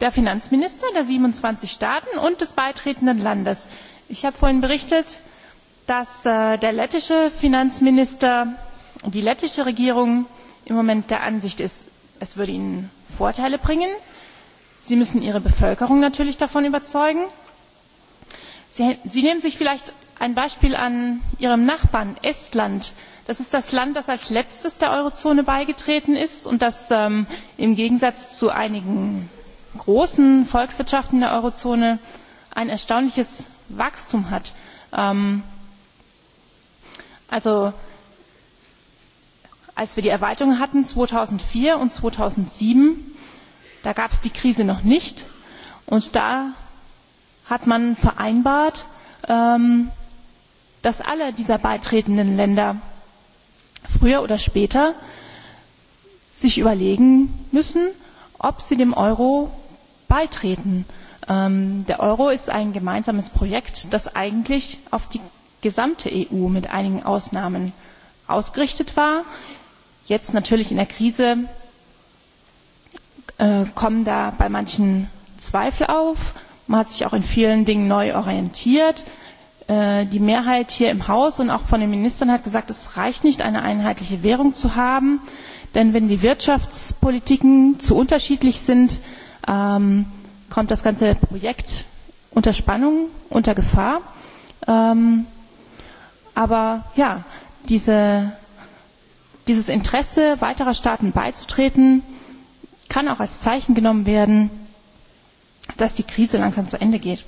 der Finanzminister der 27 Staaten und des beitretenden Landes. Ich habe vorhin berichtet, dass äh, der lettische Finanzminister, die lettische Regierung im Moment der Ansicht ist, es würde ihnen Vorteile bringen. Sie müssen ihre Bevölkerung natürlich davon überzeugen. Sie, Sie nehmen sich vielleicht ein Beispiel an Ihrem Nachbarn Estland. Das ist das Land, das als letztes der Eurozone beigetreten ist und das ähm, im Gegensatz zu einigen großen Volkswirtschaften der Eurozone ein erstaunliches Wachstum hat. Ähm, also als wir die Erweiterung hatten 2004 und 2007, da gab es die Krise noch nicht und da hat man vereinbart, ähm, dass alle dieser beitretenden Länder früher oder später sich überlegen müssen, ob sie dem Euro beitreten. Ähm, der Euro ist ein gemeinsames Projekt, das eigentlich auf die gesamte EU mit einigen Ausnahmen ausgerichtet war. Jetzt natürlich in der Krise äh, kommen da bei manchen Zweifel auf. Man hat sich auch in vielen Dingen neu orientiert. Äh, die Mehrheit hier im Haus und auch von den Ministern hat gesagt, es reicht nicht, eine einheitliche Währung zu haben, denn wenn die Wirtschaftspolitiken zu unterschiedlich sind, ähm, kommt das ganze Projekt unter Spannung, unter Gefahr. Ähm, aber ja, diese, dieses Interesse weiterer Staaten beizutreten, kann auch als Zeichen genommen werden, dass die Krise langsam zu Ende geht.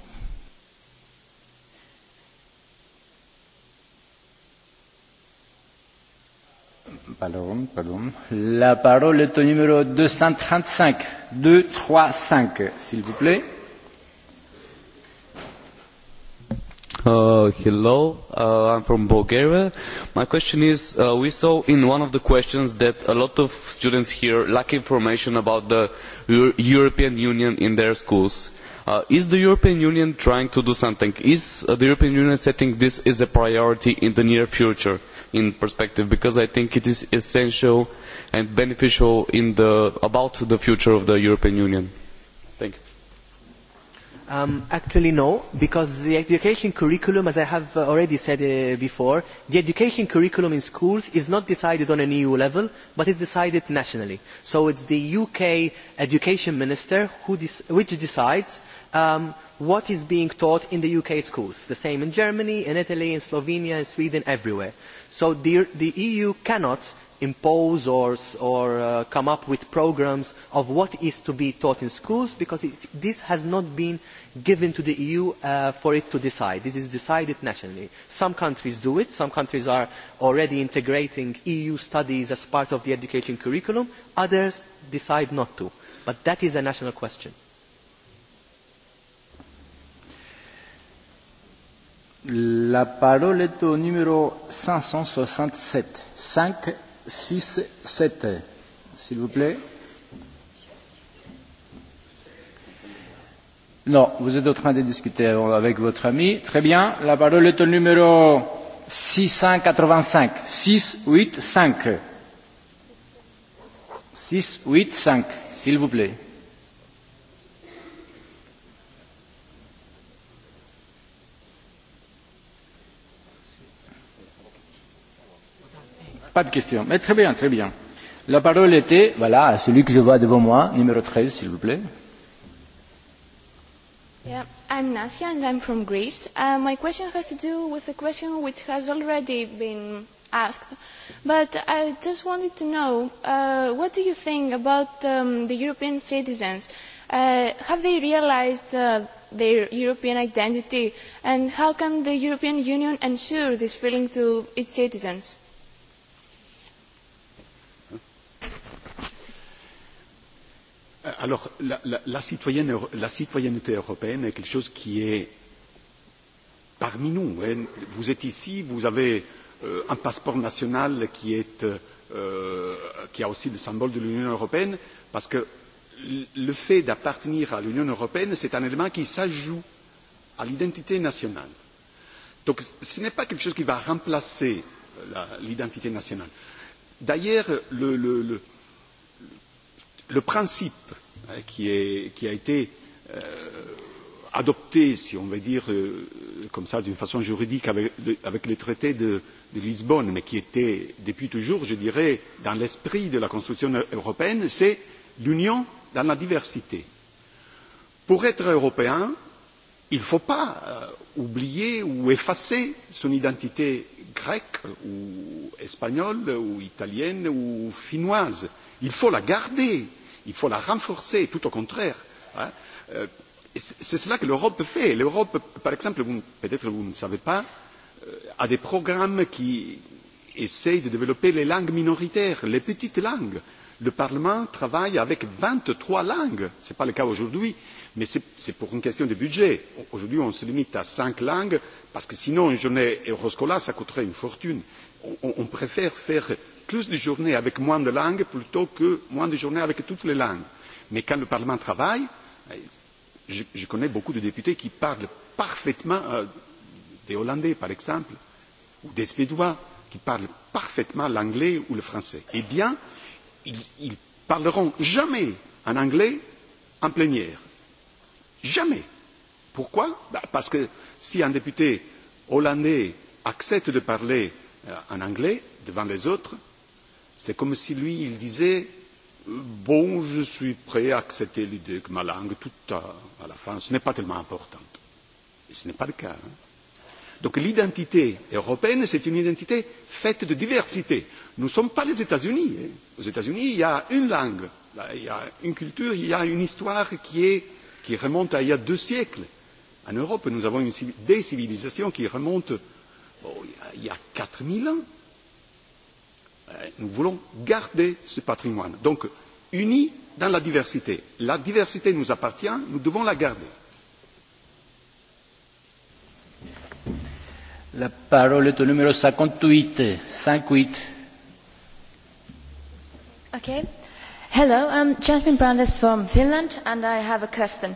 Pardon, pardon. La parole est au numéro 235. 235, s'il vous plaît. Uh, hello, uh, I'm from Bulgaria. My question is, uh, we saw in one of the questions that a lot of students here lack information about the Euro European Union in their schools. Uh, is the European Union trying to do something? Is uh, the European Union setting this as a priority in the near future? in perspective because I think it is essential and beneficial in the, about the future of the European Union. Thank you. Um, actually no, because the education curriculum, as I have uh, already said uh, before, the education curriculum in schools is not decided on an EU level, but it's decided nationally. So it's the UK education minister who which decides um, what is being taught in the UK schools. The same in Germany, in Italy, in Slovenia, in Sweden, everywhere. So the, the EU cannot impose or, or uh, come up with programs of what is to be taught in schools because it, this has not been given to the EU uh, for it to decide. This is decided nationally. Some countries do it. Some countries are already integrating EU studies as part of the education curriculum. Others decide not to. But that is a national question. La parole est au numéro 567. 5, 6, 7. S'il vous plaît. Non, vous êtes en train de discuter avec votre ami. Très bien. La parole est au numéro 685. 6, 8, 5. 6, 8, 5. S'il vous plaît. Pas de question. Mais très bien, très bien. La parole était, voilà, à celui que je vois devant moi, numéro 13, s'il vous plaît. Yeah, I'm Nasia and I'm from Greece. Uh, my question has to do with a question which has already been asked, but I just wanted to know uh, what do you think about um, the European citizens? Uh, have they realized uh, their European identity and how can the European Union ensure this feeling to its citizens? Alors, la, la, la, citoyenne, la citoyenneté européenne est quelque chose qui est parmi nous. Hein. Vous êtes ici, vous avez euh, un passeport national qui, est, euh, qui a aussi le symbole de l'Union européenne, parce que le fait d'appartenir à l'Union européenne, c'est un élément qui s'ajoute à l'identité nationale. Donc ce n'est pas quelque chose qui va remplacer euh, l'identité nationale. D'ailleurs, le, le, le, le principe qui, est, qui a été euh, adopté, si on veut dire euh, comme ça d'une façon juridique avec, le, avec le traité de, de Lisbonne, mais qui était depuis toujours, je dirais, dans l'esprit de la construction européenne, c'est l'union dans la diversité. Pour être européen, il ne faut pas euh, oublier ou effacer son identité grecque ou espagnole ou italienne ou finnoise. Euh, Il faut la garder, il faut la renforcer, tout au contraire. Hein. Euh, c'est cela que l'Europe fait. L'Europe, par exemple, peut-être vous ne savez pas, euh, a des programmes qui essayent de développer les langues minoritaires, les petites langues. Le Parlement travaille avec vingt trois langues. Ce n'est pas le cas aujourd'hui, mais c'est pour une question de budget. Aujourd'hui, on se limite à cinq langues, parce que sinon, une journée Euroscola, ça coûterait une fortune. On, on préfère faire plus de journées avec moins de langues plutôt que moins de journées avec toutes les langues. Mais quand le Parlement travaille, je, je connais beaucoup de députés qui parlent parfaitement euh, des Hollandais, par exemple, ou des Suédois, qui parlent parfaitement l'anglais ou le français. Eh bien, ils, ils parleront jamais en anglais en plénière. Jamais. Pourquoi bah Parce que si un député hollandais accepte de parler euh, en anglais devant les autres, C'est comme si lui, il disait Bon, je suis prêt à accepter l'idée que ma langue, tout à, à la fin, ce n'est pas tellement importante. Et ce n'est pas le cas. Hein. Donc l'identité européenne, c'est une identité faite de diversité. Nous ne sommes pas les États-Unis. Hein. Aux États-Unis, il y a une langue, il y a une culture, il y a une histoire qui, est, qui remonte à il y a deux siècles. En Europe, nous avons une, des civilisations qui remontent bon, il y a, il y a 4000 ans. Euh, nous voulons garder ce patrimoine. Donc, unis dans la diversité. La diversité nous appartient, nous devons la garder. La parole est au numéro 58. 58. Okay. Hello, I'm Jasmine Brandes from Finland and I have a question.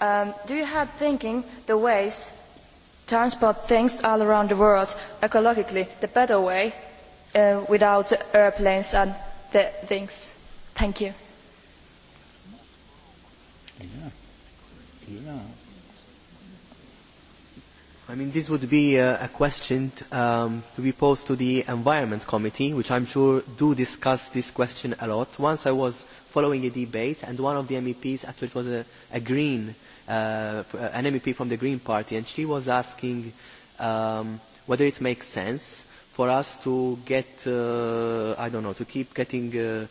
Um, do you have thinking the ways transport things all around the world ecologically, the better way uh, without airplanes and the things. Thank you. Yeah. Yeah. I mean, this would be uh, a question um, to be posed to the Environment Committee, which I'm sure do discuss this question a lot. Once I was following a debate, and one of the MEPs, actually it was a, a Green, uh, an MEP from the Green Party, and she was asking um, whether it makes sense for us to get, uh, I don't know, to keep getting uh,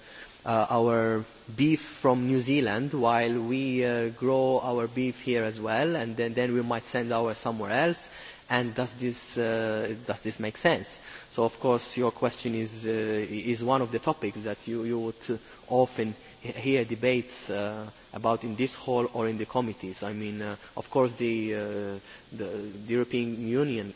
uh, our beef from New Zealand while we uh, grow our beef here as well, and then, then we might send ours somewhere else. And does this, uh, does this make sense? So, of course, your question is, uh, is one of the topics that you, you would often hear debates uh, about in this hall or in the committees. I mean, uh, of course, the, uh, the, the European Union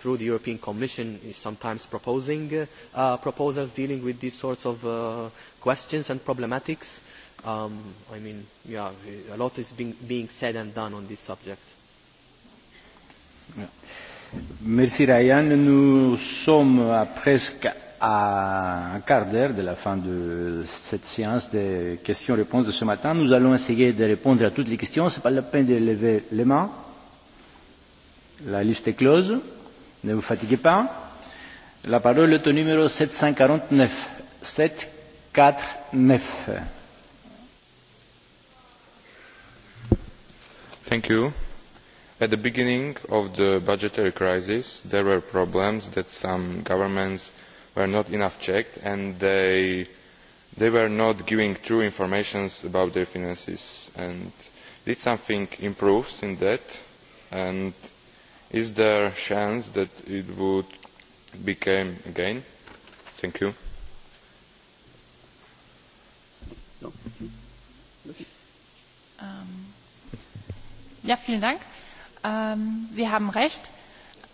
through the European Commission is sometimes proposing uh, proposals dealing with these sorts of uh, questions and problematics. Um, I mean, yeah, a lot is being, being said and done on this subject. Merci Ryan. Nous sommes à presque à un quart d'heure de la fin de cette séance de questions-réponses de ce matin. Nous allons essayer de répondre à toutes les questions. Ce n'est pas la peine de lever les mains. La liste est close. Ne vous fatiguez pas. La parole est au numéro 749. 749. Thank you. At the beginning of the budgetary crisis, there were problems that some governments were not enough checked and they, they were not giving true information about their finances. And did something improve in that? And Is there a chance that it would become again? Thank you. No. Ähm, ja, vielen Dank. Ähm, Sie haben recht.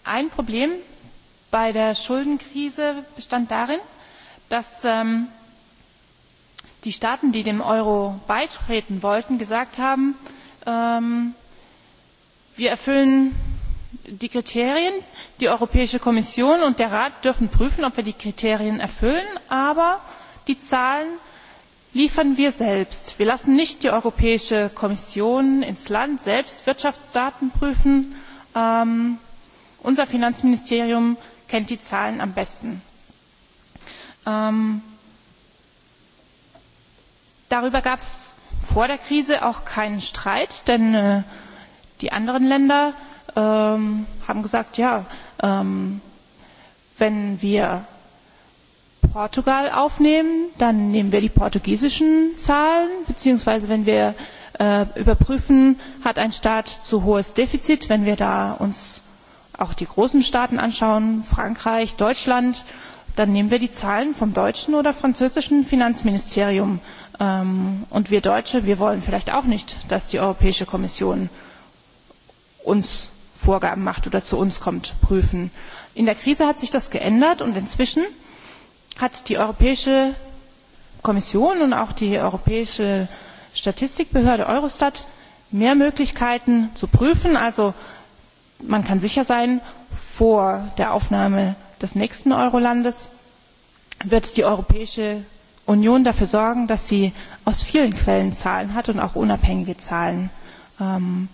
Ein Problem bei der Schuldenkrise bestand darin, dass ähm, die Staaten, die dem Euro beitreten wollten, gesagt haben, ähm, wir erfüllen die Kriterien, die Europäische Kommission und der Rat dürfen prüfen, ob wir die Kriterien erfüllen, aber die Zahlen liefern wir selbst. Wir lassen nicht die Europäische Kommission ins Land selbst Wirtschaftsdaten prüfen. Ähm, unser Finanzministerium kennt die Zahlen am besten. Ähm, darüber gab es vor der Krise auch keinen Streit, denn äh, die anderen Länder ähm, haben gesagt, ja, ähm, wenn wir Portugal aufnehmen, dann nehmen wir die portugiesischen Zahlen, beziehungsweise wenn wir äh, überprüfen, hat ein Staat zu hohes Defizit, wenn wir da uns auch die großen Staaten anschauen, Frankreich, Deutschland, dann nehmen wir die Zahlen vom deutschen oder französischen Finanzministerium. Ähm, und wir Deutsche, wir wollen vielleicht auch nicht, dass die Europäische Kommission uns Vorgaben macht oder zu uns kommt, prüfen. In der Krise hat sich das geändert und inzwischen hat die Europäische Kommission und auch die Europäische Statistikbehörde Eurostat mehr Möglichkeiten zu prüfen. Also man kann sicher sein, vor der Aufnahme des nächsten Eurolandes wird die Europäische Union dafür sorgen, dass sie aus vielen Quellen Zahlen hat und auch unabhängige Zahlen. Ähm,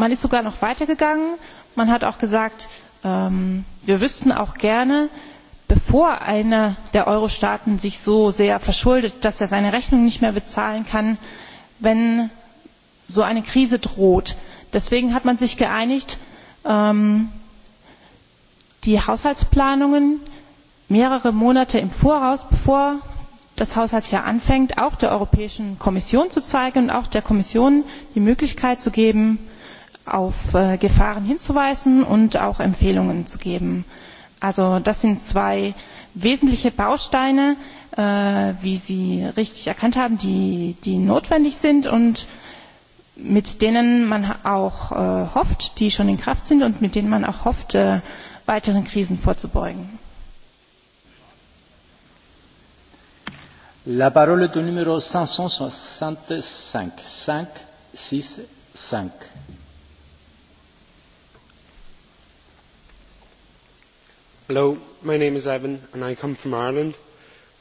man ist sogar noch weitergegangen. Man hat auch gesagt, ähm, wir wüssten auch gerne, bevor einer der Euro-Staaten sich so sehr verschuldet, dass er seine Rechnung nicht mehr bezahlen kann, wenn so eine Krise droht. Deswegen hat man sich geeinigt, ähm, die Haushaltsplanungen mehrere Monate im Voraus, bevor das Haushaltsjahr anfängt, auch der Europäischen Kommission zu zeigen und auch der Kommission die Möglichkeit zu geben, auf äh, Gefahren hinzuweisen und auch Empfehlungen zu geben. Also das sind zwei wesentliche Bausteine, äh, wie Sie richtig erkannt haben, die, die notwendig sind und mit denen man auch äh, hofft, die schon in Kraft sind und mit denen man auch hofft, äh, weiteren Krisen vorzubeugen. La parole du numéro 565. 5, 6, 5. Hello, my name is Evan and I come from Ireland.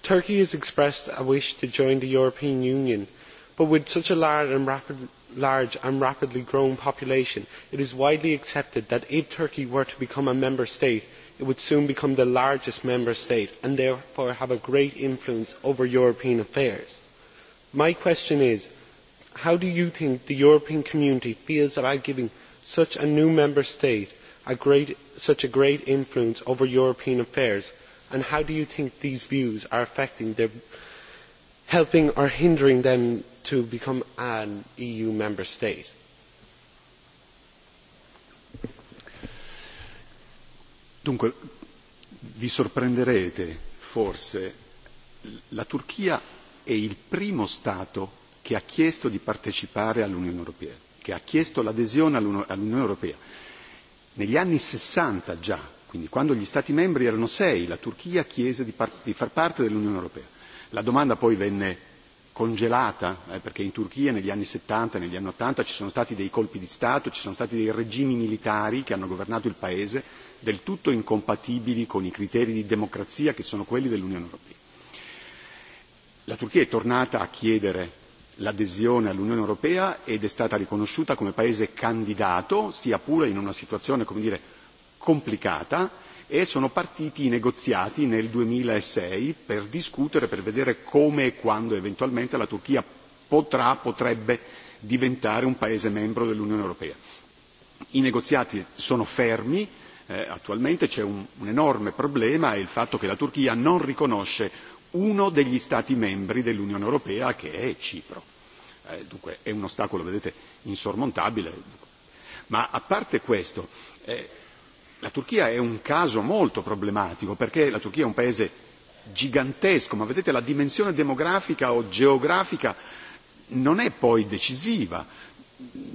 Turkey has expressed a wish to join the European Union, but with such a large and, rapid, large and rapidly growing population, it is widely accepted that if Turkey were to become a member state, it would soon become the largest member state and therefore have a great influence over European affairs. My question is, how do you think the European community feels about giving such a new member state such a great influence over European affairs? And how do you think these views are affecting their helping or hindering them to become an EU member state? Dunque, vi sorprenderete forse, la Turchia è il primo Stato che ha chiesto di partecipare all'Unione Europea, che ha chiesto l'adesione all'Unione Europea negli anni 60 già, quindi quando gli Stati membri erano sei, la Turchia chiese di, par- di far parte dell'Unione Europea. La domanda poi venne congelata, eh, perché in Turchia negli anni 70 e negli anni 80 ci sono stati dei colpi di Stato, ci sono stati dei regimi militari che hanno governato il Paese del tutto incompatibili con i criteri di democrazia che sono quelli dell'Unione Europea. La Turchia è tornata a chiedere l'adesione all'Unione Europea ed è stata riconosciuta come paese candidato, sia pure in una situazione, come dire, complicata, e sono partiti i negoziati nel duemilasei per discutere, per vedere come e quando eventualmente la Turchia potrà, potrebbe diventare un Paese membro dell'Unione Europea. I negoziati sono fermi, eh, attualmente c'è un, un enorme problema, è il fatto che la Turchia non riconosce uno degli Stati membri dell'Unione Europea, che è Cipro eh, dunque è un ostacolo, vedete, insormontabile. Ma a parte questo, eh, la Turchia è un caso molto problematico perché la Turchia è un paese gigantesco, ma vedete la dimensione demografica o geografica non è poi decisiva.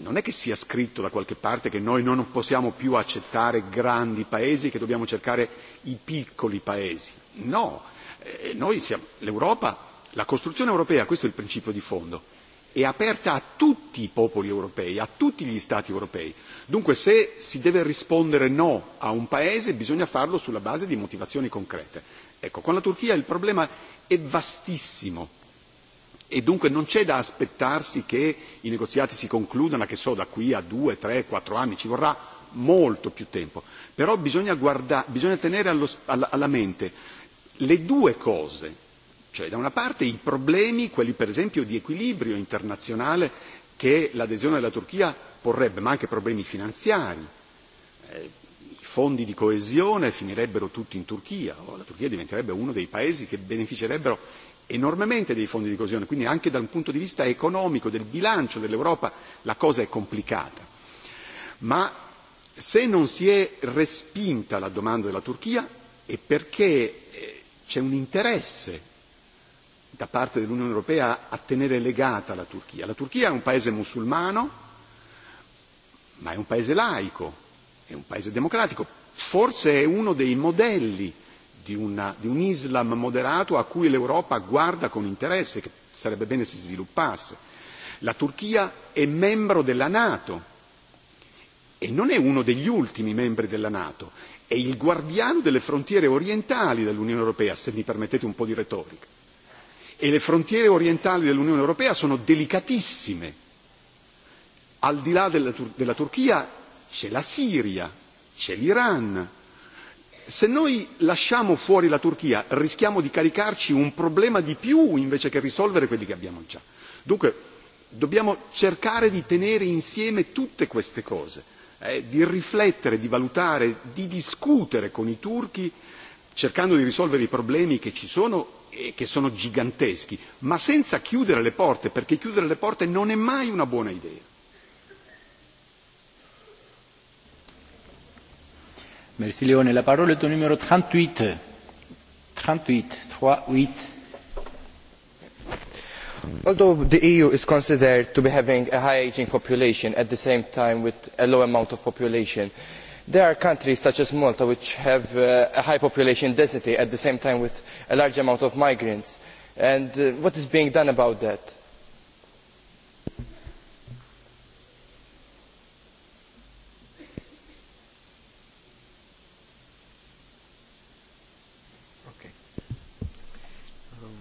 Non è che sia scritto da qualche parte che noi non possiamo più accettare grandi paesi, che dobbiamo cercare i piccoli paesi. No, eh, noi siamo l'Europa, la costruzione europea, questo è il principio di fondo è aperta a tutti i popoli europei, a tutti gli Stati europei. Dunque se si deve rispondere no a un Paese bisogna farlo sulla base di motivazioni concrete. Ecco, con la Turchia il problema è vastissimo e dunque non c'è da aspettarsi che i negoziati si concludano, che so, da qui a due, tre, quattro anni, ci vorrà molto più tempo. Però bisogna, guarda, bisogna tenere allo, alla, alla mente le due cose Cioè da una parte i problemi, quelli per esempio di equilibrio internazionale che l'adesione della Turchia porrebbe, ma anche problemi finanziari. Eh, I fondi di coesione finirebbero tutti in Turchia, o la Turchia diventerebbe uno dei paesi che beneficerebbero enormemente dei fondi di coesione, quindi anche dal punto di vista economico, del bilancio dell'Europa, la cosa è complicata. Ma se non si è respinta la domanda della Turchia è perché eh, c'è un interesse da parte dell'Unione Europea a tenere legata la Turchia. La Turchia è un paese musulmano, ma è un paese laico, è un paese democratico, forse è uno dei modelli di, una, di un Islam moderato a cui l'Europa guarda con interesse, che sarebbe bene si sviluppasse. La Turchia è membro della Nato e non è uno degli ultimi membri della Nato, è il guardiano delle frontiere orientali dell'Unione Europea, se mi permettete un po' di retorica e le frontiere orientali dell'Unione Europea sono delicatissime. Al di là della, Tur- della Turchia c'è la Siria, c'è l'Iran. Se noi lasciamo fuori la Turchia rischiamo di caricarci un problema di più invece che risolvere quelli che abbiamo già. Dunque dobbiamo cercare di tenere insieme tutte queste cose, eh, di riflettere, di valutare, di discutere con i turchi cercando di risolvere i problemi che ci sono Eh, che sono giganteschi, ma senza chiudere le porte, perché chiudere le porte non è mai una buona idea. Merci Leone. La parola è au numero 38. 38, 38. Although the EU is considered to be having a high aging population at the same time with a low amount of population, There are countries such as Malta which have uh, a high population density at the same time with a large amount of migrants. And uh, what is being done about that? Um,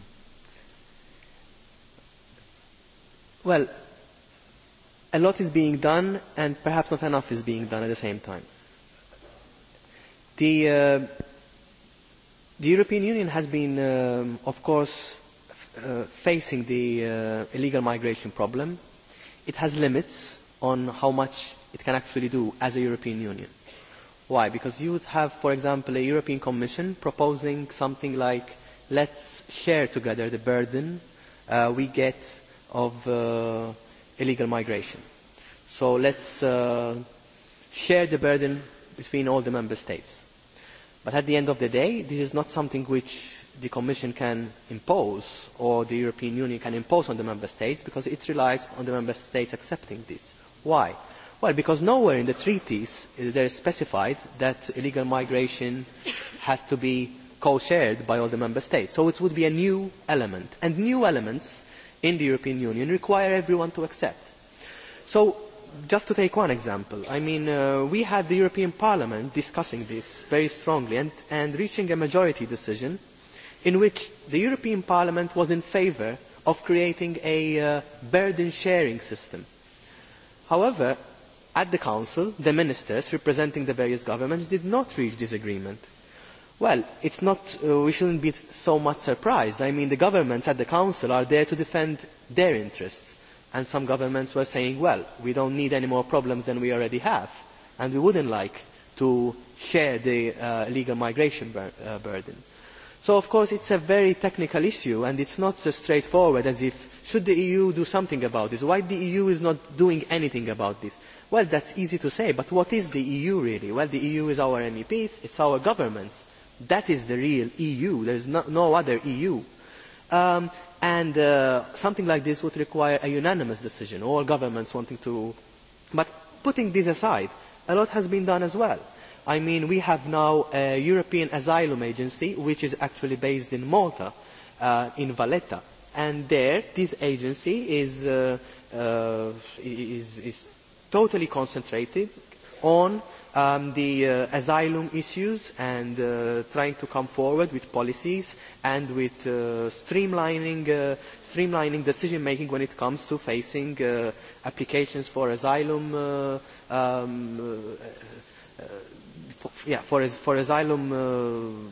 well, a lot is being done and perhaps not enough is being done at the same time. The, uh, the European Union has been, um, of course, uh, facing the uh, illegal migration problem. It has limits on how much it can actually do as a European Union. Why? Because you have, for example, a European Commission proposing something like, let's share together the burden uh, we get of uh, illegal migration. So let's uh, share the burden between all the member states. But at the end of the day, this is not something which the Commission can impose or the European Union can impose on the member states because it relies on the member states accepting this. Why? Well, because nowhere in the treaties uh, there is specified that illegal migration has to be co-shared by all the member states. So it would be a new element. And new elements in the European Union require everyone to accept. So just to take one example, I mean, uh, we had the European Parliament discussing this very strongly and, and reaching a majority decision in which the European Parliament was in favour of creating a uh, burden sharing system. However, at the Council, the ministers representing the various governments did not reach this agreement. Well, it's not, uh, we shouldn't be so much surprised. I mean, the governments at the Council are there to defend their interests and some governments were saying, well, we don't need any more problems than we already have, and we wouldn't like to share the uh, illegal migration bur uh, burden. So, of course, it's a very technical issue, and it's not as straightforward as if, should the EU do something about this? Why the EU is not doing anything about this? Well, that's easy to say, but what is the EU really? Well, the EU is our MEPs, it's our governments. That is the real EU. There is no, no other EU. Um, And uh, something like this would require a unanimous decision, all governments wanting to... But putting this aside, a lot has been done as well. I mean, we have now a European Asylum Agency, which is actually based in Malta, uh, in Valletta. And there, this agency is, uh, uh, is, is totally concentrated on um, the uh, asylum issues and uh, trying to come forward with policies and with uh, streamlining, uh, streamlining decision making when it comes to facing uh, applications for asylum uh, um, uh, for, uh, yeah, for, for asylum uh,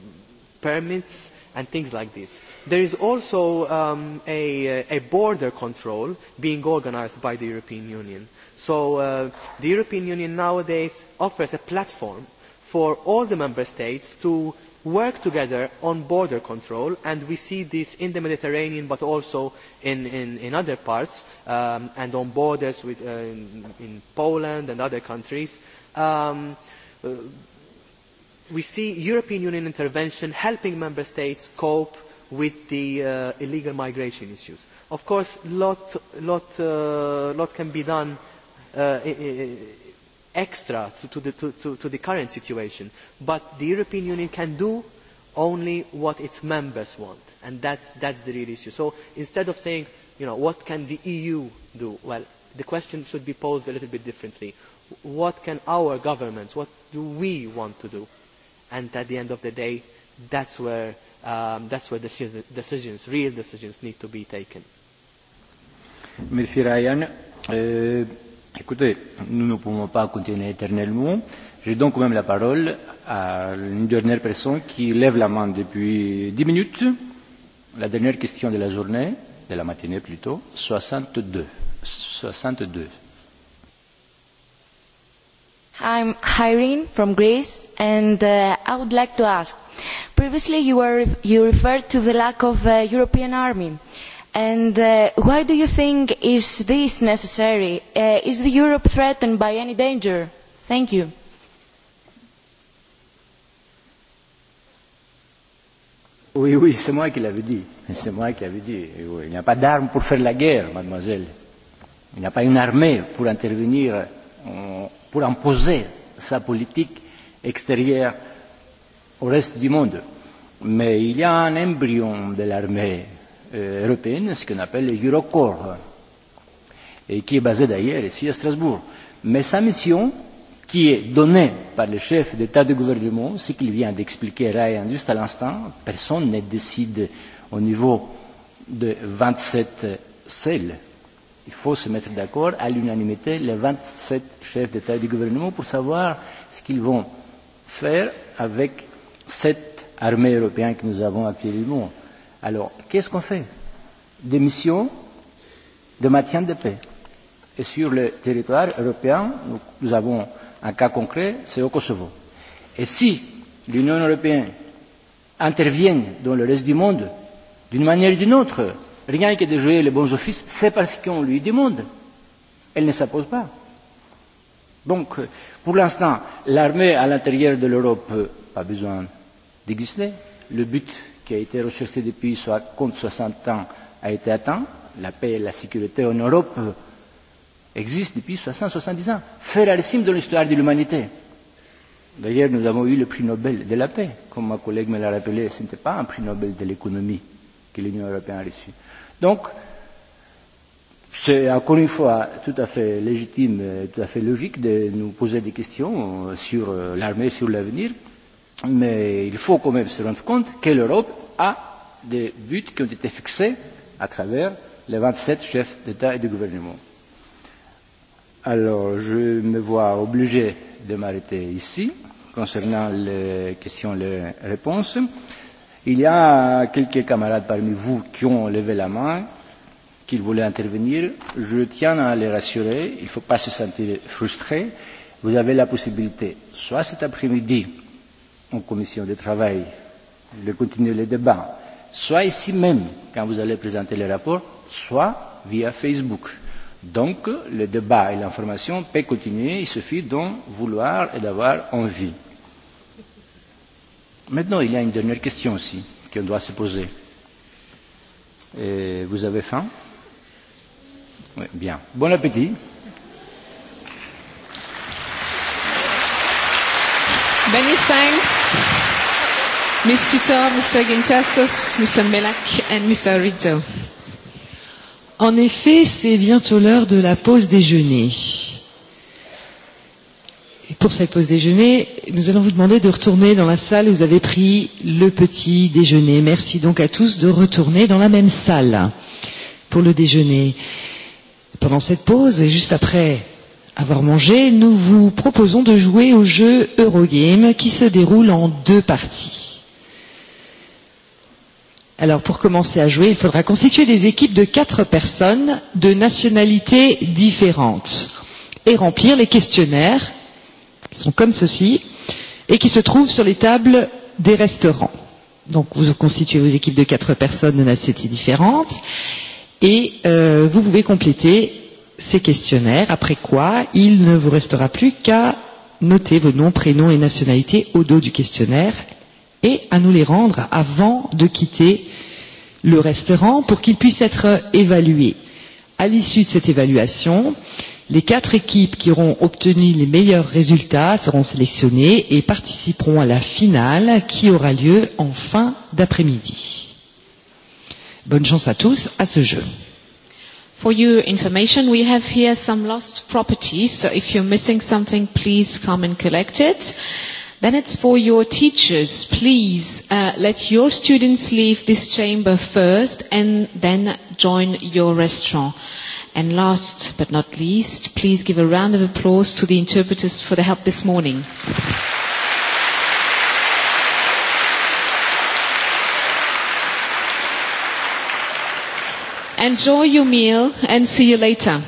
permits and things like this. There is also um, a, a border control being organized by the European Union. So uh, the European Union nowadays offers a platform for all the member states to work together on border control and we see this in the Mediterranean but also in, in, in other parts um, and on borders with, uh, in, in Poland and other countries. Um, uh, we see European Union intervention helping member states cope with the uh, illegal migration issues. Of course, a lot, lot, uh, lot can be done uh, extra to, to, the, to, to the current situation. But the European Union can do only what its members want. And that's, that's the real issue. So instead of saying, you know, what can the EU do? Well, the question should be posed a little bit differently. What can our governments, what do we want to do? And at the end of the day, that's where, um, that's where the decisions, real decisions need to be taken. Mr. Ryan, uh Écoutez, nous ne pouvons pas continuer éternellement. J'ai donc quand même la parole à une dernière personne qui lève la main depuis 10 minutes. La dernière question de la journée, de la matinée plutôt, 62. 62. I'm Irene from Greece, and uh, I would like to ask. Previously, you, were, you referred to the lack of a uh, European army. Uh, And uh, why do you think is this necessary? Uh, is the Europe threatened by any danger? Thank you. Oui, oui, c'est moi qui l'avais dit. C'est moi qui l'avais dit. Il n'y a pas d'armes pour faire la guerre, mademoiselle. Il n'y a pas une armée pour intervenir, euh, pour imposer sa politique extérieure au reste du monde. Mais il y a un embryon de l'armée Euh, européenne, ce qu'on appelle le Eurocorps, et qui est basé d'ailleurs ici à Strasbourg. Mais sa mission, qui est donnée par le chef d'État de gouvernement, ce qu'il vient d'expliquer Ryan juste à l'instant, personne ne décide au niveau de 27 celles. Il faut se mettre d'accord à l'unanimité, les 27 chefs d'État et de gouvernement, pour savoir ce qu'ils vont faire avec cette armée européenne que nous avons actuellement. Alors, qu'est-ce qu'on fait Des missions de maintien de paix. Et sur le territoire européen, nous, nous avons un cas concret, c'est au Kosovo. Et si l'Union européenne intervient dans le reste du monde, d'une manière ou d'une autre, rien que de jouer les bons offices, c'est parce qu'on lui demande. Elle ne s'impose pas. Donc, pour l'instant, l'armée à l'intérieur de l'Europe, n'a pas besoin d'exister. Le but qui a été recherché depuis 60 ans a été atteint. La paix et la sécurité en Europe euh, existent depuis 60-70 ans. Ferrarissime de l'histoire de l'humanité. D'ailleurs, nous avons eu le prix Nobel de la paix. Comme ma collègue me l'a rappelé, ce n'était pas un prix Nobel de l'économie que l'Union européenne a reçu. Donc, c'est encore une fois tout à fait légitime, tout à fait logique de nous poser des questions euh, sur euh, l'armée, sur l'avenir, mais il faut quand même se rendre compte que l'Europe à des buts qui ont été fixés à travers les 27 chefs d'État et de gouvernement. Alors, je me vois obligé de m'arrêter ici concernant les questions et les réponses. Il y a quelques camarades parmi vous qui ont levé la main, qui voulaient intervenir. Je tiens à les rassurer, il ne faut pas se sentir frustré. Vous avez la possibilité, soit cet après-midi, en commission de travail de continuer le débat, soit ici même quand vous allez présenter le rapport, soit via Facebook. Donc le débat et l'information peuvent continuer, il suffit d'en vouloir et d'avoir envie. Maintenant, il y a une dernière question aussi qu'on doit se poser. Et vous avez faim Oui, bien. Bon appétit. Many thanks. Ms. Tito, Mr. Gintasos, Mr. Melak and Mr. Rizzo. En effet, c'est bientôt l'heure de la pause déjeuner. Et pour cette pause déjeuner, nous allons vous demander de retourner dans la salle où vous avez pris le petit déjeuner. Merci donc à tous de retourner dans la même salle pour le déjeuner. Pendant cette pause et juste après avoir mangé, nous vous proposons de jouer au jeu Eurogame qui se déroule en deux parties. Alors pour commencer à jouer, il faudra constituer des équipes de quatre personnes de nationalités différentes et remplir les questionnaires qui sont comme ceci et qui se trouvent sur les tables des restaurants. Donc vous constituez vos équipes de quatre personnes de nationalités différentes et euh, vous pouvez compléter ces questionnaires, après quoi il ne vous restera plus qu'à noter vos noms, prénoms et nationalités au dos du questionnaire et à nous les rendre avant de quitter le restaurant pour qu'ils puissent être évalués. À l'issue de cette évaluation, les quatre équipes qui auront obtenu les meilleurs résultats seront sélectionnées et participeront à la finale qui aura lieu en fin d'après-midi. Bonne chance à tous à ce jeu. For your information, we have here some lost properties, so if you're missing something, please come and collect it. Then it's for your teachers. Please uh, let your students leave this chamber first and then join your restaurant. And last but not least, please give a round of applause to the interpreters for the help this morning. Enjoy your meal and see you later.